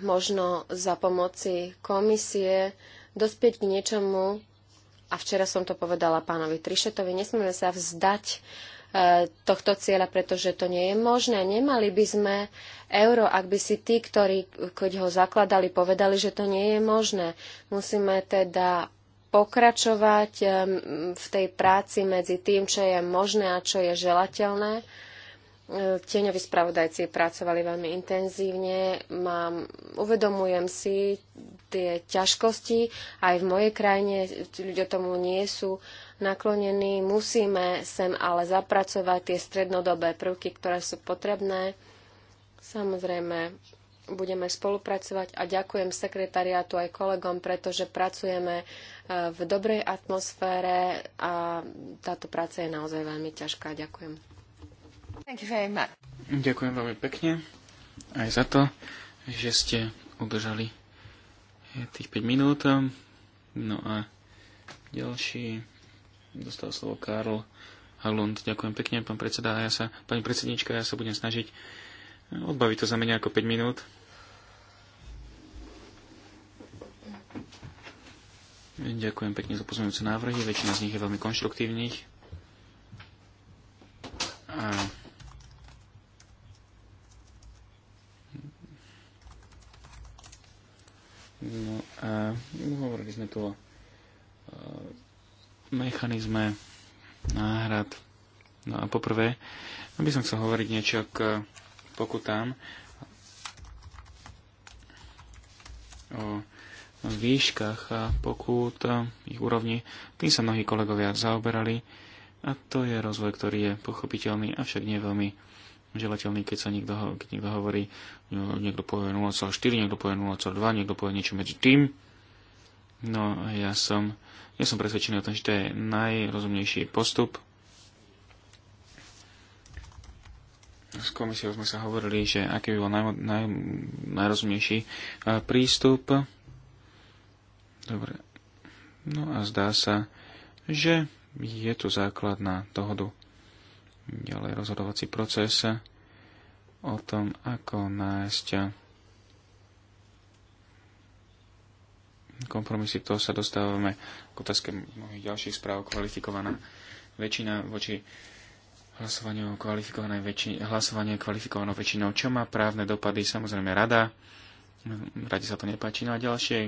možno za pomoci komisie dospieť k niečomu, a včera som to povedala pánovi Trišetovi, nesmieme sa vzdať e, tohto cieľa, pretože to nie je možné. Nemali by sme euro, ak by si tí, ktorí keď ho zakladali, povedali, že to nie je možné. Musíme teda pokračovať e, v tej práci medzi tým, čo je možné a čo je želateľné. Tieňoví spravodajci pracovali veľmi intenzívne. Mám, uvedomujem si tie ťažkosti. Aj v mojej krajine ľudia tomu nie sú naklonení. Musíme sem ale zapracovať tie strednodobé prvky, ktoré sú potrebné. Samozrejme, budeme spolupracovať a ďakujem sekretariátu aj kolegom, pretože pracujeme e, v dobrej atmosfére a táto práca je naozaj veľmi ťažká. Ďakujem. Ďakujem veľmi pekne aj za to, že ste udržali eh, tých 5 minút. No a ďalší dostal slovo Karl Halund. Ďakujem pekne, pán predseda. Ja sa, pani predsednička, ja sa budem snažiť eh, odbaviť to za menej ako 5 minút. Ďakujem pekne za pozmeňujúce návrhy. Väčšina z nich je veľmi konštruktívnych. A No a hovorili sme tu o e, mechanizme náhrad. No a poprvé, aby som chcel hovoriť niečo k pokutám o výškach a pokút, e, ich úrovni. Tým sa mnohí kolegovia zaoberali a to je rozvoj, ktorý je pochopiteľný, avšak nie veľmi želateľný, keď sa niekto, keď niekto hovorí, niekto povie 0,4, niekto povie 0,2, niekto povie niečo medzi tým. No ja som, ja som presvedčený o tom, že to je najrozumnejší postup. S komisiou sme sa hovorili, že aký by bol naj, naj, najrozumnejší prístup. Dobre. No a zdá sa, že je tu základ na dohodu ďalej rozhodovací proces o tom, ako nájsť kompromisy. To sa dostávame k otázke mnohých ďalších správ kvalifikovaná väčšina voči hlasovaniu kvalifikovanej väčšine, hlasovanie kvalifikovanou väčšinou, čo má právne dopady, samozrejme rada, rade sa to nepáči. No a ďalšie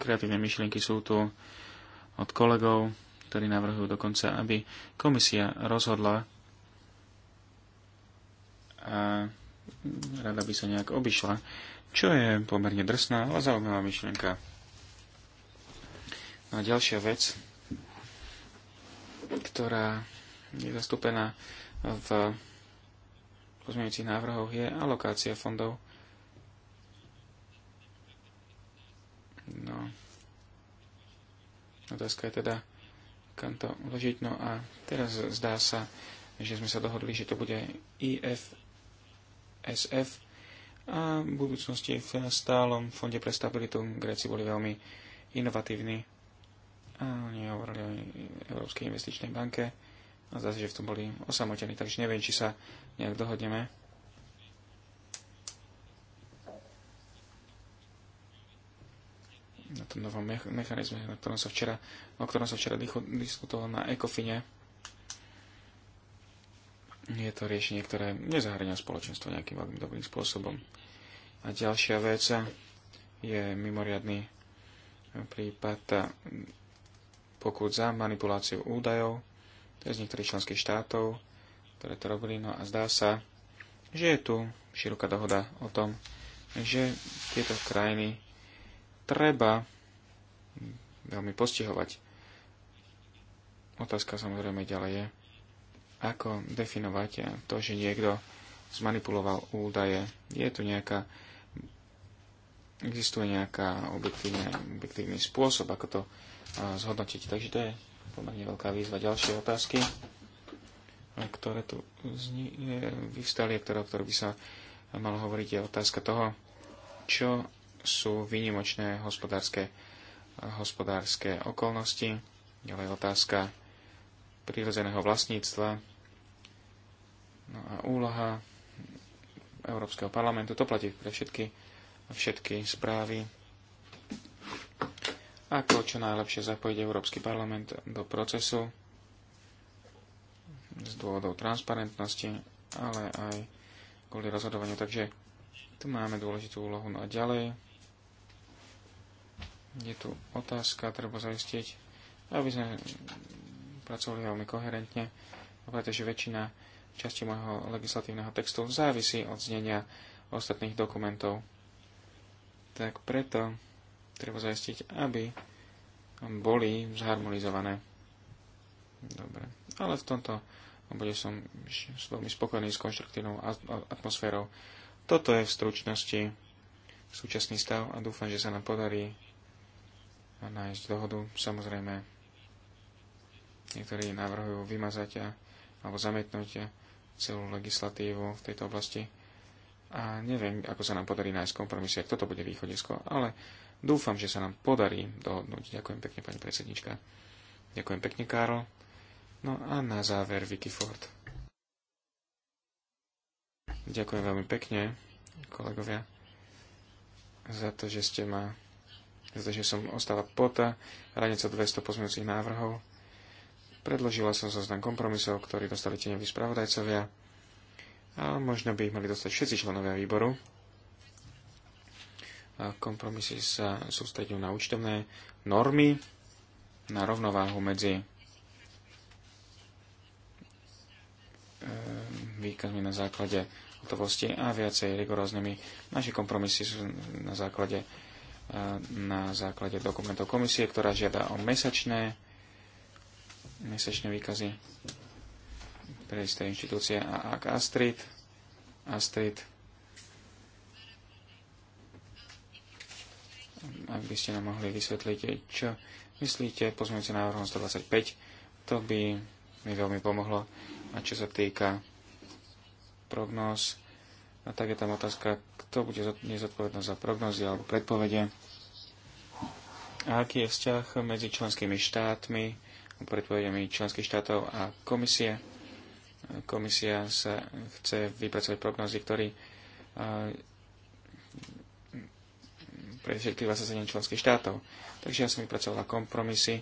kreatívne myšlienky sú tu od kolegov, ktorí navrhujú dokonca, aby komisia rozhodla a rada by sa nejak obišla, čo je pomerne drsná, ale zaujímavá myšlienka. No a ďalšia vec, ktorá je zastúpená v pozmeňujúcich návrhoch, je alokácia fondov. No. Otázka je teda, kam to uložiť. No a teraz zdá sa, že sme sa dohodli, že to bude IF SF a v budúcnosti v stálom fonde pre stabilitu Gréci boli veľmi inovatívni. A oni hovorili o Európskej investičnej banke a zase, že v tom boli osamotení, takže neviem, či sa nejak dohodneme. na tom novom mechanizme, na ktorom sa včera, o ktorom sa včera diskutovalo na ECOFINE je to riešenie, ktoré nezahrania spoločenstvo nejakým veľmi dobrým spôsobom. A ďalšia vec je mimoriadný prípad pokud za manipuláciu údajov, to je z niektorých členských štátov, ktoré to robili, no a zdá sa, že je tu široká dohoda o tom, že tieto krajiny treba veľmi postihovať. Otázka samozrejme ďalej je, ako definovať to, že niekto zmanipuloval údaje? Je tu nejaká existuje nejaká objektívny spôsob, ako to zhodnotiť. Takže to je pomerne veľká výzva. Ďalšie otázky, ktoré tu e, vyvstali o ktorých by sa malo hovoriť, je otázka toho, čo sú výnimočné hospodárske, hospodárske okolnosti. Ďalej otázka prírodzeného vlastníctva no a úloha Európskeho parlamentu. To platí pre všetky, všetky správy. Ako čo najlepšie zapojiť Európsky parlament do procesu z dôvodov transparentnosti, ale aj kvôli rozhodovaniu. Takže tu máme dôležitú úlohu. No a ďalej je tu otázka, treba zaistiť, aby sme pracovali veľmi koherentne, pretože väčšina časti môjho legislatívneho textu závisí od znenia ostatných dokumentov. Tak preto treba zaistiť, aby boli zharmonizované. Dobre. Ale v tomto bude som veľmi spokojný s konštruktívnou atmosférou. Toto je v stručnosti súčasný stav a dúfam, že sa nám podarí nájsť dohodu. Samozrejme, Niektorí navrhujú vymazať alebo zamietnúť celú legislatívu v tejto oblasti. A neviem, ako sa nám podarí nájsť kompromisy, ak toto bude východisko, ale dúfam, že sa nám podarí dohodnúť. Ďakujem pekne, pani predsednička. Ďakujem pekne, Karol. No a na záver Vicky Ford. Ďakujem veľmi pekne, kolegovia, za to, že ste ma, za to, že som ostala pota, hranico 200 pozmeňujúcich návrhov. Predložila som zoznam kompromisov, ktorý dostali tieňoví spravodajcovia a možno by ich mali dostať všetci členovia výboru. A kompromisy sa sústredujú na účtovné normy, na rovnováhu medzi ehm, výkazmi na základe hotovosti a viacej rigoróznymi. Naše kompromisy sú na základe, ehm, na základe dokumentov komisie, ktorá žiada o mesačné mesačné výkazy pre isté inštitúcie a ak Astrid, Astrid, ak by ste nám mohli vysvetliť, čo myslíte pozmeňujúce návrhom 125, to by mi veľmi pomohlo. A čo sa týka prognóz, a no tak je tam otázka, kto bude nezodpovednosť za prognozy alebo predpovede. A aký je vzťah medzi členskými štátmi, predpovediami členských štátov a komisie. Komisia sa chce vypracovať prognozy, ktorý pre všetkých 27 členských štátov. Takže ja som vypracovala kompromisy,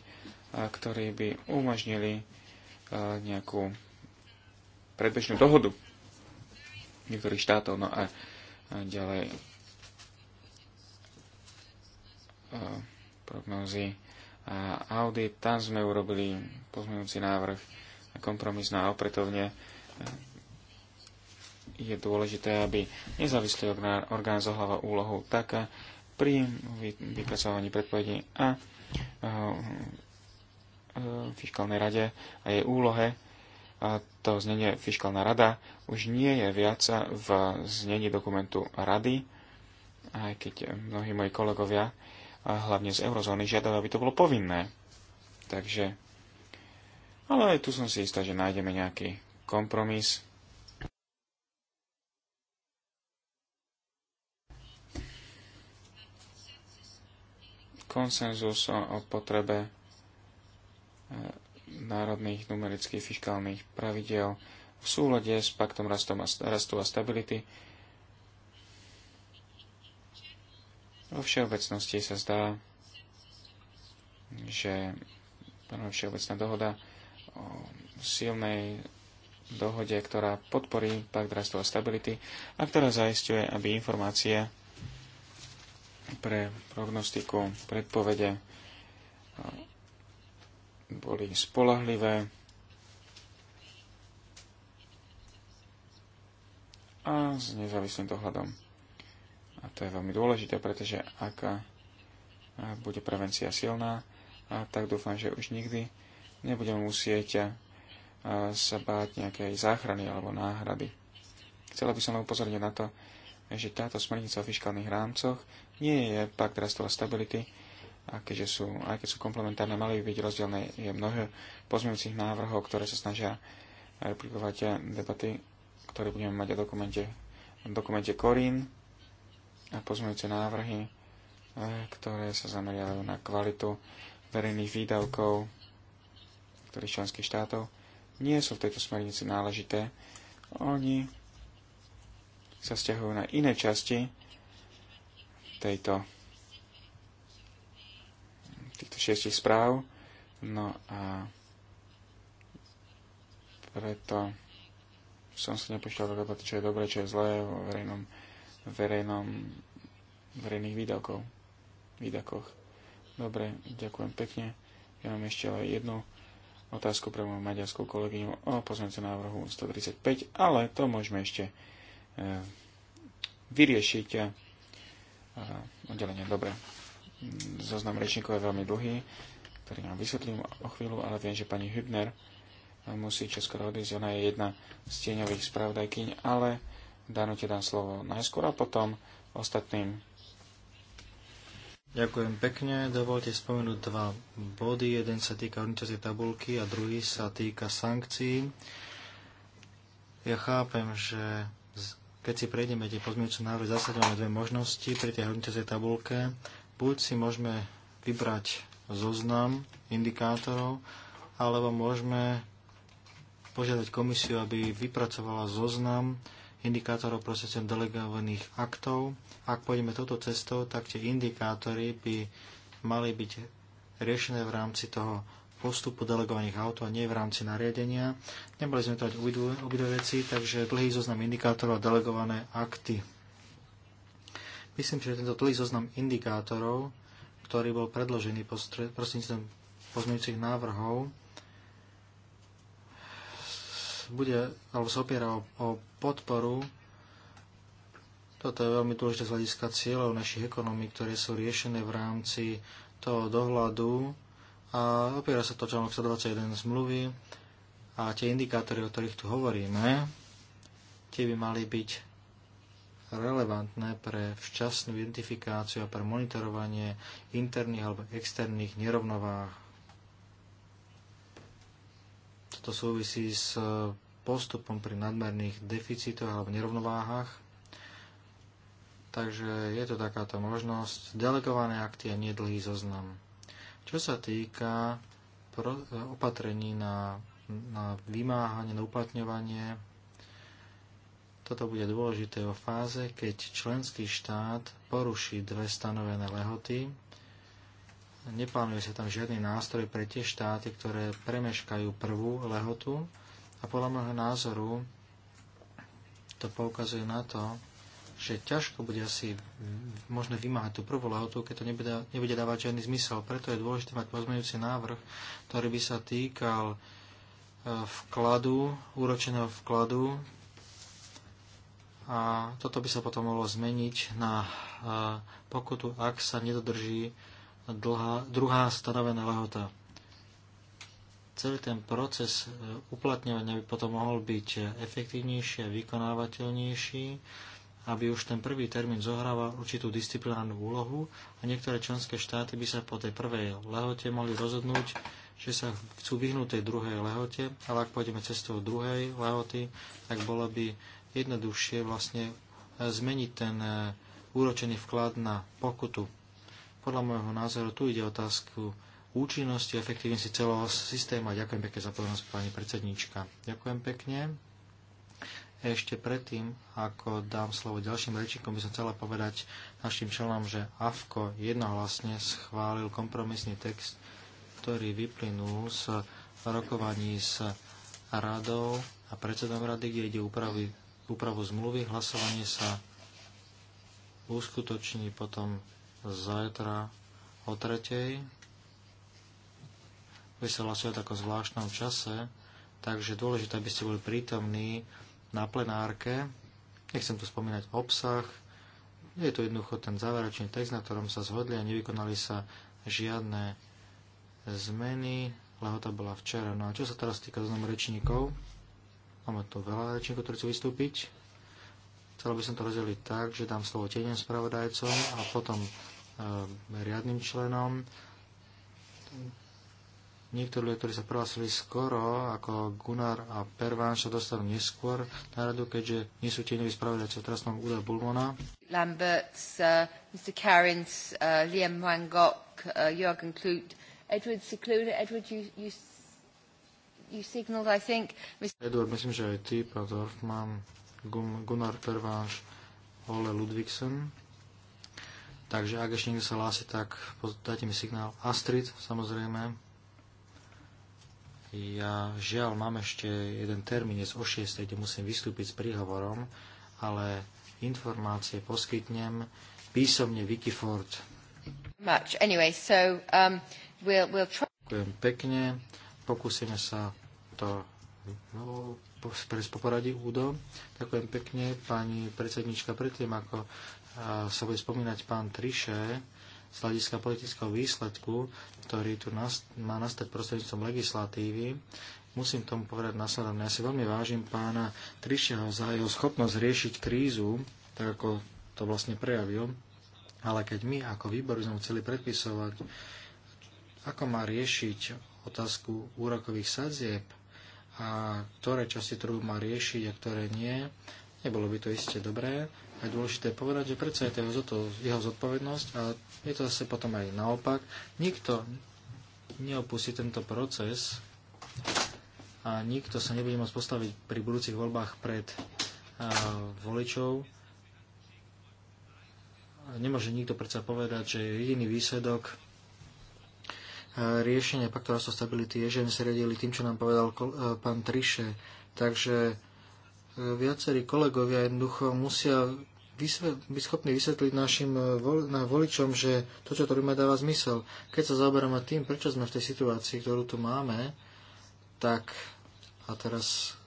ktorí by umožnili nejakú predbežnú dohodu niektorých štátov. No a ďalej prognózy audit, tam sme urobili pozmeňujúci návrh a kompromis na opretovne je dôležité, aby nezávislý orgán, orgán zohľava úlohu taká pri vypracovaní predpovedí a fiskálnej rade a jej úlohe a to znenie fiskálna rada už nie je viac v znení dokumentu rady, aj keď mnohí moji kolegovia a hlavne z eurozóny, žiadali, aby to bolo povinné. Takže, ale aj tu som si istá, že nájdeme nejaký kompromis. Konsenzus o potrebe e, národných numerických fiskálnych pravidel v súlade s paktom rastu a stability Vo všeobecnosti sa zdá, že všeobecná dohoda o silnej dohode, ktorá podporí pakt rastu a stability a ktorá zaistuje, aby informácie pre prognostiku, predpovede boli spolahlivé a s nezávislým dohľadom. A to je veľmi dôležité, pretože ak bude prevencia silná, tak dúfam, že už nikdy nebudeme musieť sa báť nejakej záchrany alebo náhrady. Chcela by som upozorniť na to, že táto smernica o fiskálnych rámcoch nie je pak rastová stability, a keďže sú, aj keď sú komplementárne, mali by byť rozdielne. Je mnoho pozmeňujúcich návrhov, ktoré sa snažia replikovať debaty, ktoré budeme mať v dokumente, v dokumente Korín a pozmeňujúce návrhy, e, ktoré sa zameriavajú na kvalitu verejných výdavkov ktorých členských štátov, nie sú v tejto smernici náležité. Oni sa stiahujú na iné časti tejto týchto šiestich správ. No a preto som sa nepočítal do debaty, čo je dobré, čo je zlé vo verejnom verejnom, verejných výdavkov, výdakoch. Dobre, ďakujem pekne. Ja mám ešte ale jednu otázku pre moju maďarskú kolegyňu o pozmeňujúcom návrhu 135, ale to môžeme ešte e, vyriešiť e, oddelenie. Dobre. Zoznam rečníkov je veľmi dlhý, ktorý nám vysvetlím o chvíľu, ale viem, že pani Hübner musí čoskoro odísť. Ona je jedna z tieňových spravdajkyň, ale ti dám slovo najskôr a potom ostatným. Ďakujem pekne. Dovolte spomenúť dva body. Jeden sa týka organizácie tabulky a druhý sa týka sankcií. Ja chápem, že keď si prejdeme tie pozmeňujúce návrhy, zase máme dve možnosti pri tej hodnotiacej tabulke. Buď si môžeme vybrať zoznam indikátorov, alebo môžeme požiadať komisiu, aby vypracovala zoznam indikátorov procesom delegovaných aktov. Ak pôjdeme touto cestou, tak tie indikátory by mali byť riešené v rámci toho postupu delegovaných autov a nie v rámci nariadenia. Nebali sme to obidve veci, takže dlhý zoznam indikátorov a delegované akty. Myslím, že tento dlhý zoznam indikátorov, ktorý bol predložený prostredníctvom pozmeňujúcich návrhov, bude, alebo sa opiera o, o podporu. Toto je veľmi dôležité z hľadiska cieľov našich ekonomí, ktoré sú riešené v rámci toho dohľadu a opiera sa to článok 121 zmluvy a tie indikátory, o ktorých tu hovoríme, tie by mali byť relevantné pre včasnú identifikáciu a pre monitorovanie interných alebo externých nerovnováh toto súvisí s e, postupom pri nadmerných deficitoch alebo nerovnováhach. Takže je to takáto možnosť. Delegované akty a nedlhý zoznam. Čo sa týka opatrení na, na vymáhanie, na uplatňovanie, toto bude dôležité vo fáze, keď členský štát poruší dve stanovené lehoty neplánuje sa tam žiadny nástroj pre tie štáty, ktoré premeškajú prvú lehotu a podľa môjho názoru to poukazuje na to, že ťažko bude asi možné vymáhať tú prvú lehotu, keď to nebude, nebude dávať žiadny zmysel. Preto je dôležité mať pozmeňujúci návrh, ktorý by sa týkal e, vkladu, úročeného vkladu a toto by sa potom mohlo zmeniť na e, pokutu, ak sa nedodrží dlhá, druhá stanovená lehota. Celý ten proces e, uplatňovania by potom mohol byť efektívnejší a vykonávateľnejší, aby už ten prvý termín zohrával určitú disciplinárnu úlohu a niektoré členské štáty by sa po tej prvej lehote mohli rozhodnúť, že sa chcú vyhnúť tej druhej lehote, ale ak pôjdeme cestou druhej lehoty, tak bolo by jednoduchšie vlastne e, zmeniť ten e, úročený vklad na pokutu. Podľa môjho názoru tu ide otázku účinnosti a efektivnosti celého systému. Ďakujem pekne za pozornosť, pani predsednička. Ďakujem pekne. Ešte predtým, ako dám slovo ďalším rečníkom, by som chcela povedať našim členom, že AFKO jednohlasne schválil kompromisný text, ktorý vyplynul z rokovaní s radou a predsedom rady, kde ide úpravy, úpravu zmluvy. Hlasovanie sa uskutoční potom zajtra o tretej. Vysiela sa tako v zvláštnom čase, takže dôležité, aby ste boli prítomní na plenárke. Nechcem tu spomínať obsah. Je to jednoducho ten záverečný text, na ktorom sa zhodli a nevykonali sa žiadne zmeny. Lehota bola včera. No a čo sa teraz týka znamu rečníkov? Máme tu veľa rečníkov, ktorí chcú vystúpiť. Chcel by som to rozdeliť tak, že dám slovo tieňom spravodajcom a potom e, riadnym členom. Niektorí, ľudia, ktorí sa prihlásili skoro, ako Gunnar a Pervan, sa dostali neskôr na radu, keďže nie sú tieňoví spravodajci. Teraz mám Uda Bulmona. Lamberts, uh, eh, Mr. Karins, uh, Liam Wangok, uh, Jürgen Klut, Edward Cicluna. Edward, you, you, you signaled, I think. Mr. Edward, myslím, že aj ty, pán Dorfman. Gunnar Pervanš, Ole Ludvigsen. Takže ak ešte niekto sa hlási, tak dajte mi signál. Astrid, samozrejme. Ja žiaľ mám ešte jeden termínec o 6, kde musím vystúpiť s príhovorom, ale informácie poskytnem písomne Wikiford. Anyway, so, um, we'll, we'll try... Ďakujem pekne. Pokúsime sa to po poradí Údo. Ďakujem pekne, pani predsednička. Predtým, ako sa bude spomínať pán Triše, z hľadiska politického výsledku, ktorý tu nast- má nastať prostredníctvom legislatívy, musím tomu povedať následovne. Ja si veľmi vážim pána Trišeho za jeho schopnosť riešiť krízu, tak ako to vlastne prejavil, ale keď my ako výbor sme chceli predpisovať, ako má riešiť otázku úrokových sadzieb a ktoré časti trhu má riešiť a ktoré nie. Nebolo by to isté dobré. A je dôležité povedať, že predsa je to jeho zodpovednosť a je to zase potom aj naopak. Nikto neopustí tento proces a nikto sa nebude môcť postaviť pri budúcich voľbách pred a, voličov. Nemôže nikto predsa povedať, že jediný výsledok riešenia paktu rastu stability je, že sme sa riadili tým, čo nám povedal e, pán Triše. Takže e, viacerí kolegovia jednoducho musia byť schopní vysvetliť našim e, voličom, že to, čo to robíme, dáva zmysel. Keď sa zaoberáme tým, prečo sme v tej situácii, ktorú tu máme, tak a teraz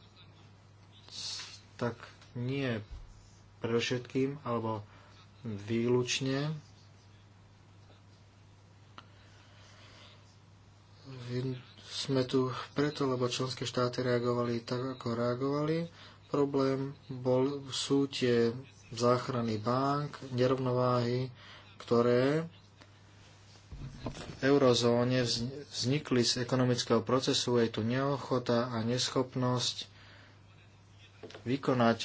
tak nie predovšetkým alebo výlučne sme tu preto, lebo členské štáty reagovali tak, ako reagovali. Problém bol, sú tie záchrany bank, nerovnováhy, ktoré v eurozóne vznikli z ekonomického procesu. Je tu neochota a neschopnosť vykonať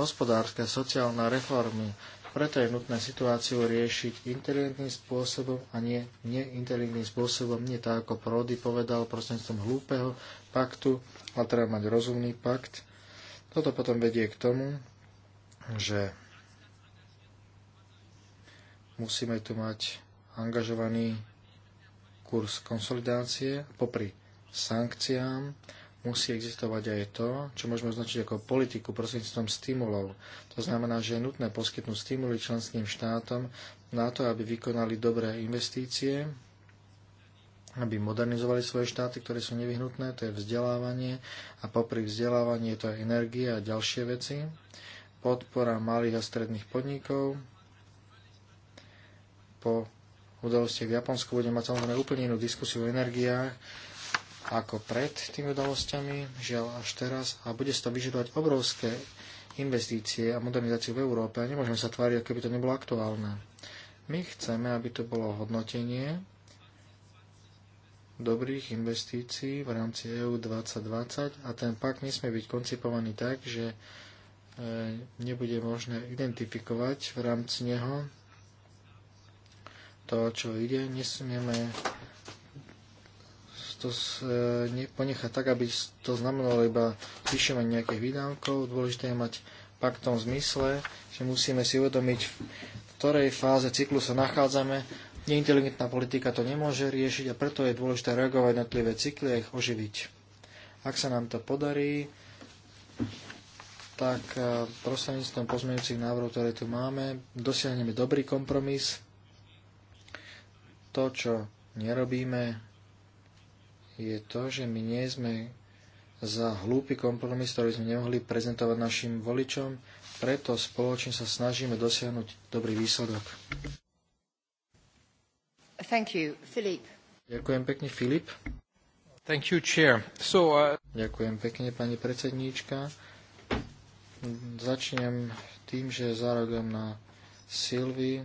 hospodárske a sociálne reformy. Preto je nutné situáciu riešiť inteligentným spôsobom a nie neinteligentným spôsobom, nie tak ako Prody povedal prostredníctvom hlúpeho paktu, ale treba mať rozumný pakt. Toto potom vedie k tomu, že musíme tu mať angažovaný kurz konsolidácie popri sankciám musí existovať aj to, čo môžeme označiť ako politiku prostredníctvom stimulov. To znamená, že je nutné poskytnúť stimuly členským štátom na to, aby vykonali dobré investície, aby modernizovali svoje štáty, ktoré sú nevyhnutné, to je vzdelávanie a popri vzdelávaní je to aj energia a ďalšie veci, podpora malých a stredných podnikov. Po udalostiach v Japonsku budeme mať samozrejme úplne inú diskusiu o energiách, ako pred tými udalosťami, žiaľ až teraz, a bude sa to vyžadovať obrovské investície a modernizáciu v Európe a nemôžeme sa tváriť, ako by to nebolo aktuálne. My chceme, aby to bolo hodnotenie dobrých investícií v rámci EU 2020 a ten pakt nesmie byť koncipovaný tak, že e, nebude možné identifikovať v rámci neho to, čo ide. Nesmieme to e, ponechať tak, aby to znamenalo iba zvyšovanie nejakých výdavkov. Dôležité je mať pak v tom zmysle, že musíme si uvedomiť, v ktorej fáze cyklu sa nachádzame. Neinteligentná politika to nemôže riešiť a preto je dôležité reagovať na tlivé cykly a ich oživiť. Ak sa nám to podarí, tak e, prostredníctvom pozmeňujúcich návrhov, ktoré tu máme, dosiahneme dobrý kompromis. To, čo nerobíme, je to, že my nie sme za hlúpy kompromis, ktorý sme nemohli prezentovať našim voličom, preto spoločne sa snažíme dosiahnuť dobrý výsledok. Thank you, Filip. Ďakujem pekne, Filip. Thank you, chair. So, uh... Ďakujem pekne, pani predsedníčka. Začnem tým, že zareagujem na Sylvie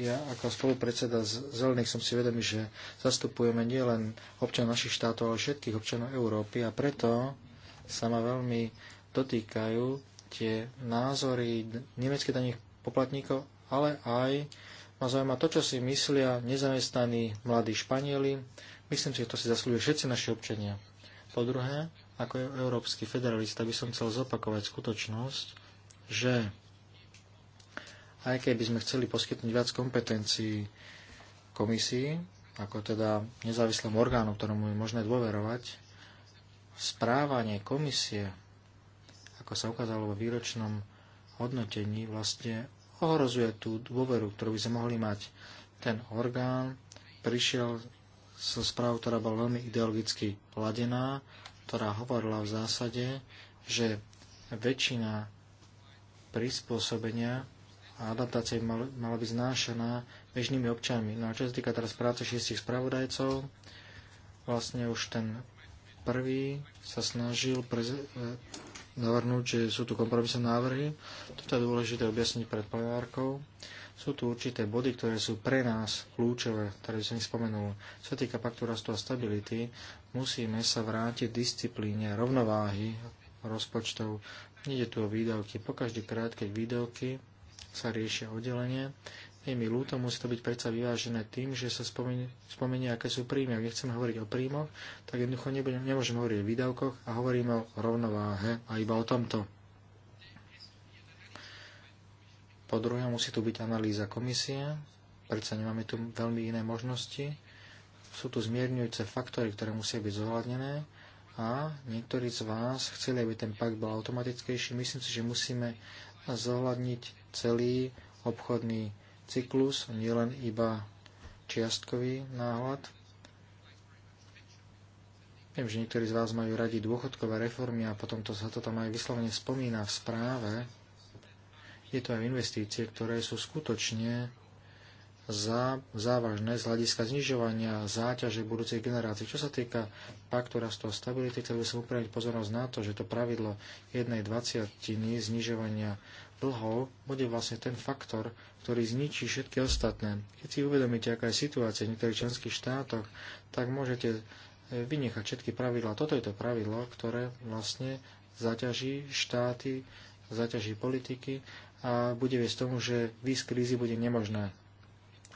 ja ako spolupredseda z Zelených som si vedomý, že zastupujeme nielen občan našich štátov, ale všetkých občanov Európy a preto sa ma veľmi dotýkajú tie názory nemeckých daných poplatníkov, ale aj ma zaujíma to, čo si myslia nezamestnaní mladí Španieli. Myslím si, že to si zaslúžia všetci naši občania. Po druhé, ako európsky federalista by som chcel zopakovať skutočnosť, že aj by sme chceli poskytnúť viac kompetencií komisii, ako teda nezávislému orgánu, ktorému je možné dôverovať, správanie komisie, ako sa ukázalo vo výročnom hodnotení, vlastne ohrozuje tú dôveru, ktorú by sme mohli mať. Ten orgán prišiel so správou, ktorá bola veľmi ideologicky ladená, ktorá hovorila v zásade, že väčšina prispôsobenia a adaptácia by mal, mala byť znášaná bežnými občanmi. No a čo sa týka teraz práce šiestich spravodajcov, vlastne už ten prvý sa snažil preze- e, navrhnúť, že sú tu kompromisné návrhy. Toto je dôležité objasniť pred plenárkou. Sú tu určité body, ktoré sú pre nás kľúčové, ktoré som ich spomenul. Čo sa týka paktu rastu a stability, musíme sa vrátiť disciplíne rovnováhy rozpočtov. je tu o výdavky. Po každý krát, keď výdavky sa riešia oddelenie. Je mi ľúto, musí to byť predsa vyvážené tým, že sa spomenie, spomenie aké sú príjmy. Ak nechcem hovoriť o príjmoch, tak jednoducho nebudem, nemôžem hovoriť o výdavkoch a hovoríme o rovnováhe a iba o tomto. Po druhé, musí tu byť analýza komisie, predsa nemáme tu veľmi iné možnosti. Sú tu zmierňujúce faktory, ktoré musia byť zohľadnené a niektorí z vás chceli, aby ten pakt bol automatickejší. Myslím si, že musíme zohľadniť celý obchodný cyklus, nielen iba čiastkový náhľad. Viem, že niektorí z vás majú radi dôchodkové reformy a potom to, sa to tam aj vyslovene spomína v správe. Je to aj investície, ktoré sú skutočne zá, závažné z hľadiska znižovania záťaže budúcej generácie. Čo sa týka paktu rastu a stability, chcel by som upraviť pozornosť na to, že to pravidlo 1,20 znižovania dlhov bude vlastne ten faktor, ktorý zničí všetky ostatné. Keď si uvedomíte, aká je situácia v niektorých členských štátoch, tak môžete e, vynechať všetky pravidlá. Toto je to pravidlo, ktoré vlastne zaťaží štáty, zaťaží politiky a bude viesť tomu, že výsť krízy bude nemožné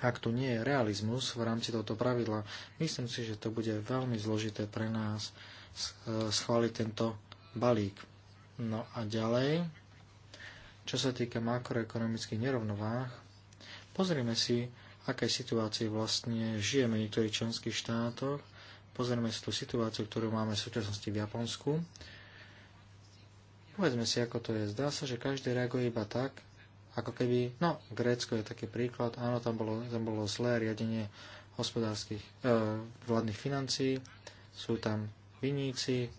ak tu nie je realizmus v rámci tohto pravidla, myslím si, že to bude veľmi zložité pre nás e, schváliť tento balík. No a ďalej, čo sa týka makroekonomických nerovnováh, pozrieme si, aké situácii vlastne žijeme v niektorých členských štátoch. Pozrieme si tú situáciu, ktorú máme v súčasnosti v Japonsku. Povedzme si, ako to je. Zdá sa, že každý reaguje iba tak, ako keby, no, Grécko je taký príklad, áno, tam bolo, tam bolo zlé riadenie hospodárskych e, vládnych financií, sú tam viníci,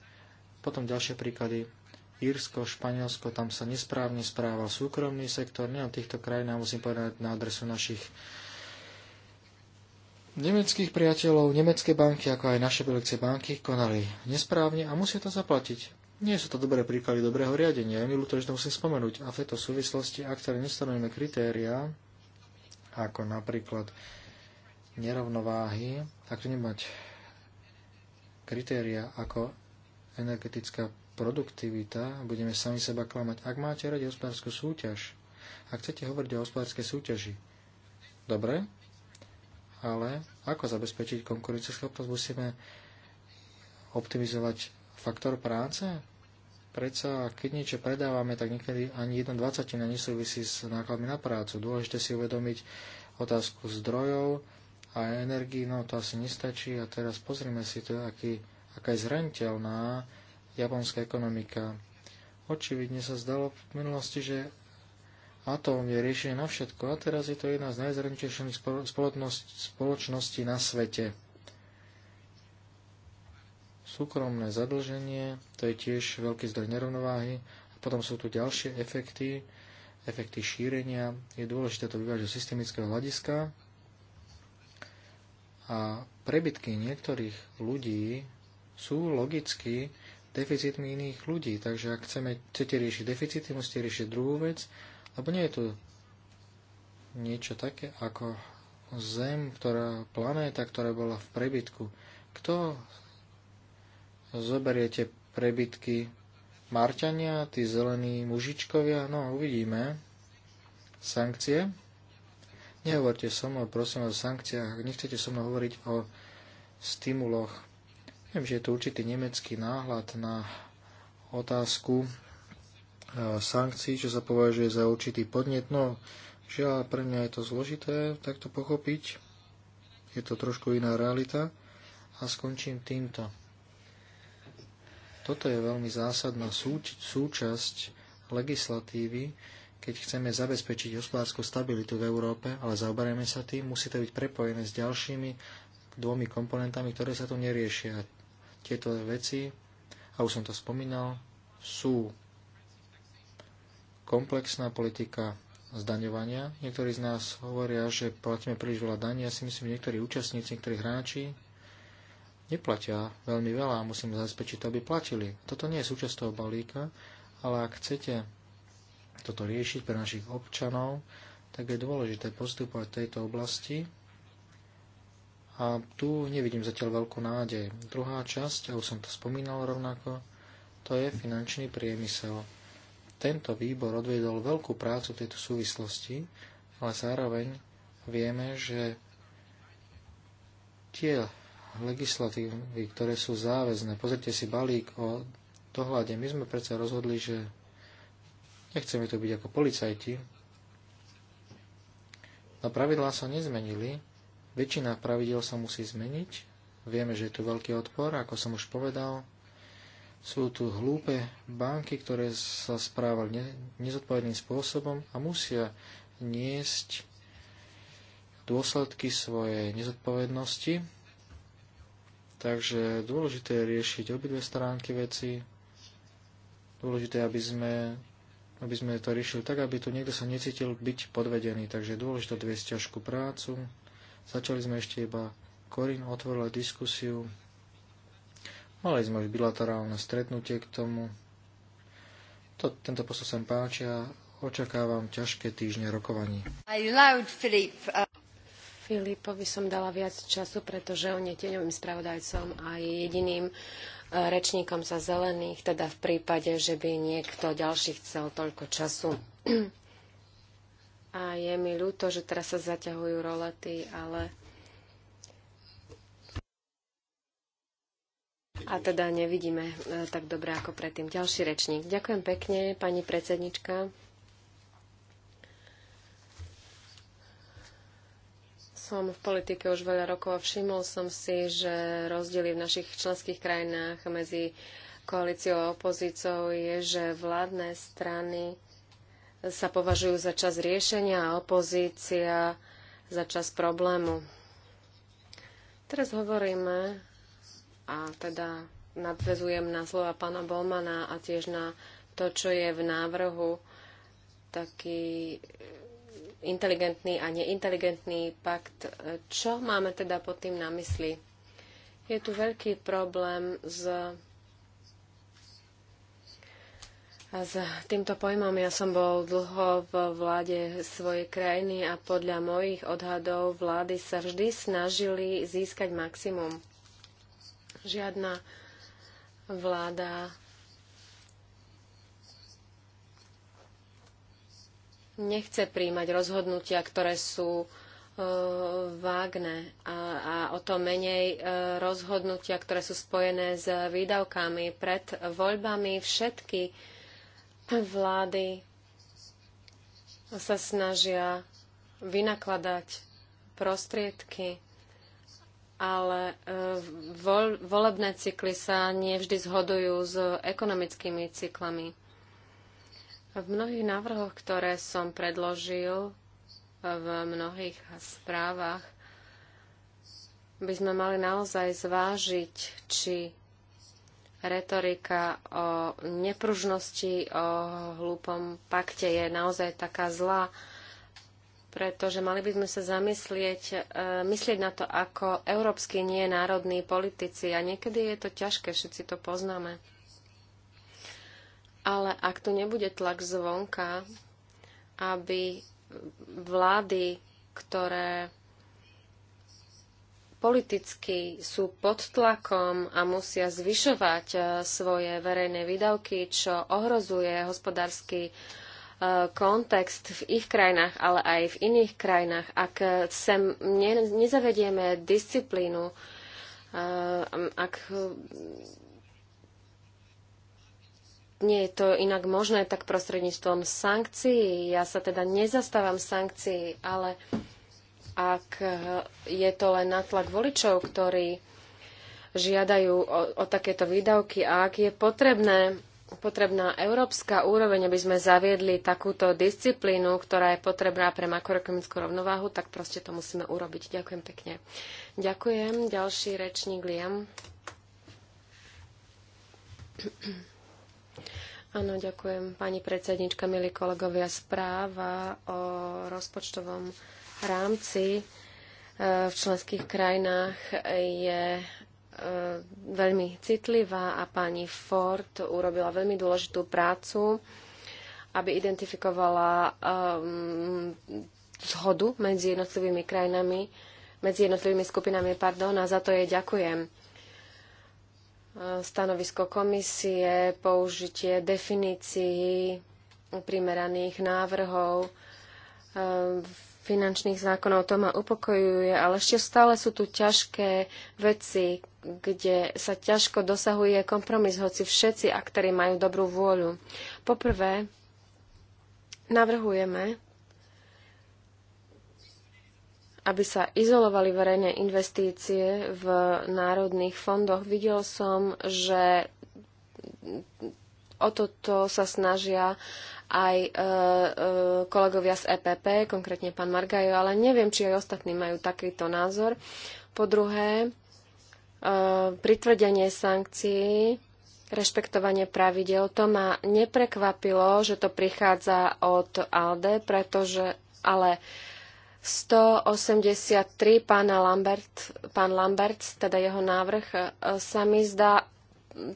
potom ďalšie príklady, Írsko, Španielsko, tam sa nesprávne správa súkromný sektor, nielen týchto krajinách, musím povedať na adresu našich nemeckých priateľov, nemecké banky, ako aj naše belgické banky, konali nesprávne a musia to zaplatiť. Nie sú to dobré príklady dobrého riadenia. Je mi ľúto, že to musím spomenúť. A v tejto súvislosti, ak teda nestanovíme kritéria, ako napríklad nerovnováhy, ak tu nemať kritéria ako energetická produktivita, budeme sami seba klamať. Ak máte radi hospodárskú súťaž, ak chcete hovoriť o hospodárskej súťaži, dobre, ale ako zabezpečiť konkurenceschopnosť, musíme optimizovať faktor práce? Predsa, keď niečo predávame, tak niekedy ani jedna dvacatina nesúvisí s nákladmi na prácu. Dôležité si uvedomiť otázku zdrojov a energii, no to asi nestačí. A teraz pozrime si to, aký, aká je zraniteľná japonská ekonomika. Očividne sa zdalo v minulosti, že atóm je riešenie na všetko a teraz je to jedna z najzraniteľnejších spoločností na svete súkromné zadlženie, to je tiež veľký zdroj nerovnováhy. A potom sú tu ďalšie efekty, efekty šírenia. Je dôležité to vyvážiť z systemického hľadiska. A prebytky niektorých ľudí sú logicky deficitmi iných ľudí. Takže ak chceme, chcete riešiť deficity, musíte riešiť druhú vec, lebo nie je tu niečo také ako Zem, ktorá, planéta, ktorá bola v prebytku. Kto zoberiete prebytky Marťania, tí zelení mužičkovia, no uvidíme. Sankcie. Nehovorte so mnou, prosím o sankciách, nechcete so mnou hovoriť o stimuloch. Viem, že je to určitý nemecký náhľad na otázku e, sankcií, čo sa považuje za určitý podnet. No, žiaľ, pre mňa je to zložité takto pochopiť. Je to trošku iná realita. A skončím týmto. Toto je veľmi zásadná súč- súčasť legislatívy, keď chceme zabezpečiť hospodárskú stabilitu v Európe, ale zaoberieme sa tým, musí to byť prepojené s ďalšími dvomi komponentami, ktoré sa tu neriešia. Tieto veci, a už som to spomínal, sú komplexná politika zdaňovania. Niektorí z nás hovoria, že platíme príliš veľa daní. Ja si myslím, že niektorí účastníci, niektorí hráči neplatia veľmi veľa a musíme zabezpečiť to, aby platili. Toto nie je súčasť toho balíka, ale ak chcete toto riešiť pre našich občanov, tak je dôležité postupovať v tejto oblasti. A tu nevidím zatiaľ veľkú nádej. Druhá časť, a už som to spomínal rovnako, to je finančný priemysel. Tento výbor odvedol veľkú prácu v tejto súvislosti, ale zároveň vieme, že tie legislatívy, ktoré sú záväzné. Pozrite si balík o dohľade. My sme predsa rozhodli, že nechceme tu byť ako policajti. No pravidlá sa nezmenili. Väčšina pravidel sa musí zmeniť. Vieme, že je tu veľký odpor, ako som už povedal. Sú tu hlúpe banky, ktoré sa správali nezodpovedným spôsobom a musia niesť dôsledky svojej nezodpovednosti Takže dôležité je riešiť obidve stránky veci. Dôležité, aby sme, aby sme to riešili tak, aby tu niekto sa necítil byť podvedený. Takže dôležité odviesť ťažkú prácu. Začali sme ešte iba Korin otvorila diskusiu. Mali sme už bilaterálne stretnutie k tomu. To, tento posol sa páči a očakávam ťažké týždne rokovaní. Filipovi som dala viac času, pretože on je tieňovým spravodajcom a je jediným e, rečníkom za zelených, teda v prípade, že by niekto ďalší chcel toľko času. A je mi ľúto, že teraz sa zaťahujú rolety, ale... A teda nevidíme e, tak dobre ako predtým. Ďalší rečník. Ďakujem pekne, pani predsednička. som v politike už veľa rokov a všimol som si, že rozdiely v našich členských krajinách medzi koalíciou a opozíciou je, že vládne strany sa považujú za čas riešenia a opozícia za čas problému. Teraz hovoríme a teda nadvezujem na slova pána Bolmana a tiež na to, čo je v návrhu taký inteligentný a neinteligentný pakt. Čo máme teda pod tým na mysli? Je tu veľký problém s, s týmto pojmom. Ja som bol dlho v vláde svojej krajiny a podľa mojich odhadov vlády sa vždy snažili získať maximum. Žiadna vláda nechce príjmať rozhodnutia, ktoré sú e, vágne a, a o to menej e, rozhodnutia, ktoré sú spojené s výdavkami. Pred voľbami všetky vlády sa snažia vynakladať prostriedky, ale e, volebné cykly sa nevždy zhodujú s ekonomickými cyklami. V mnohých návrhoch, ktoré som predložil, v mnohých správach, by sme mali naozaj zvážiť, či retorika o nepružnosti, o hlúpom pakte je naozaj taká zlá, pretože mali by sme sa zamyslieť, e, myslieť na to ako európsky, nie národní politici. A niekedy je to ťažké, všetci to poznáme. Ale ak tu nebude tlak zvonka, aby vlády, ktoré politicky sú pod tlakom a musia zvyšovať e, svoje verejné výdavky, čo ohrozuje hospodársky e, kontext v ich krajinách, ale aj v iných krajinách. Ak sem nezavedieme disciplínu, e, ak nie je to inak možné, tak prostredníctvom sankcií. Ja sa teda nezastávam sankcií, ale ak je to len natlak voličov, ktorí žiadajú o, o takéto výdavky a ak je potrebné, potrebná európska úroveň, aby sme zaviedli takúto disciplínu, ktorá je potrebná pre makroekonomickú rovnováhu, tak proste to musíme urobiť. Ďakujem pekne. Ďakujem. Ďalší rečník Liam. Áno, ďakujem pani predsednička, milí kolegovia. Správa o rozpočtovom rámci e, v členských krajinách je e, veľmi citlivá a pani Ford urobila veľmi dôležitú prácu, aby identifikovala e, zhodu medzi jednotlivými krajinami, medzi jednotlivými skupinami, pardon, a za to jej ďakujem stanovisko komisie, použitie definícií primeraných návrhov e, finančných zákonov. To ma upokojuje, ale ešte stále sú tu ťažké veci, kde sa ťažko dosahuje kompromis, hoci všetci aktéry majú dobrú vôľu. Poprvé, navrhujeme aby sa izolovali verejné investície v národných fondoch. Videl som, že o toto sa snažia aj e, e, kolegovia z EPP, konkrétne pán Margajo, ale neviem, či aj ostatní majú takýto názor. Po druhé, e, pritvrdenie sankcií, rešpektovanie pravidel, to ma neprekvapilo, že to prichádza od ALDE, pretože ale e, 183 pána Lambert, pán Lamberts, teda jeho návrh, e, sa mi zdá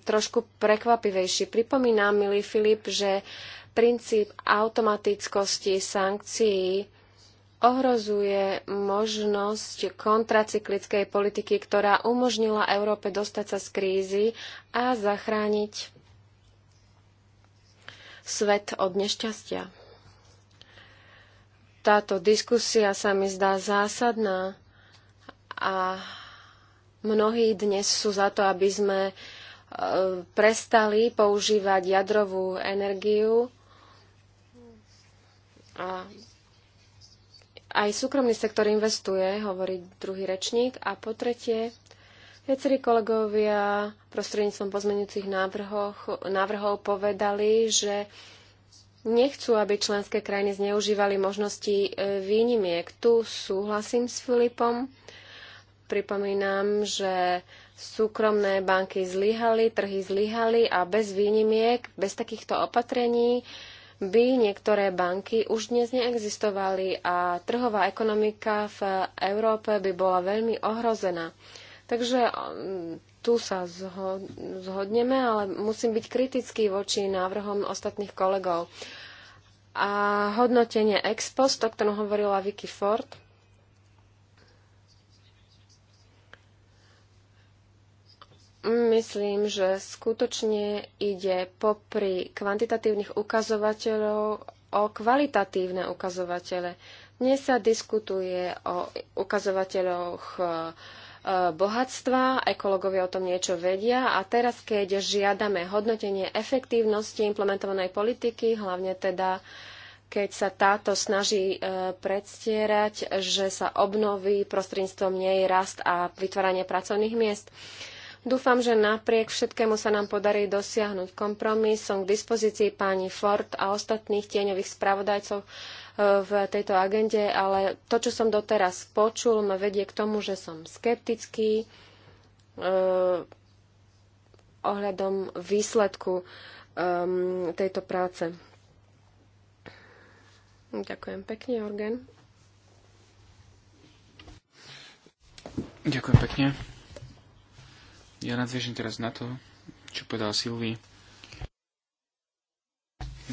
trošku prekvapivejší. Pripomína, milý Filip, že princíp automatickosti sankcií ohrozuje možnosť kontracyklickej politiky, ktorá umožnila Európe dostať sa z krízy a zachrániť svet od nešťastia. Táto diskusia sa mi zdá zásadná a mnohí dnes sú za to, aby sme e, prestali používať jadrovú energiu a aj súkromný sektor investuje, hovorí druhý rečník. A po tretie, viacerí kolegovia prostredníctvom pozmenujúcich návrhov povedali, že nechcú, aby členské krajiny zneužívali možnosti e, výnimiek. Tu súhlasím s Filipom. Pripomínam, že súkromné banky zlyhali, trhy zlyhali a bez výnimiek, bez takýchto opatrení by niektoré banky už dnes neexistovali a trhová ekonomika v Európe by bola veľmi ohrozená. Takže mm, tu sa zhodneme, ale musím byť kritický voči návrhom ostatných kolegov. A hodnotenie ex post, o ktorom hovorila Vicky Ford, Myslím, že skutočne ide popri kvantitatívnych ukazovateľov o kvalitatívne ukazovatele. Dnes sa diskutuje o ukazovateľoch bohatstva, ekológovia o tom niečo vedia a teraz, keď žiadame hodnotenie efektívnosti implementovanej politiky, hlavne teda keď sa táto snaží e, predstierať, že sa obnoví prostredníctvom nej rast a vytváranie pracovných miest. Dúfam, že napriek všetkému sa nám podarí dosiahnuť kompromis. Som k dispozícii pani Ford a ostatných tieňových spravodajcov v tejto agende, ale to, čo som doteraz počul, ma vedie k tomu, že som skeptický e, ohľadom výsledku tejto práce. Ďakujem pekne, Jorgen. Ďakujem pekne. Ja nadviežem teraz na to, čo povedal Silvi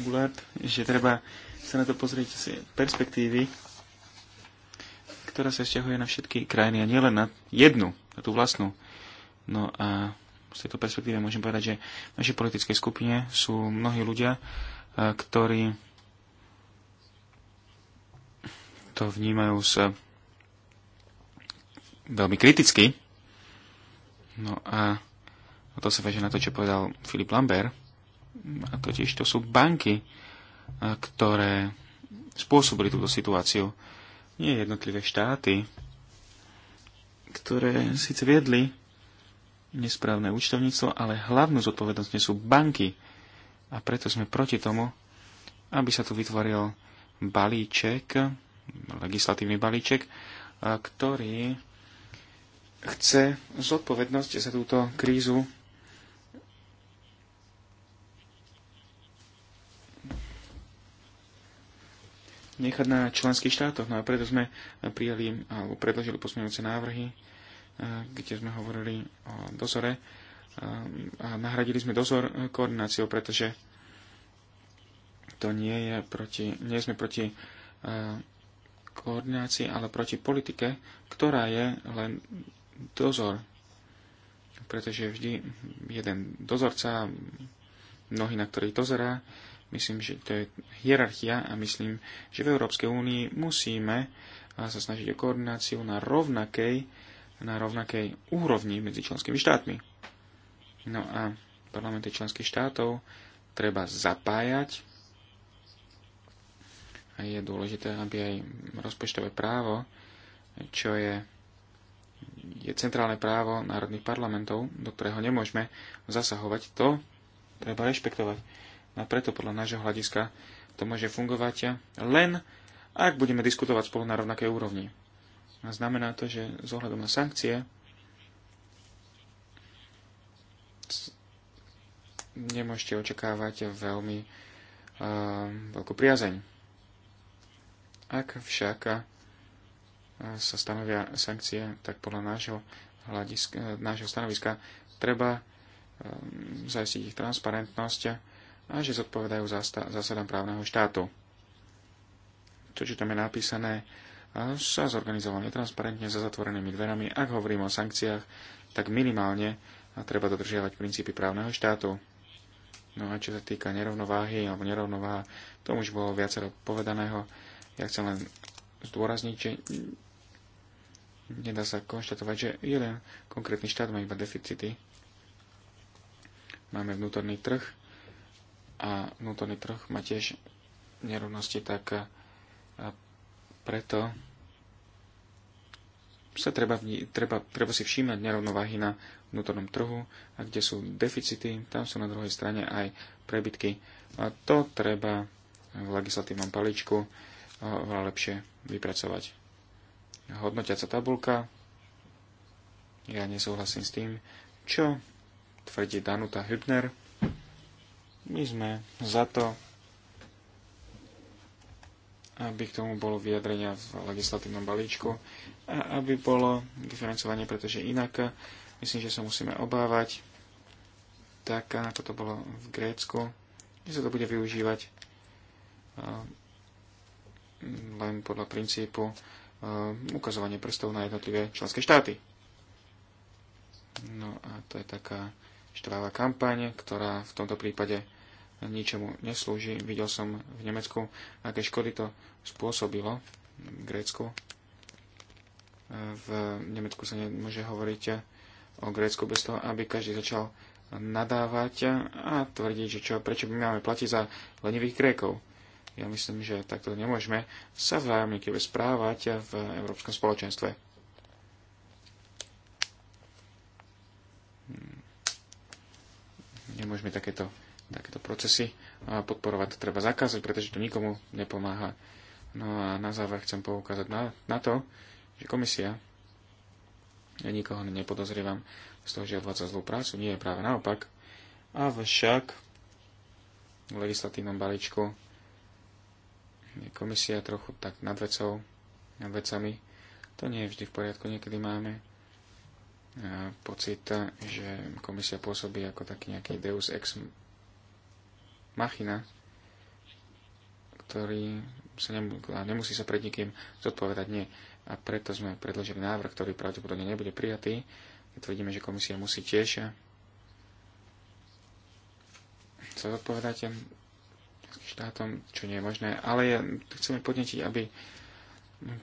Gulab, že treba sa na to pozrieť z perspektívy, ktorá sa vzťahuje na všetky krajiny a nielen na jednu, na tú vlastnú. No a z tejto perspektíve môžem povedať, že v našej politickej skupine sú mnohí ľudia, ktorí to vnímajú sa veľmi kriticky. No a to sa veže na to, čo povedal Filip Lambert. A totiž to sú banky, ktoré spôsobili túto situáciu. Nie jednotlivé štáty, ktoré síce viedli nesprávne účtovníctvo, ale hlavnú zodpovednosť nesú banky. A preto sme proti tomu, aby sa tu vytvoril balíček, legislatívny balíček, ktorý chce zodpovednosť za túto krízu nechať na členských štátoch. No a preto sme prijali alebo predložili posmienujúce návrhy, eh, kde sme hovorili o dozore eh, a nahradili sme dozor eh, koordináciou, pretože to nie je proti, nie sme proti koordinácii, ale proti politike, ktorá je len dozor. Pretože vždy jeden dozorca, mnohí na ktorých dozerá, Myslím, že to je hierarchia a myslím, že v Európskej únii musíme sa snažiť o koordináciu na rovnakej, na rovnakej úrovni medzi členskými štátmi. No a parlamenty členských štátov treba zapájať a je dôležité, aby aj rozpočtové právo, čo je, je centrálne právo národných parlamentov, do ktorého nemôžeme zasahovať, to treba rešpektovať. No a preto podľa nášho hľadiska to môže fungovať len, ak budeme diskutovať spolu na rovnakej úrovni. A znamená to, že z ohľadom na sankcie nemôžete očakávať veľmi uh, veľkú priazeň. Ak však eh, sa stanovia sankcie, tak podľa nášho, hľadiska, eh, nášho stanoviska treba um, zajistiť ich transparentnosť a že zodpovedajú zásadám právneho štátu. To, čo tam je napísané, sa zorganizoval netransparentne za zatvorenými dverami. Ak hovorím o sankciách, tak minimálne treba dodržiavať princípy právneho štátu. No a čo sa týka nerovnováhy alebo nerovnováha, to už bolo viacero povedaného. Ja chcem len zdôrazniť, že nedá sa konštatovať, že jeden konkrétny štát má iba deficity. Máme vnútorný trh, a vnútorný trh má tiež nerovnosti, tak a preto sa treba, treba, treba si všímať nerovnováhy na vnútornom trhu a kde sú deficity, tam sú na druhej strane aj prebytky. A to treba v legislatívnom paličku oveľa lepšie vypracovať. Hodnotiaca tabulka. Ja nesúhlasím s tým, čo tvrdí Danuta Hübner my sme za to, aby k tomu bolo vyjadrenia v legislatívnom balíčku a aby bolo diferencovanie, pretože inak eh, myslím, že sa musíme obávať, tak eh, ako to bolo v Grécku, že sa to bude využívať eh, len podľa princípu ukazovanie prstov na jednotlivé členské štáty. No a to je taká štvává kampaň, ktorá v tomto prípade ničomu neslúži. Videl som v Nemecku, aké škody to spôsobilo v Grécku. E, v Nemecku sa nemôže hovoriť o Grécku bez toho, aby každý začal nadávať a tvrdiť, že čo, prečo by máme platiť za lenivých Grékov. Ja myslím, že takto nemôžeme sa vzájomne kebe správať v Európskom spoločenstve. Hm. Nemôžeme takéto takéto procesy podporovať treba zakázať, pretože to nikomu nepomáha. No a na záver chcem poukázať na, na to, že komisia, ja nikoho nepodozrievam z toho, že odvádza zlú prácu, nie je práve naopak. Avšak v legislatívnom balíčku je komisia trochu tak nad vecou, nad vecami. To nie je vždy v poriadku, niekedy máme pocit, že komisia pôsobí ako taký nejaký deus ex machina, ktorý sa nemusí, nemusí sa pred nikým zodpovedať nie. A preto sme predložili návrh, ktorý pravdepodobne nebude prijatý. vidíme, že komisia musí tiež sa zodpovedať štátom, čo nie je možné. Ale ja chceme podnetiť, aby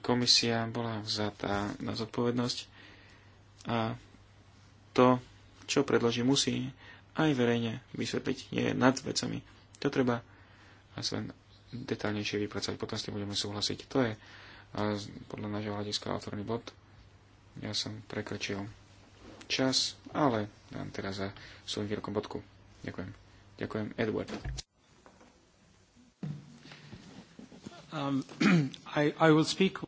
komisia bola vzatá na zodpovednosť a to, čo predloží, musí aj verejne vysvetliť. Nie nad vecami to treba sa detálnejšie vypracovať, potom s tým budeme súhlasiť. To je podľa nášho hľadiska autorný bod. Ja som prekročil čas, ale dám teraz za svojím výrokom bodku. Ďakujem. Ďakujem, Edward. Um, (clears throat) I, I will speak...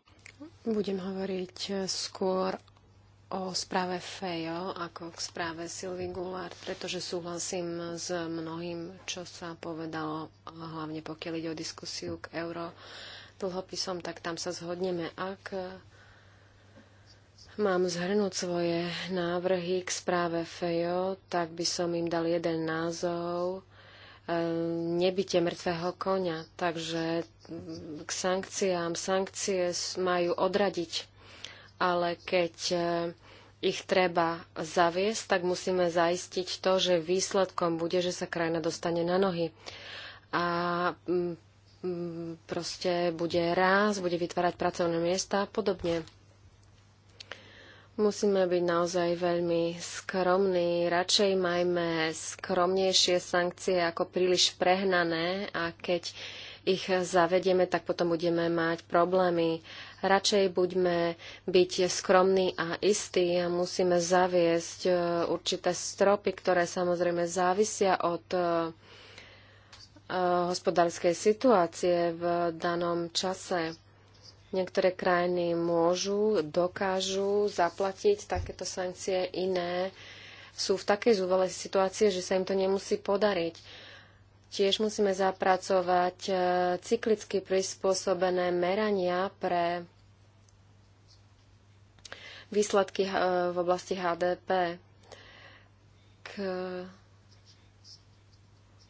Budem hovoriť skôr o správe FEJO ako k správe Sylvie Goulart, pretože súhlasím s mnohým, čo sa povedalo, hlavne pokiaľ ide o diskusiu k euro dlhopisom, tak tam sa zhodneme. Ak mám zhrnúť svoje návrhy k správe FEJO, tak by som im dal jeden názov e, nebytie mŕtvého konia. Takže k sankciám sankcie majú odradiť ale keď e, ich treba zaviesť, tak musíme zaistiť to, že výsledkom bude, že sa krajina dostane na nohy. A mm, mm, proste bude ráz, bude vytvárať pracovné miesta a podobne. Musíme byť naozaj veľmi skromní. Radšej majme skromnejšie sankcie ako príliš prehnané a keď ich zavedieme, tak potom budeme mať problémy. Radšej buďme byť skromní a istí a musíme zaviesť e, určité stropy, ktoré samozrejme závisia od e, e, hospodárskej situácie v danom čase. Niektoré krajiny môžu, dokážu zaplatiť takéto sankcie, iné sú v takej zúvalej situácii, že sa im to nemusí podariť. Tiež musíme zapracovať cyklicky prispôsobené merania pre výsledky eh, v oblasti HDP. K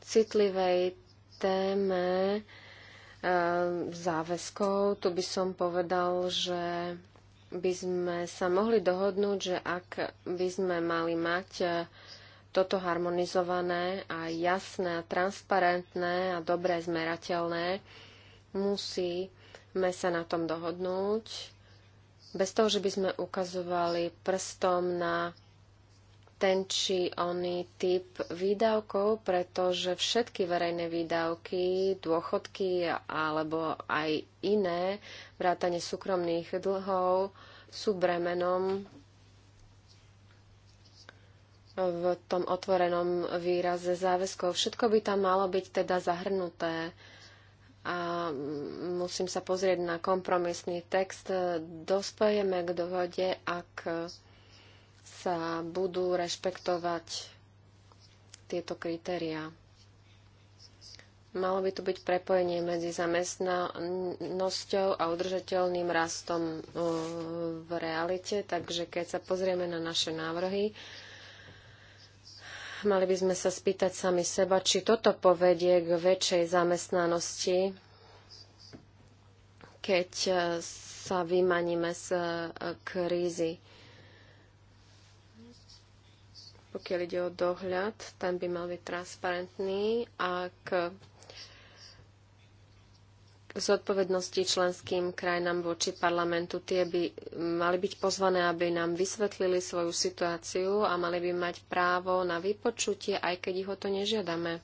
citlivej téme eh, záväzkov, tu by som povedal, že by sme sa mohli dohodnúť, že ak by sme mali mať eh, toto harmonizované a jasné a transparentné a dobre zmerateľné, musíme sa na tom dohodnúť bez toho, že by sme ukazovali prstom na ten či oný typ výdavkov, pretože všetky verejné výdavky, dôchodky alebo aj iné, vrátane súkromných dlhov, sú bremenom v tom otvorenom výraze záväzkov. Všetko by tam malo byť teda zahrnuté a musím sa pozrieť na kompromisný text. dospojeme k dohode, ak sa budú rešpektovať tieto kritériá. Malo by tu byť prepojenie medzi zamestnanosťou a udržateľným rastom uh, v realite, takže keď sa pozrieme na naše návrhy, Mali by sme sa spýtať sami seba, či toto povedie k väčšej zamestnanosti, keď e, sa vymaníme z e, krízy. Pokiaľ ide o dohľad, ten by mal byť transparentný. Ak zodpovednosti členským krajinám voči parlamentu. Tie by mali byť pozvané, aby nám vysvetlili svoju situáciu a mali by mať právo na vypočutie, aj keď ich ho to nežiadame.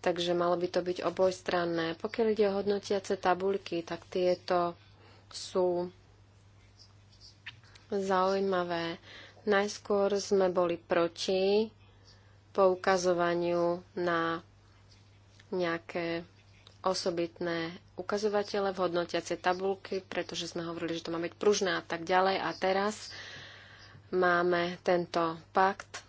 Takže malo by to byť obojstranné. Pokiaľ ide o hodnotiace tabuľky, tak tieto sú zaujímavé. Najskôr sme boli proti poukazovaniu na nejaké osobitné ukazovatele v hodnotiacej tabulky, pretože sme hovorili, že to má byť pružné a tak ďalej. A teraz máme tento pakt.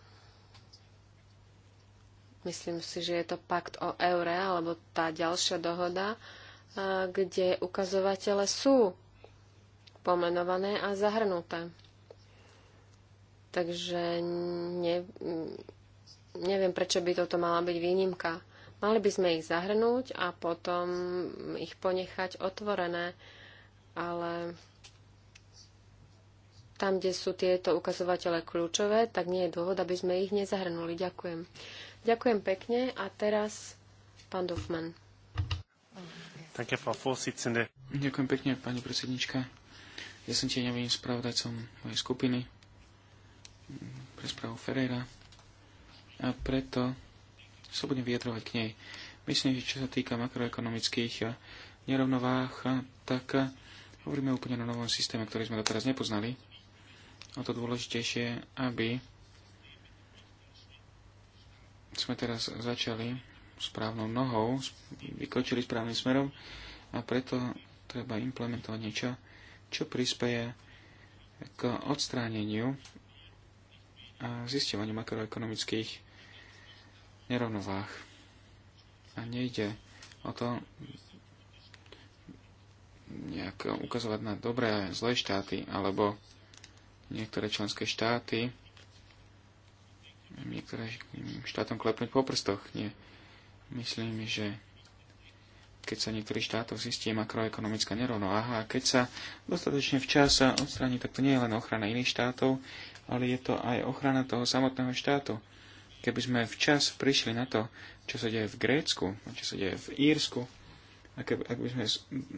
Myslím si, že je to pakt o eure, alebo tá ďalšia dohoda, kde ukazovatele sú pomenované a zahrnuté. Takže ne, neviem, prečo by toto mala byť výnimka. Mali by sme ich zahrnúť a potom ich ponechať otvorené, ale tam, kde sú tieto ukazovatele kľúčové, tak nie je dôvod, aby sme ich nezahrnuli. Ďakujem. Ďakujem pekne a teraz pán Dufman. Ďakujem pekne, pani predsednička. Ja som tie tieňovým spravodajcom mojej skupiny pre správu Ferreira a preto slobodne vyjadrovať k nej. Myslím, že čo sa týka makroekonomických eh, nerovnováh, eh, tak eh, hovoríme úplne o novom systéme, ktorý sme doteraz nepoznali. A to dôležitejšie, aby sme teraz začali správnou nohou, vykočili správnym smerom a preto treba implementovať niečo, čo prispieje k odstráneniu a zisťovaniu makroekonomických nerovnováh. A nejde o to nejak ukazovať na dobré a zlé štáty, alebo niektoré členské štáty niektoré štátom klepnúť po prstoch. Nie. Myslím, že keď sa niektorých štátov zistí makroekonomická nerovnováha a keď sa dostatočne včas odstráni, tak to nie je len ochrana iných štátov, ale je to aj ochrana toho samotného štátu. Keby sme včas prišli na to, čo sa deje v Grécku, čo sa deje v Írsku, a keby, ak by sme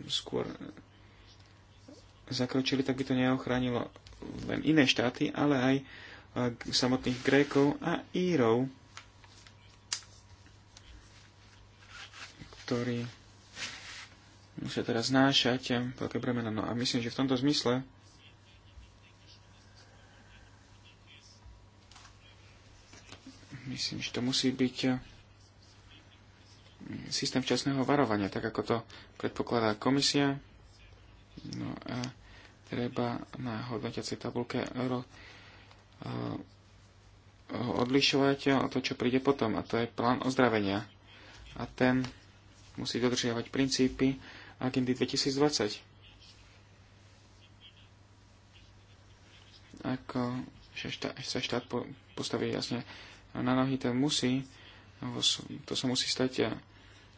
skôr zakročili, tak by to neochránilo len iné štáty, ale aj samotných Grékov a Írov, ktorí musia teraz znášať veľké bremeno. No a myslím, že v tomto zmysle Myslím, že to musí byť eh, systém včasného varovania, tak ako to predpokladá komisia. No a treba na hodnotiacej tabulke euro eh, odlišovať eh, od to, čo príde potom. A to je plán ozdravenia. A ten musí dodržiavať princípy agendy 2020. Ako sa štát postaví jasne na nohy, ten musí, to sa musí stať eh,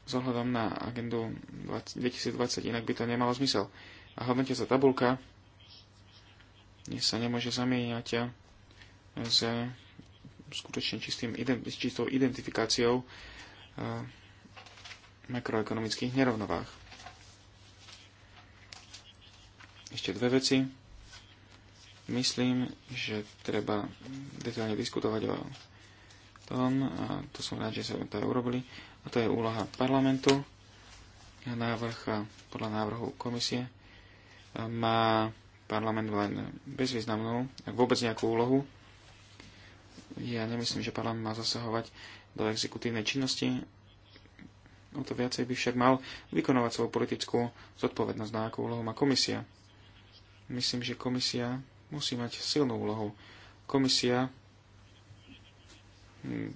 s ohľadom na agendu 2020, inak by to nemalo zmysel. A hlavne sa tabulka sa nemôže zamieňať eh, s eh, skutočne čistým, s čistou identifikáciou makroekonomických nerovnovách. Ešte dve veci. Myslím, že treba detailne diskutovať o tom, a to som rád, že sa to urobili, a to je úloha parlamentu. Návrh, podľa návrhu komisie má parlament len bezvýznamnú, ak vôbec nejakú úlohu. Ja nemyslím, že parlament má zasahovať do exekutívnej činnosti. O to viacej by však mal vykonovať svoju politickú zodpovednosť, na akú úlohu má komisia. Myslím, že komisia musí mať silnú úlohu. Komisia Hmm.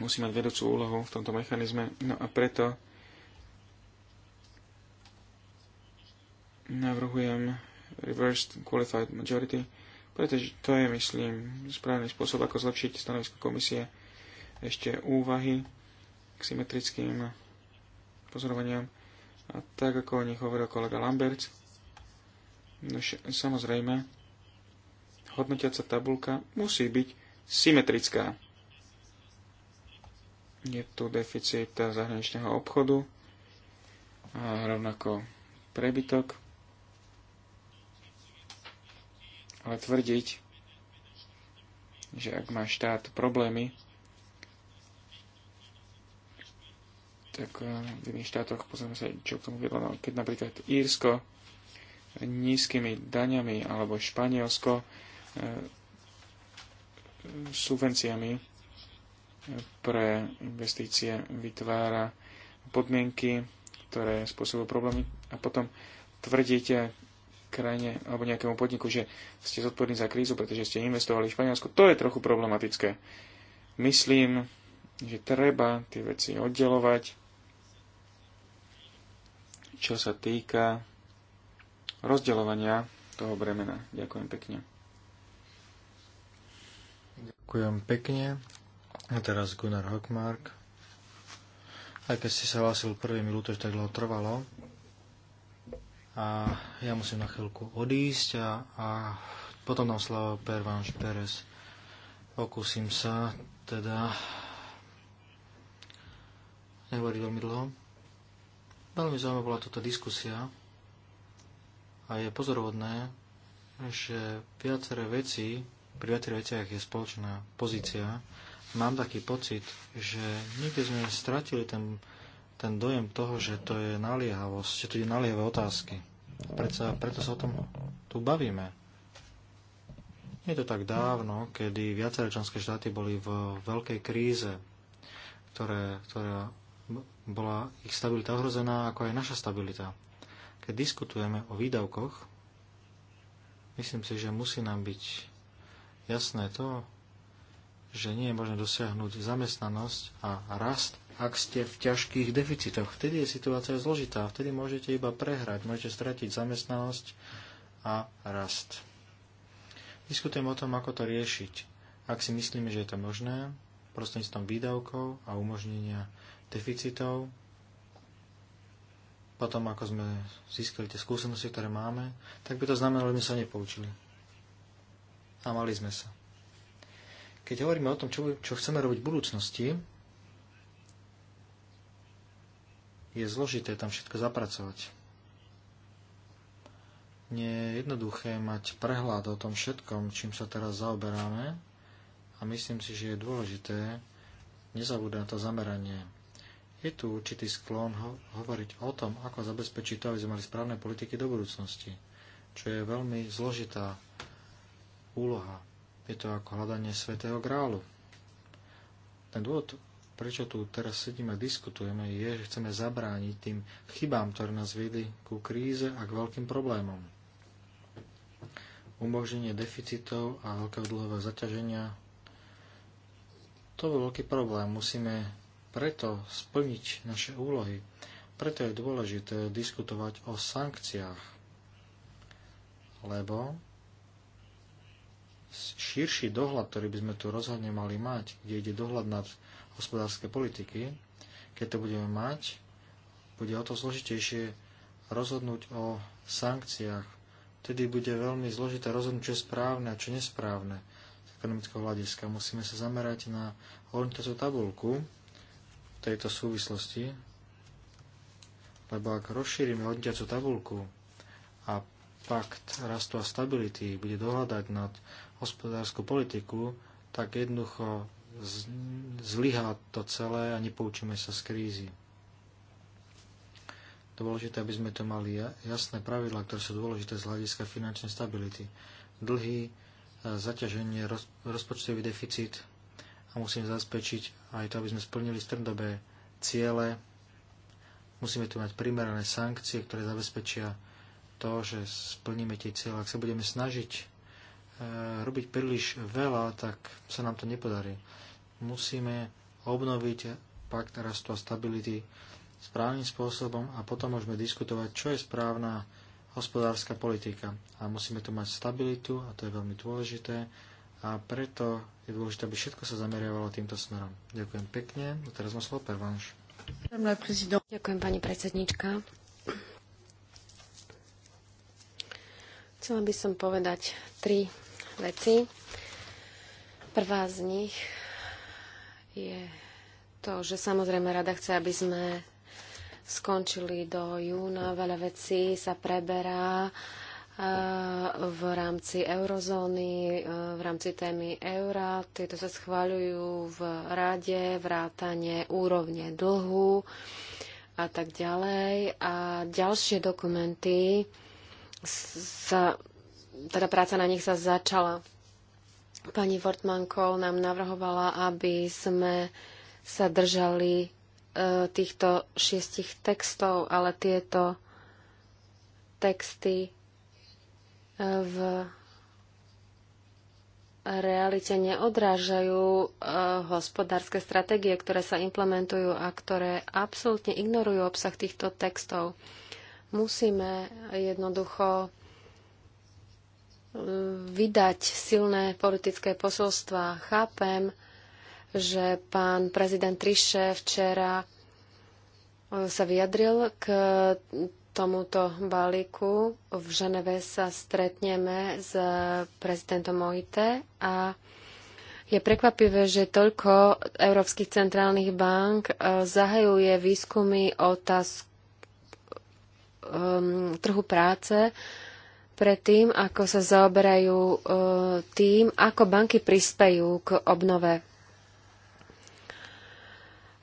musí mať vedúcu úlohu v tomto mechanizme. No a preto navrhujem Reversed Qualified Majority, pretože to je, myslím, správny spôsob, ako zlepšiť stanovisko komisie ešte úvahy k symetrickým pozorovaniam. A tak, ako o nich hovoril kolega Lambert, no samozrejme, hodnotiaca tabulka musí byť symetrická. Je tu deficit zahraničného obchodu a rovnako prebytok. Ale tvrdiť, že ak má štát problémy, tak e, v iných štátoch pozrieme sa, čo k tomu vedlo. No, keď napríklad Írsko nízkymi daňami alebo Španielsko e, subvenciami pre investície vytvára podmienky, ktoré spôsobujú problémy a potom tvrdíte krajine alebo nejakému podniku, že ste zodpovední za krízu, pretože ste investovali v Španielsku. To je trochu problematické. Myslím, že treba tie veci oddelovať, čo sa týka rozdeľovania toho bremena. Ďakujem pekne. Ďakujem pekne. A teraz Gunnar Hockmark. Aj keď si sa hlásil prvý, mi ľúto, že tak dlho trvalo. A ja musím na chvíľku odísť a, a potom nám slovo Pervanš Perez. Pokúsim sa teda nehovorí veľmi dlho. Veľmi zaujímavá bola táto diskusia a je pozorovodné, že viaceré veci, pri viacerých veciach je spoločná pozícia, mám taký pocit, že niekde sme stratili ten, ten dojem toho, že to je naliehavosť, že to je naliehavé otázky. Preto, preto sa o tom tu bavíme. Nie Je to tak dávno, kedy viaceré členské štáty boli v veľkej kríze, ktoré, ktorá bola ich stabilita ohrozená, ako aj naša stabilita. Keď diskutujeme o výdavkoch, myslím si, že musí nám byť jasné to, že nie je možné dosiahnuť zamestnanosť a rast, ak ste v ťažkých deficitoch. Vtedy je situácia zložitá, vtedy môžete iba prehrať, môžete stratiť zamestnanosť a rast. Diskutujem o tom, ako to riešiť. Ak si myslíme, že je to možné, prostredníctvom výdavkov a umožnenia deficitov, potom ako sme získali tie skúsenosti, ktoré máme, tak by to znamenalo, že sme sa nepoučili a mali sme sa. Keď hovoríme o tom, čo, čo chceme robiť v budúcnosti, je zložité tam všetko zapracovať. Nie je jednoduché mať prehľad o tom všetkom, čím sa teraz zaoberáme a myslím si, že je dôležité nezabúdať na to zameranie. Je tu určitý sklon ho- hovoriť o tom, ako zabezpečiť to, aby sme mali správne politiky do budúcnosti, čo je veľmi zložitá úloha. Je to ako hľadanie svätého grálu. Ten dôvod, prečo tu teraz sedíme a diskutujeme, je, že chceme zabrániť tým chybám, ktoré nás viedli ku kríze a k veľkým problémom. Umoženie deficitov a veľkého dlhového zaťaženia to je veľký problém. Musíme preto splniť naše úlohy. Preto je dôležité diskutovať o sankciách, lebo širší dohľad, ktorý by sme tu rozhodne mali mať, kde ide dohľad nad hospodárske politiky, keď to budeme mať, bude o to zložitejšie rozhodnúť o sankciách. Vtedy bude veľmi zložité rozhodnúť, čo je správne a čo nesprávne z ekonomického hľadiska. Musíme sa zamerať na orientáciu tabulku v tejto súvislosti, lebo ak rozšírime orientáciu tabulku a pakt rastu a stability bude dohľadať nad hospodárskú politiku, tak jednoducho zlyhá to celé a nepoučíme sa z krízy. Dôležité, aby sme to mali jasné pravidlá, ktoré sú dôležité z hľadiska finančnej stability. Dlhy, e, zaťaženie, rozpočtový deficit a musíme zabezpečiť aj to, aby sme splnili strednodobé ciele. Musíme tu mať primerané sankcie, ktoré zabezpečia to, že splníme tie cieľe. Ak sa budeme snažiť Eh, robiť príliš veľa, tak sa nám to nepodarí. Musíme obnoviť pakt rastu a stability správnym spôsobom a potom môžeme diskutovať, čo je správna hospodárska politika. A musíme tu mať stabilitu a to je veľmi dôležité a preto je dôležité, aby všetko sa zameriavalo týmto smerom. Ďakujem pekne. A teraz má slovo Pervanš. Ďakujem, pani predsednička. Chcela by som povedať tri veci. Prvá z nich je to, že samozrejme rada chce, aby sme skončili do júna. Veľa vecí sa preberá eh, v rámci eurozóny, eh, v rámci témy eura. Tieto sa schváľujú v rade, vrátanie úrovne dlhu a tak ďalej. A ďalšie dokumenty sa teda práca na nich sa začala. Pani Wortmanko nám navrhovala, aby sme sa držali e, týchto šiestich textov, ale tieto texty e, v realite neodrážajú e, hospodárske stratégie, ktoré sa implementujú a ktoré absolútne ignorujú obsah týchto textov. Musíme jednoducho vydať silné politické posolstva. Chápem, že pán prezident Triše včera e, sa vyjadril k tomuto balíku. V Ženeve sa stretneme s prezidentom OIT a je prekvapivé, že toľko európskych centrálnych bank e, zahajuje výskumy otázku e, trhu práce, predtým, ako sa zaoberajú e, tým, ako banky prispejú k obnove.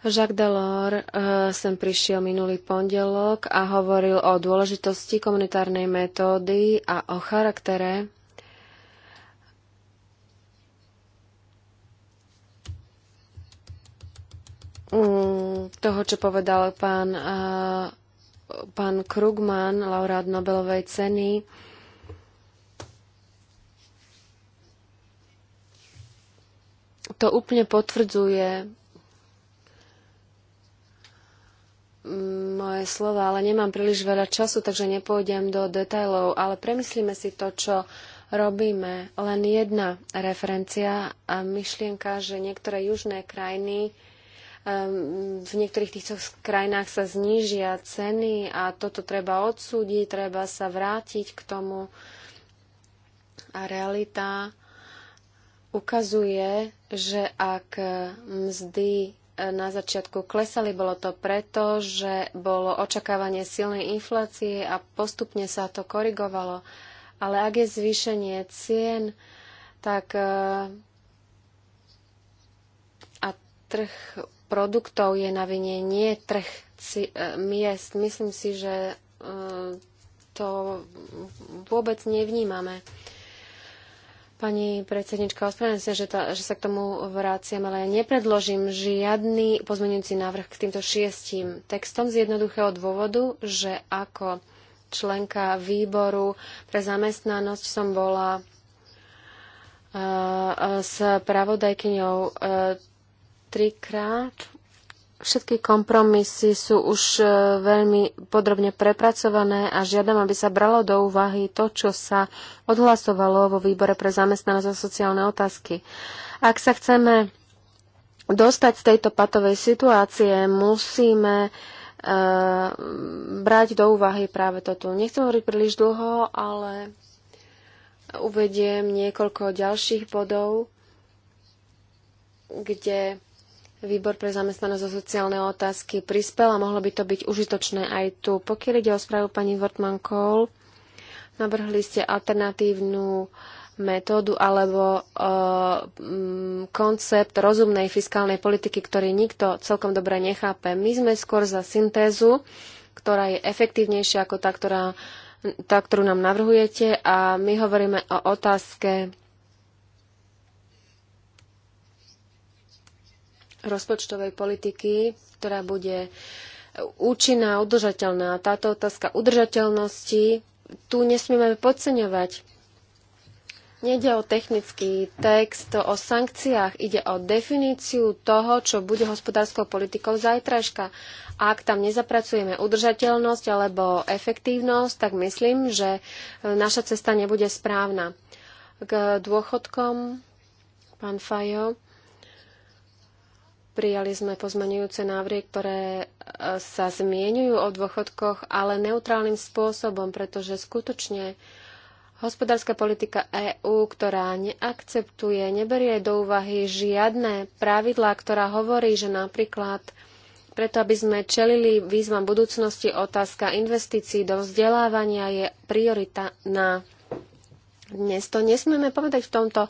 Jacques Delors e, sem prišiel minulý pondelok a hovoril o dôležitosti komunitárnej metódy a o charaktere mm, toho, čo povedal pán, e, pán Krugman, laureát Nobelovej ceny. to úplne potvrdzuje mm, moje slova, ale nemám príliš veľa času, takže nepôjdem do detajlov, ale premyslíme si to, čo robíme. Len jedna referencia a myšlienka, že niektoré južné krajiny v niektorých týchto krajinách sa znížia ceny a toto treba odsúdiť, treba sa vrátiť k tomu. A realita ukazuje, že ak mzdy e, na začiatku klesali, bolo to preto, že bolo očakávanie silnej inflácie a postupne sa to korigovalo. Ale ak je zvýšenie cien, tak e, a trh produktov je na vine nie trh e, miest. Myslím si, že to vôbec nevnímame. Pani predsednička, ospravedlňujem sa, že, že sa k tomu vraciam, ale ja nepredložím žiadny pozmeňujúci návrh k týmto šiestim textom z jednoduchého dôvodu, že ako členka výboru pre zamestnanosť som bola e, e, s pravodajkyňou e, trikrát Všetky kompromisy sú už e, veľmi podrobne prepracované a žiadam, aby sa bralo do úvahy to, čo sa odhlasovalo vo výbore pre zamestnanosť a sociálne otázky. Ak sa chceme dostať z tejto patovej situácie, musíme e, brať do úvahy práve toto. Nechcem hovoriť príliš dlho, ale uvediem niekoľko ďalších bodov, kde Výbor pre zamestnanosť a sociálne otázky prispel a mohlo by to byť užitočné aj tu. Pokiaľ ide o správu pani Wortman Kohl, navrhli ste alternatívnu metódu alebo e, koncept rozumnej fiskálnej politiky, ktorý nikto celkom dobre nechápe. My sme skôr za syntézu, ktorá je efektívnejšia ako tá, ktorá, tá ktorú nám navrhujete a my hovoríme o otázke rozpočtovej politiky, ktorá bude účinná, udržateľná. Táto otázka udržateľnosti tu nesmieme podceňovať. Nede o technický text, o sankciách, ide o definíciu toho, čo bude hospodárskou politikou zajtražka. Ak tam nezapracujeme udržateľnosť alebo efektívnosť, tak myslím, že naša cesta nebude správna. K dôchodkom, pán Fajo, Prijali sme pozmenujúce návrhy, ktoré e, sa zmienujú o dôchodkoch, ale neutrálnym spôsobom, pretože skutočne hospodárska politika EÚ, ktorá neakceptuje, neberie do úvahy žiadne pravidlá, ktorá hovorí, že napríklad preto, aby sme čelili výzvam budúcnosti, otázka investícií do vzdelávania je na dnes to nesmieme povedať v tomto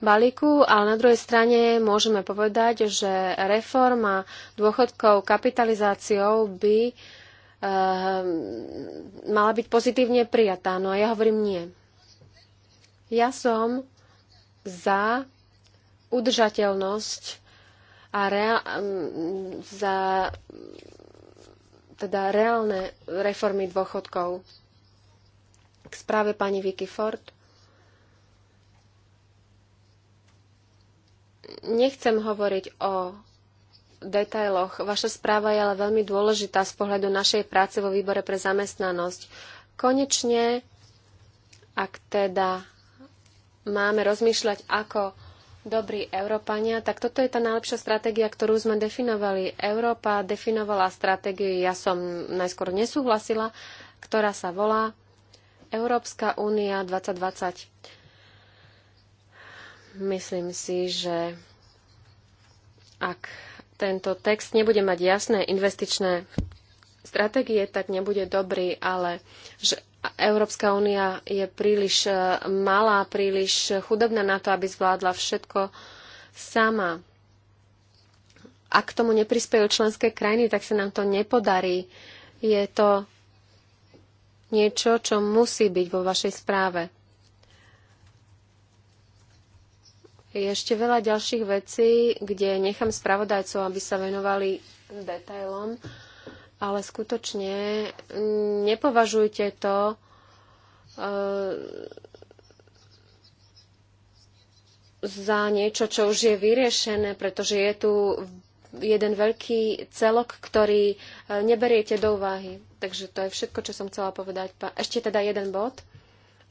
balíku, ale na druhej strane môžeme povedať, že reforma dôchodkov kapitalizáciou by e, mala byť pozitívne prijatá. No a ja hovorím nie. Ja som za udržateľnosť a rea- za teda reálne reformy dôchodkov. K správe pani Vicky Ford. Nechcem hovoriť o detailoch. Vaša správa je ale veľmi dôležitá z pohľadu našej práce vo výbore pre zamestnanosť. Konečne, ak teda máme rozmýšľať ako dobrí Európania, tak toto je tá najlepšia stratégia, ktorú sme definovali. Európa definovala stratégiu, ja som najskôr nesúhlasila, ktorá sa volá Európska únia 2020. Myslím si, že ak tento text nebude mať jasné investičné stratégie, tak nebude dobrý, ale že Európska únia je príliš e, malá, príliš chudobná na to, aby zvládla všetko sama. Ak k tomu neprispejú členské krajiny, tak sa nám to nepodarí. Je to niečo, čo musí byť vo vašej správe. Je ešte veľa ďalších vecí, kde nechám spravodajcov, aby sa venovali detailom, ale skutočne mm, nepovažujte to e, za niečo, čo už je vyriešené, pretože je tu jeden veľký celok, ktorý e, neberiete do úvahy. Takže to je všetko, čo som chcela povedať. Ešte teda jeden bod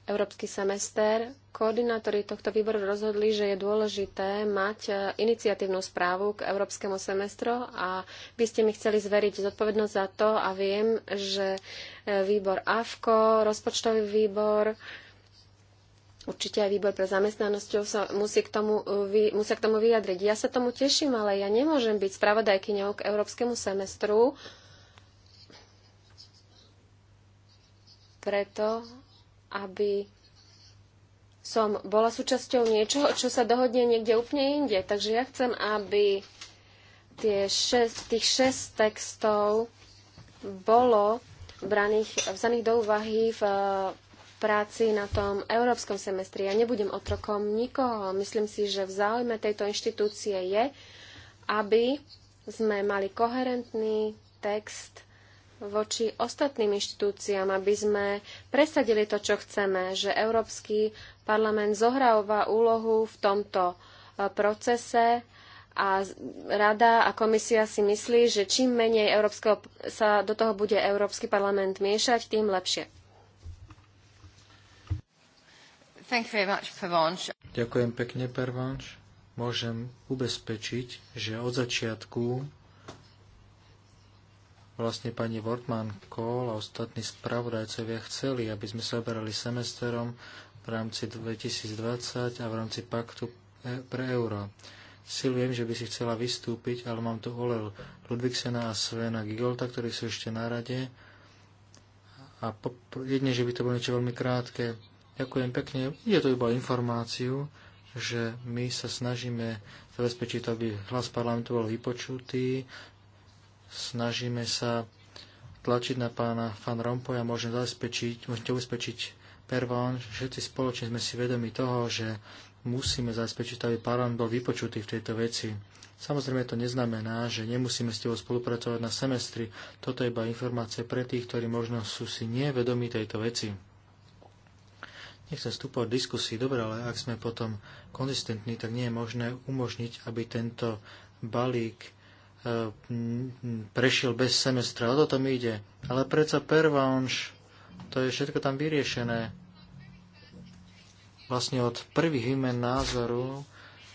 európsky semester, koordinátori tohto výboru rozhodli, že je dôležité mať e, iniciatívnu správu k európskemu semestru a vy ste mi chceli zveriť zodpovednosť za to a viem, že e, výbor AFKO, rozpočtový výbor, určite aj výbor pre zamestnanosť, sa musí k tomu, e, musia k tomu vyjadriť. Ja sa tomu teším, ale ja nemôžem byť spravodajkyňou k európskemu semestru, preto aby som bola súčasťou niečoho, čo sa dohodne niekde úplne inde. Takže ja chcem, aby tie šest, tých šest textov bolo braných, vzaných do úvahy v eh, práci na tom európskom semestri. Ja nebudem otrokom nikoho. Myslím si, že v záujme tejto inštitúcie je, aby sme mali koherentný text voči ostatným inštitúciám, aby sme presadili to, čo chceme, že Európsky parlament zohráva úlohu v tomto e, procese a rada a komisia si myslí, že čím menej Európskeho, sa do toho bude Európsky parlament miešať, tým lepšie. Much, Ďakujem pekne, Pervanš. Môžem ubezpečiť, že od začiatku vlastne pani Wortmann Kohl a ostatní spravodajcovia chceli, aby sme sa oberali semesterom v rámci 2020 a v rámci paktu e- pre euro. viem, že by si chcela vystúpiť, ale mám tu Olel Ludvigsena a Svena Gigolta, ktorí sú ešte na rade. A jedne, že by to bolo niečo veľmi krátke. Ďakujem pekne. Je to iba informáciu, že my sa snažíme zabezpečiť, aby hlas parlamentu bol vypočutý, Snažíme sa tlačiť na pána Fan Rompoja, môžem zabezpečiť, môžete ubezpečiť Pervon, všetci spoločne sme si vedomi toho, že musíme zabezpečiť, aby parlament bol vypočutý v tejto veci. Samozrejme to neznamená, že nemusíme s tebou spolupracovať na semestri. Toto je iba informácia pre tých, ktorí možno sú si nevedomí tejto veci. Nechcem vstúpať v diskusii, dobre, ale ak sme potom konzistentní, tak nie je možné umožniť, aby tento balík E, prešiel bez semestra. O to tam ide. Ale predsa pervaunš, to je všetko tam vyriešené. Vlastne od prvých imen názoru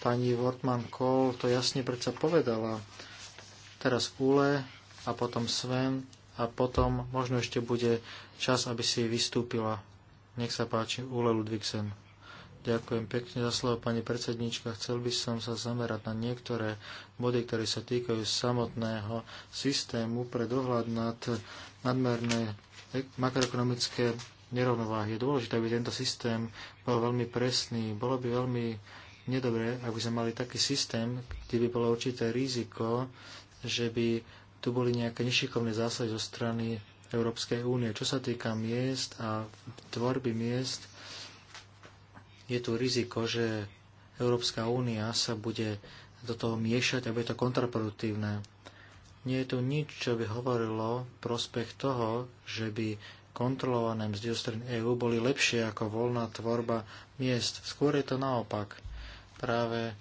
pani Wortman Kohl to jasne predsa povedala. Teraz Ule a potom Sven a potom možno ešte bude čas, aby si vystúpila. Nech sa páči, Ule Ludvigsen. Ďakujem pekne za slovo, pani predsednička. Chcel by som sa zamerať na niektoré body, ktoré sa týkajú samotného systému pre dohľad nad nadmerné makroekonomické nerovnováhy. Je dôležité, aby tento systém bol veľmi presný. Bolo by veľmi nedobré, aby sme mali taký systém, kde by bolo určité riziko, že by tu boli nejaké nešikovné zásahy zo strany Európskej únie. Čo sa týka miest a tvorby miest, je tu riziko, že Európska únia sa bude do toho miešať a bude to kontraproduktívne. Nie je tu nič, čo by hovorilo prospech toho, že by kontrolované mzdy zo strany EÚ boli lepšie ako voľná tvorba miest. Skôr je to naopak. Práve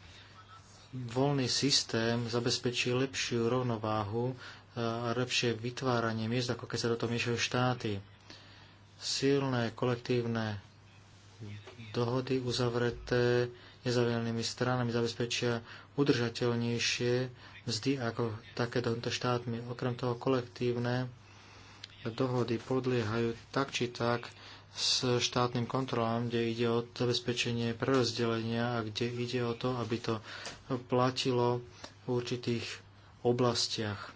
voľný systém zabezpečí lepšiu rovnováhu e, a lepšie vytváranie miest, ako keď sa do toho miešajú štáty. Silné kolektívne dohody uzavreté nezavielenými stranami zabezpečia udržateľnejšie mzdy ako také dohodnuté štátmi. Okrem toho kolektívne dohody podliehajú tak či tak s štátnym kontrolám, kde ide o zabezpečenie prerozdelenia a kde ide o to, aby to platilo v určitých oblastiach.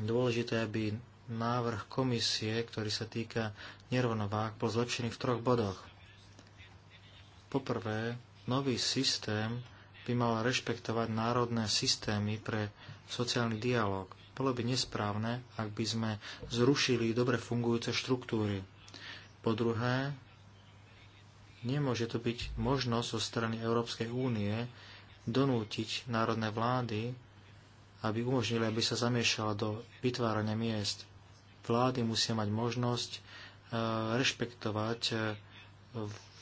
Dôležité, aby návrh komisie, ktorý sa týka nerovnováh, bol zlepšený v troch bodoch. Poprvé, nový systém by mal rešpektovať národné systémy pre sociálny dialog. Bolo by nesprávne, ak by sme zrušili dobre fungujúce štruktúry. Po druhé, nemôže to byť možnosť zo strany Európskej únie donútiť národné vlády, aby umožnili, aby sa zamiešala do vytvárania miest. Vlády musia mať možnosť eh, rešpektovať eh,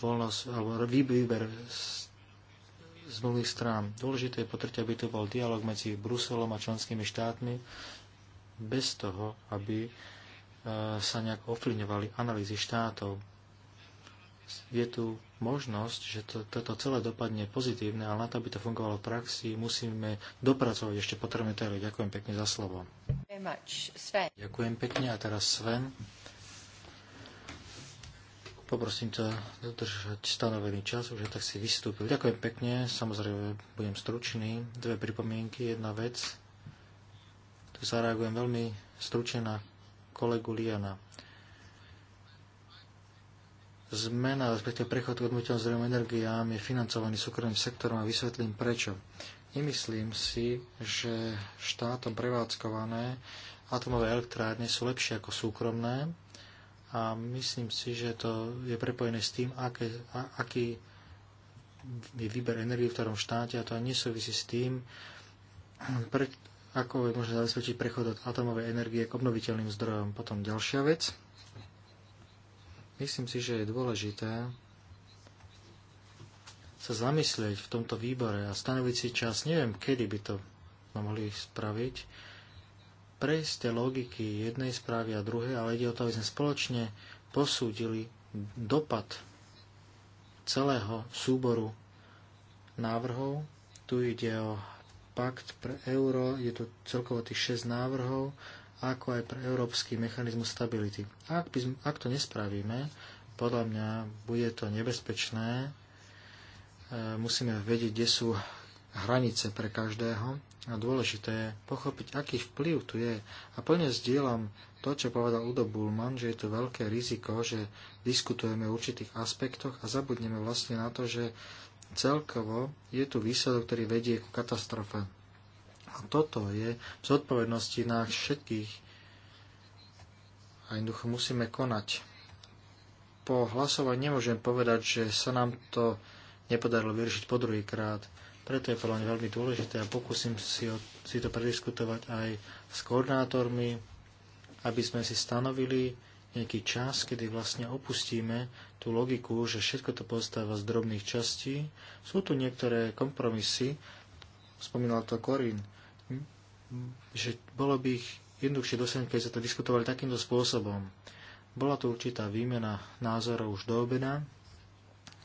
voľnosť alebo výber z mnohých strán. Dôležité je potrť, aby to bol dialog medzi Bruselom a členskými štátmi bez toho, aby e, sa nejak ovplyvňovali analýzy štátov. Je tu možnosť, že to, toto celé dopadne pozitívne, ale na to, aby to fungovalo v praxi, musíme dopracovať ešte potrebné detaily. Ďakujem pekne za slovo. Ďakujem pekne a teraz Sven. Poprosím ťa dodržať stanovený čas, už tak si vystúpil. Ďakujem pekne, samozrejme budem stručný. Dve pripomienky, jedna vec. Tu zareagujem veľmi stručne na kolegu Liana. Zmena, respektíve prechod k odmutelným energiám je financovaný súkromným sektorom a vysvetlím prečo. Nemyslím si, že štátom prevádzkované atomové elektrárne sú lepšie ako súkromné, a myslím si, že to je prepojené s tým, aké, a, aký je výber energie v ktorom štáte a to ani nesúvisí s tým, pre, ako je možné zabezpečiť prechod od atomovej energie k obnoviteľným zdrojom. Potom ďalšia vec. Myslím si, že je dôležité sa zamyslieť v tomto výbore a stanoviť si čas. Neviem, kedy by to mohli spraviť prejsť tej logiky jednej správy a druhej, ale ide o to, aby sme spoločne posúdili dopad celého súboru návrhov. Tu ide o pakt pre euro, je tu celkovo tých 6 návrhov, ako aj pre európsky mechanizmus stability. Ak, by, ak to nespravíme, podľa mňa bude to nebezpečné. E, musíme vedieť, kde sú hranice pre každého a dôležité je pochopiť, aký vplyv tu je. A plne zdieľam to, čo povedal Udo Bullman, že je tu veľké riziko, že diskutujeme o určitých aspektoch a zabudneme vlastne na to, že celkovo je tu výsledok, ktorý vedie ku katastrofe. A toto je v zodpovednosti nás všetkých. A jednoducho musíme konať. Po hlasovaní nemôžem povedať, že sa nám to nepodarilo vyriešiť po druhýkrát. Preto je podľa mňa veľmi dôležité a pokúsim si, o, si to prediskutovať aj s koordinátormi, aby sme si stanovili nejaký čas, kedy vlastne opustíme tú logiku, že všetko to postáva z drobných častí. Sú tu niektoré kompromisy, spomínal to Korin, že bolo by ich jednoduchšie dosiahnuť, keď sa to diskutovali takýmto spôsobom. Bola tu určitá výmena názorov už do obeda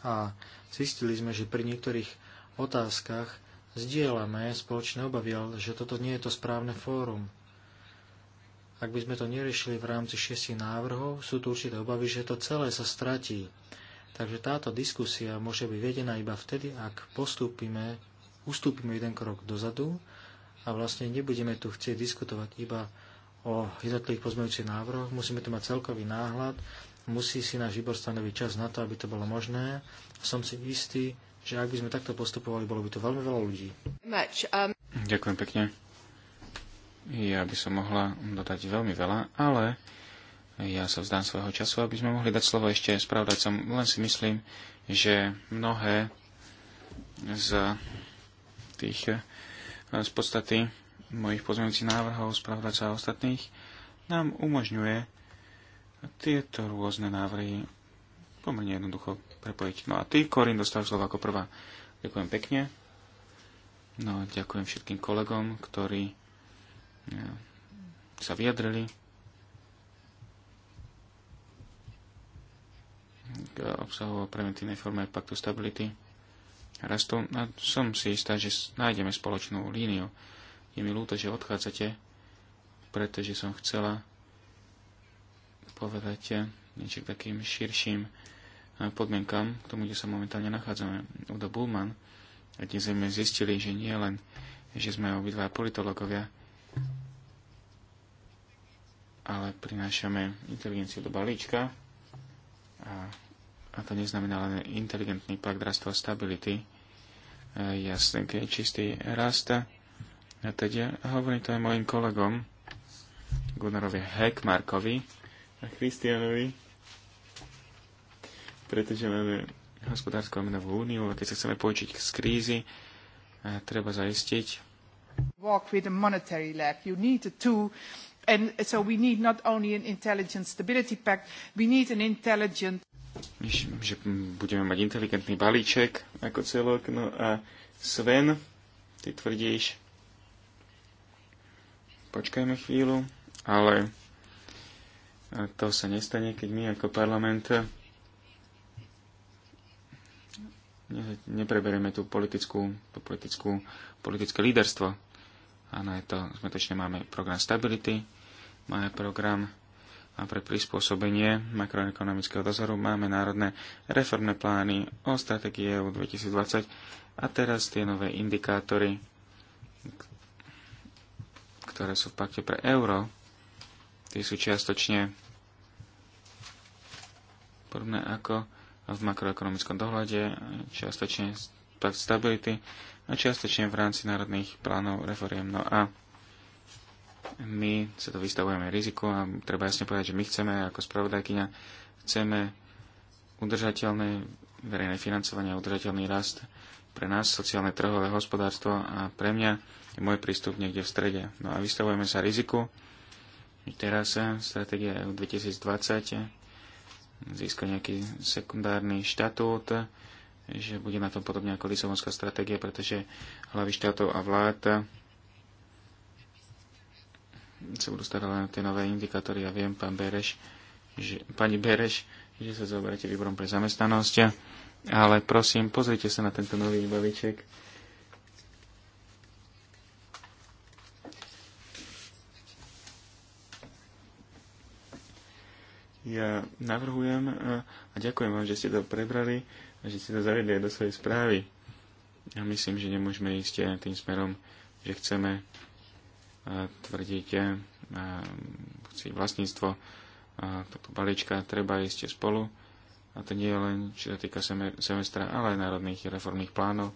a zistili sme, že pri niektorých otázkach zdieľame spoločné obavy, ale že toto nie je to správne fórum. Ak by sme to neriešili v rámci šiestich návrhov, sú tu určité obavy, že to celé sa stratí. Takže táto diskusia môže byť vedená iba vtedy, ak postúpime, ustúpime jeden krok dozadu a vlastne nebudeme tu chcieť diskutovať iba o jednotlivých pozmeňujúcich návrhoch. Musíme tu mať celkový náhľad, musí si náš výbor stanoviť čas na to, aby to bolo možné. Som si istý, že ak by sme takto postupovali, bolo by to veľmi veľa ľudí. Um, Ďakujem pekne. Ja by som mohla dodať veľmi veľa, ale ja sa vzdám svojho času, aby sme mohli dať slovo ešte spravdajcom, Len si myslím, že mnohé z tých eh, z podstaty mojich pozmeňujúcich návrhov spravdajca a ostatných nám umožňuje tieto rôzne návrhy pomerne jednoducho prepojiť. No a ty, Korin, dostal slovo ako prvá. Ďakujem pekne. No, ďakujem všetkým kolegom, ktorí eh, sa vyjadrili k obsahu o preventívnej forme paktu stability rastu. A som si istá, že nájdeme spoločnú líniu. Je mi ľúto, že odchádzate, pretože som chcela povedať eh, niečo takým širším Eh, podmienkam, k tomu, kde sa momentálne nachádzame. Udo Bullman, kde sme zistili, že nie len, že sme obidva politológovia, ale prinášame inteligenciu do balíčka a, a to neznamená len inteligentný pakt rastu a stability, eh, jasný, keď čistý rast a ja hovorím to aj mojim kolegom Gunnarovi Hekmarkovi a Christianovi pretože máme hospodárskú a menovú úniu a keď sa chceme počiť z krízy, treba zaistiť, walk with a monetary You need a And so we need not only an intelligent stability pact, we need an intelligent že budeme mať inteligentný balíček ako celok. No a Sven, ty tvrdíš, počkajme chvíľu, ale to sa nestane, keď my ako parlament nepreberieme tú politickú, tú politickú, politické líderstvo. Áno, je to, skutočne máme program stability, máme program a pre prispôsobenie makroekonomického dozoru, máme národné reformné plány o stratégie EU 2020 a teraz tie nové indikátory, ktoré sú v pakte pre euro, tie sú čiastočne podobné ako v makroekonomickom dohľade, čiastočne pakt stability a čiastočne v rámci národných plánov reforiem. No a my sa to vystavujeme riziku a treba jasne povedať, že my chceme ako spravodajkyňa chceme udržateľné verejné financovanie a udržateľný rast pre nás, sociálne trhové hospodárstvo a pre mňa je môj prístup niekde v strede. No a vystavujeme sa riziku. Teraz eh, stratégia EU 2020 získa nejaký sekundárny štatút, že bude na tom podobne ako Lisabonská stratégia, pretože hlavy štátov a vlád sa budú starať len tie nové indikátory. Ja viem, pán Bereš, že, pani Bereš, že sa zaoberáte výborom pre zamestnanosť, ale prosím, pozrite sa na tento nový balíček ja navrhujem e, a ďakujem vám, že ste to prebrali a že ste to zavedli aj do svojej správy. Ja myslím, že nemôžeme ísť e, tým smerom, že chceme e, tvrdiť si vlastníctvo tohto balíčka, treba ísť spolu. A to nie je len, čo sa týka semestra, ale aj národných reformných plánov.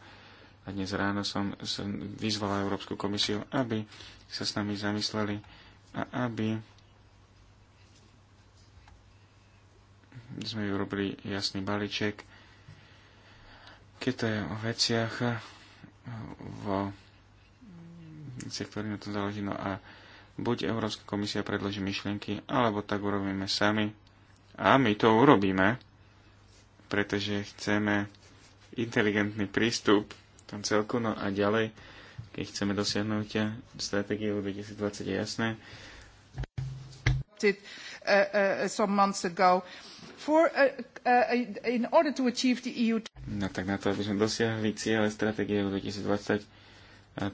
A dnes ráno som, som vyzvala Európsku komisiu, aby sa s nami zamysleli a aby sme ju robili jasný balíček. Keď to je o veciach, eh, vo sektorí na to záleží, no a buď Európska komisia predloží myšlienky, alebo tak urobíme sami. A my to urobíme, pretože chceme inteligentný prístup tam celku, no a ďalej, keď chceme dosiahnuť eh, stratégiu 2020, je jasné. Uh, uh, some months ago, For, uh, uh, uh, in order to achieve the EU... No tak na to, aby sme dosiahli ciele stratégie 2020,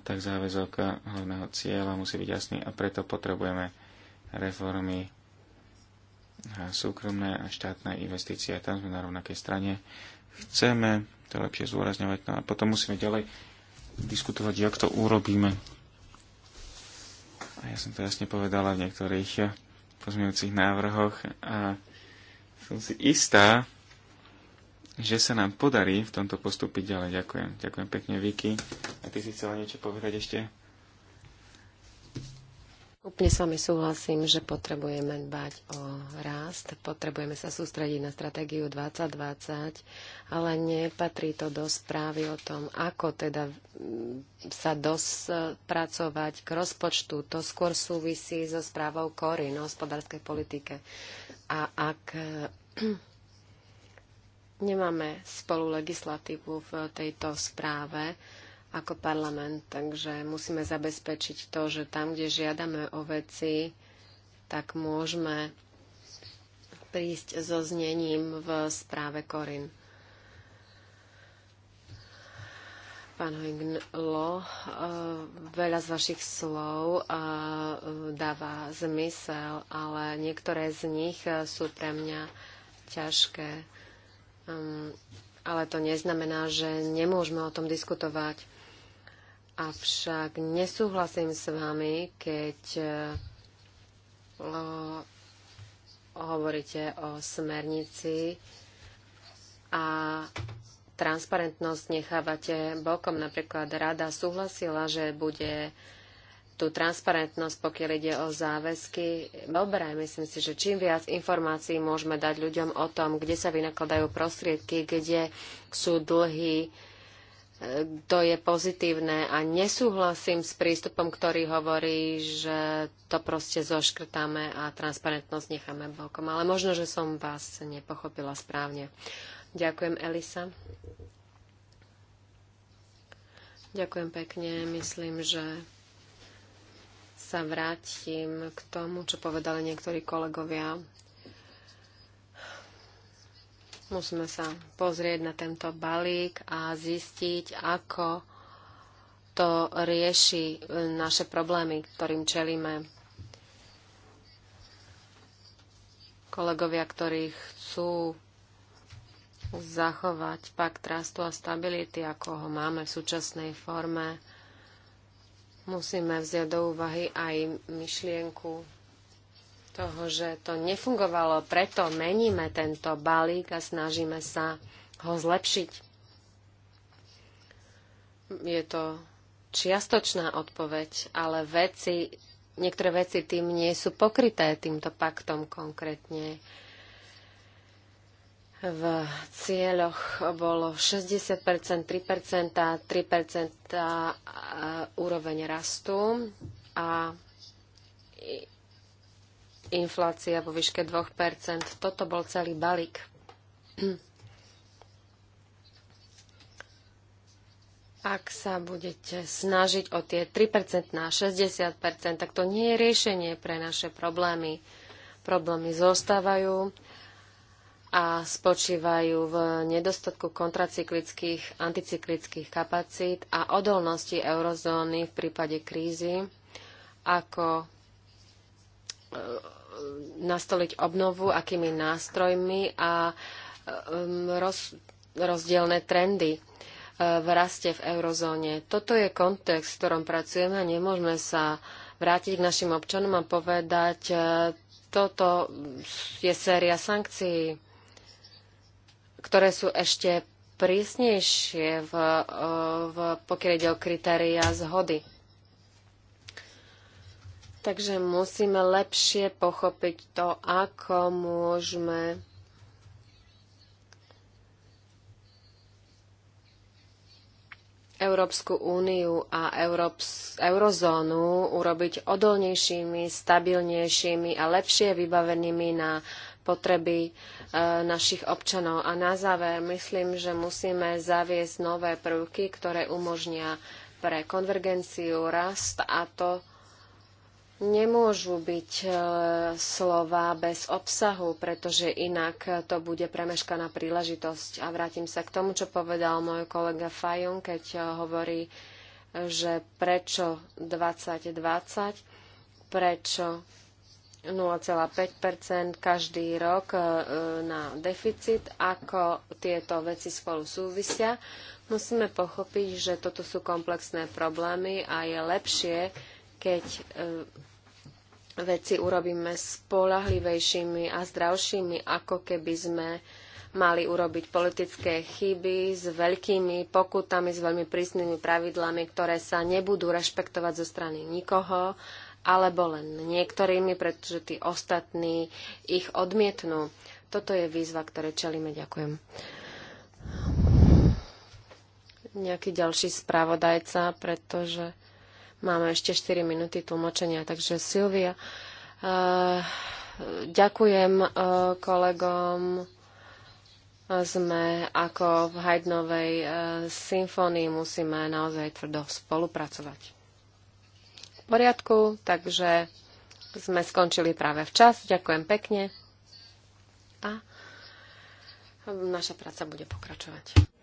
tak záväzok hlavného cieľa musí byť jasný a preto potrebujeme reformy a súkromné a štátne investície. Tam sme na rovnakej strane. Chceme to lepšie zúrazňovať. No a potom musíme ďalej diskutovať, jak to urobíme. A ja som to jasne povedala v niektorých pozmeňujúcich návrhoch a som si istá, že sa nám podarí v tomto postupiť. ďalej. Ďakujem. Ďakujem pekne, Vicky. A ty si chcela niečo povedať ešte? Úplne s vami súhlasím, že potrebujeme dbať o rast, potrebujeme sa sústrediť na stratégiu 2020, ale nepatrí to do správy o tom, ako teda sa dospracovať k rozpočtu. To skôr súvisí so správou Kory na no, hospodárskej politike. A ak (clears throat) nemáme spolu legislatívu v tejto správe, ako parlament, takže musíme zabezpečiť to, že tam, kde žiadame o veci, tak môžeme prísť so znením v správe Korin. Pán Hinglo, eh, veľa z vašich slov eh, dáva zmysel, ale niektoré z nich eh, sú pre mňa ťažké. Ehm, ale to neznamená, že nemôžeme o tom diskutovať. Avšak nesúhlasím s vami, keď eh, hovoríte o smernici a transparentnosť nechávate bokom. Napríklad rada súhlasila, že bude tú transparentnosť, pokiaľ ide o záväzky. Dobre, myslím si, že čím viac informácií môžeme dať ľuďom o tom, kde sa vynakladajú prostriedky, kde sú dlhy, to je pozitívne a nesúhlasím s prístupom, ktorý hovorí, že to proste zoškrtáme a transparentnosť necháme bokom. Ale možno, že som vás nepochopila správne. Ďakujem, Elisa. Ďakujem pekne. Myslím, že sa vrátim k tomu, čo povedali niektorí kolegovia Musíme sa pozrieť na tento balík a zistiť, ako to rieši e, naše problémy, ktorým čelíme. Kolegovia, ktorí chcú zachovať pakt rastu a stability, ako ho máme v súčasnej forme, musíme vziať do úvahy aj myšlienku toho, že to nefungovalo, preto meníme tento balík a snažíme sa ho zlepšiť. Je to čiastočná odpoveď, ale veci, niektoré veci tým nie sú pokryté týmto paktom konkrétne. V cieľoch bolo 60%, 3%, 3% úroveň rastu a inflácia vo výške 2%. Toto bol celý balík. Ak sa budete snažiť o tie 3% na 60%, tak to nie je riešenie pre naše problémy. Problémy zostávajú a spočívajú v nedostatku kontracyklických, anticyklických kapacít a odolnosti eurozóny v prípade krízy, ako nastoliť obnovu, akými nástrojmi a um, roz, rozdielne trendy uh, v raste v eurozóne. Toto je kontext, v ktorom pracujeme a nemôžeme sa vrátiť k našim občanom a povedať, uh, toto je séria sankcií, ktoré sú ešte prísnejšie, v, uh, v, pokiaľ ide o kritéria zhody. Takže musíme lepšie pochopiť to, ako môžeme Európsku úniu a Európs- eurozónu urobiť odolnejšími, stabilnejšími a lepšie vybavenými na potreby e, našich občanov. A na záver myslím, že musíme zaviesť nové prvky, ktoré umožnia pre konvergenciu, rast a to Nemôžu byť e, slova bez obsahu, pretože inak to bude premeškaná príležitosť. A vrátim sa k tomu, čo povedal môj kolega Fajon, keď e, hovorí, že prečo 2020, prečo 0,5 každý rok e, na deficit, ako tieto veci spolu súvisia. Musíme pochopiť, že toto sú komplexné problémy a je lepšie, keď e, veci urobíme spolahlivejšími a zdravšími, ako keby sme mali urobiť politické chyby s veľkými pokutami, s veľmi prísnymi pravidlami, ktoré sa nebudú rešpektovať zo strany nikoho, alebo len niektorými, pretože tí ostatní ich odmietnú. Toto je výzva, ktoré čelíme. Ďakujem. Nejaký ďalší správodajca, pretože Máme ešte 4 minúty tlmočenia, takže Silvia, eh, ďakujem eh, kolegom. Sme ako v Haydnovej eh, symfónii, musíme naozaj tvrdo spolupracovať. V poriadku, takže sme skončili práve včas. Ďakujem pekne. A naša práca bude pokračovať.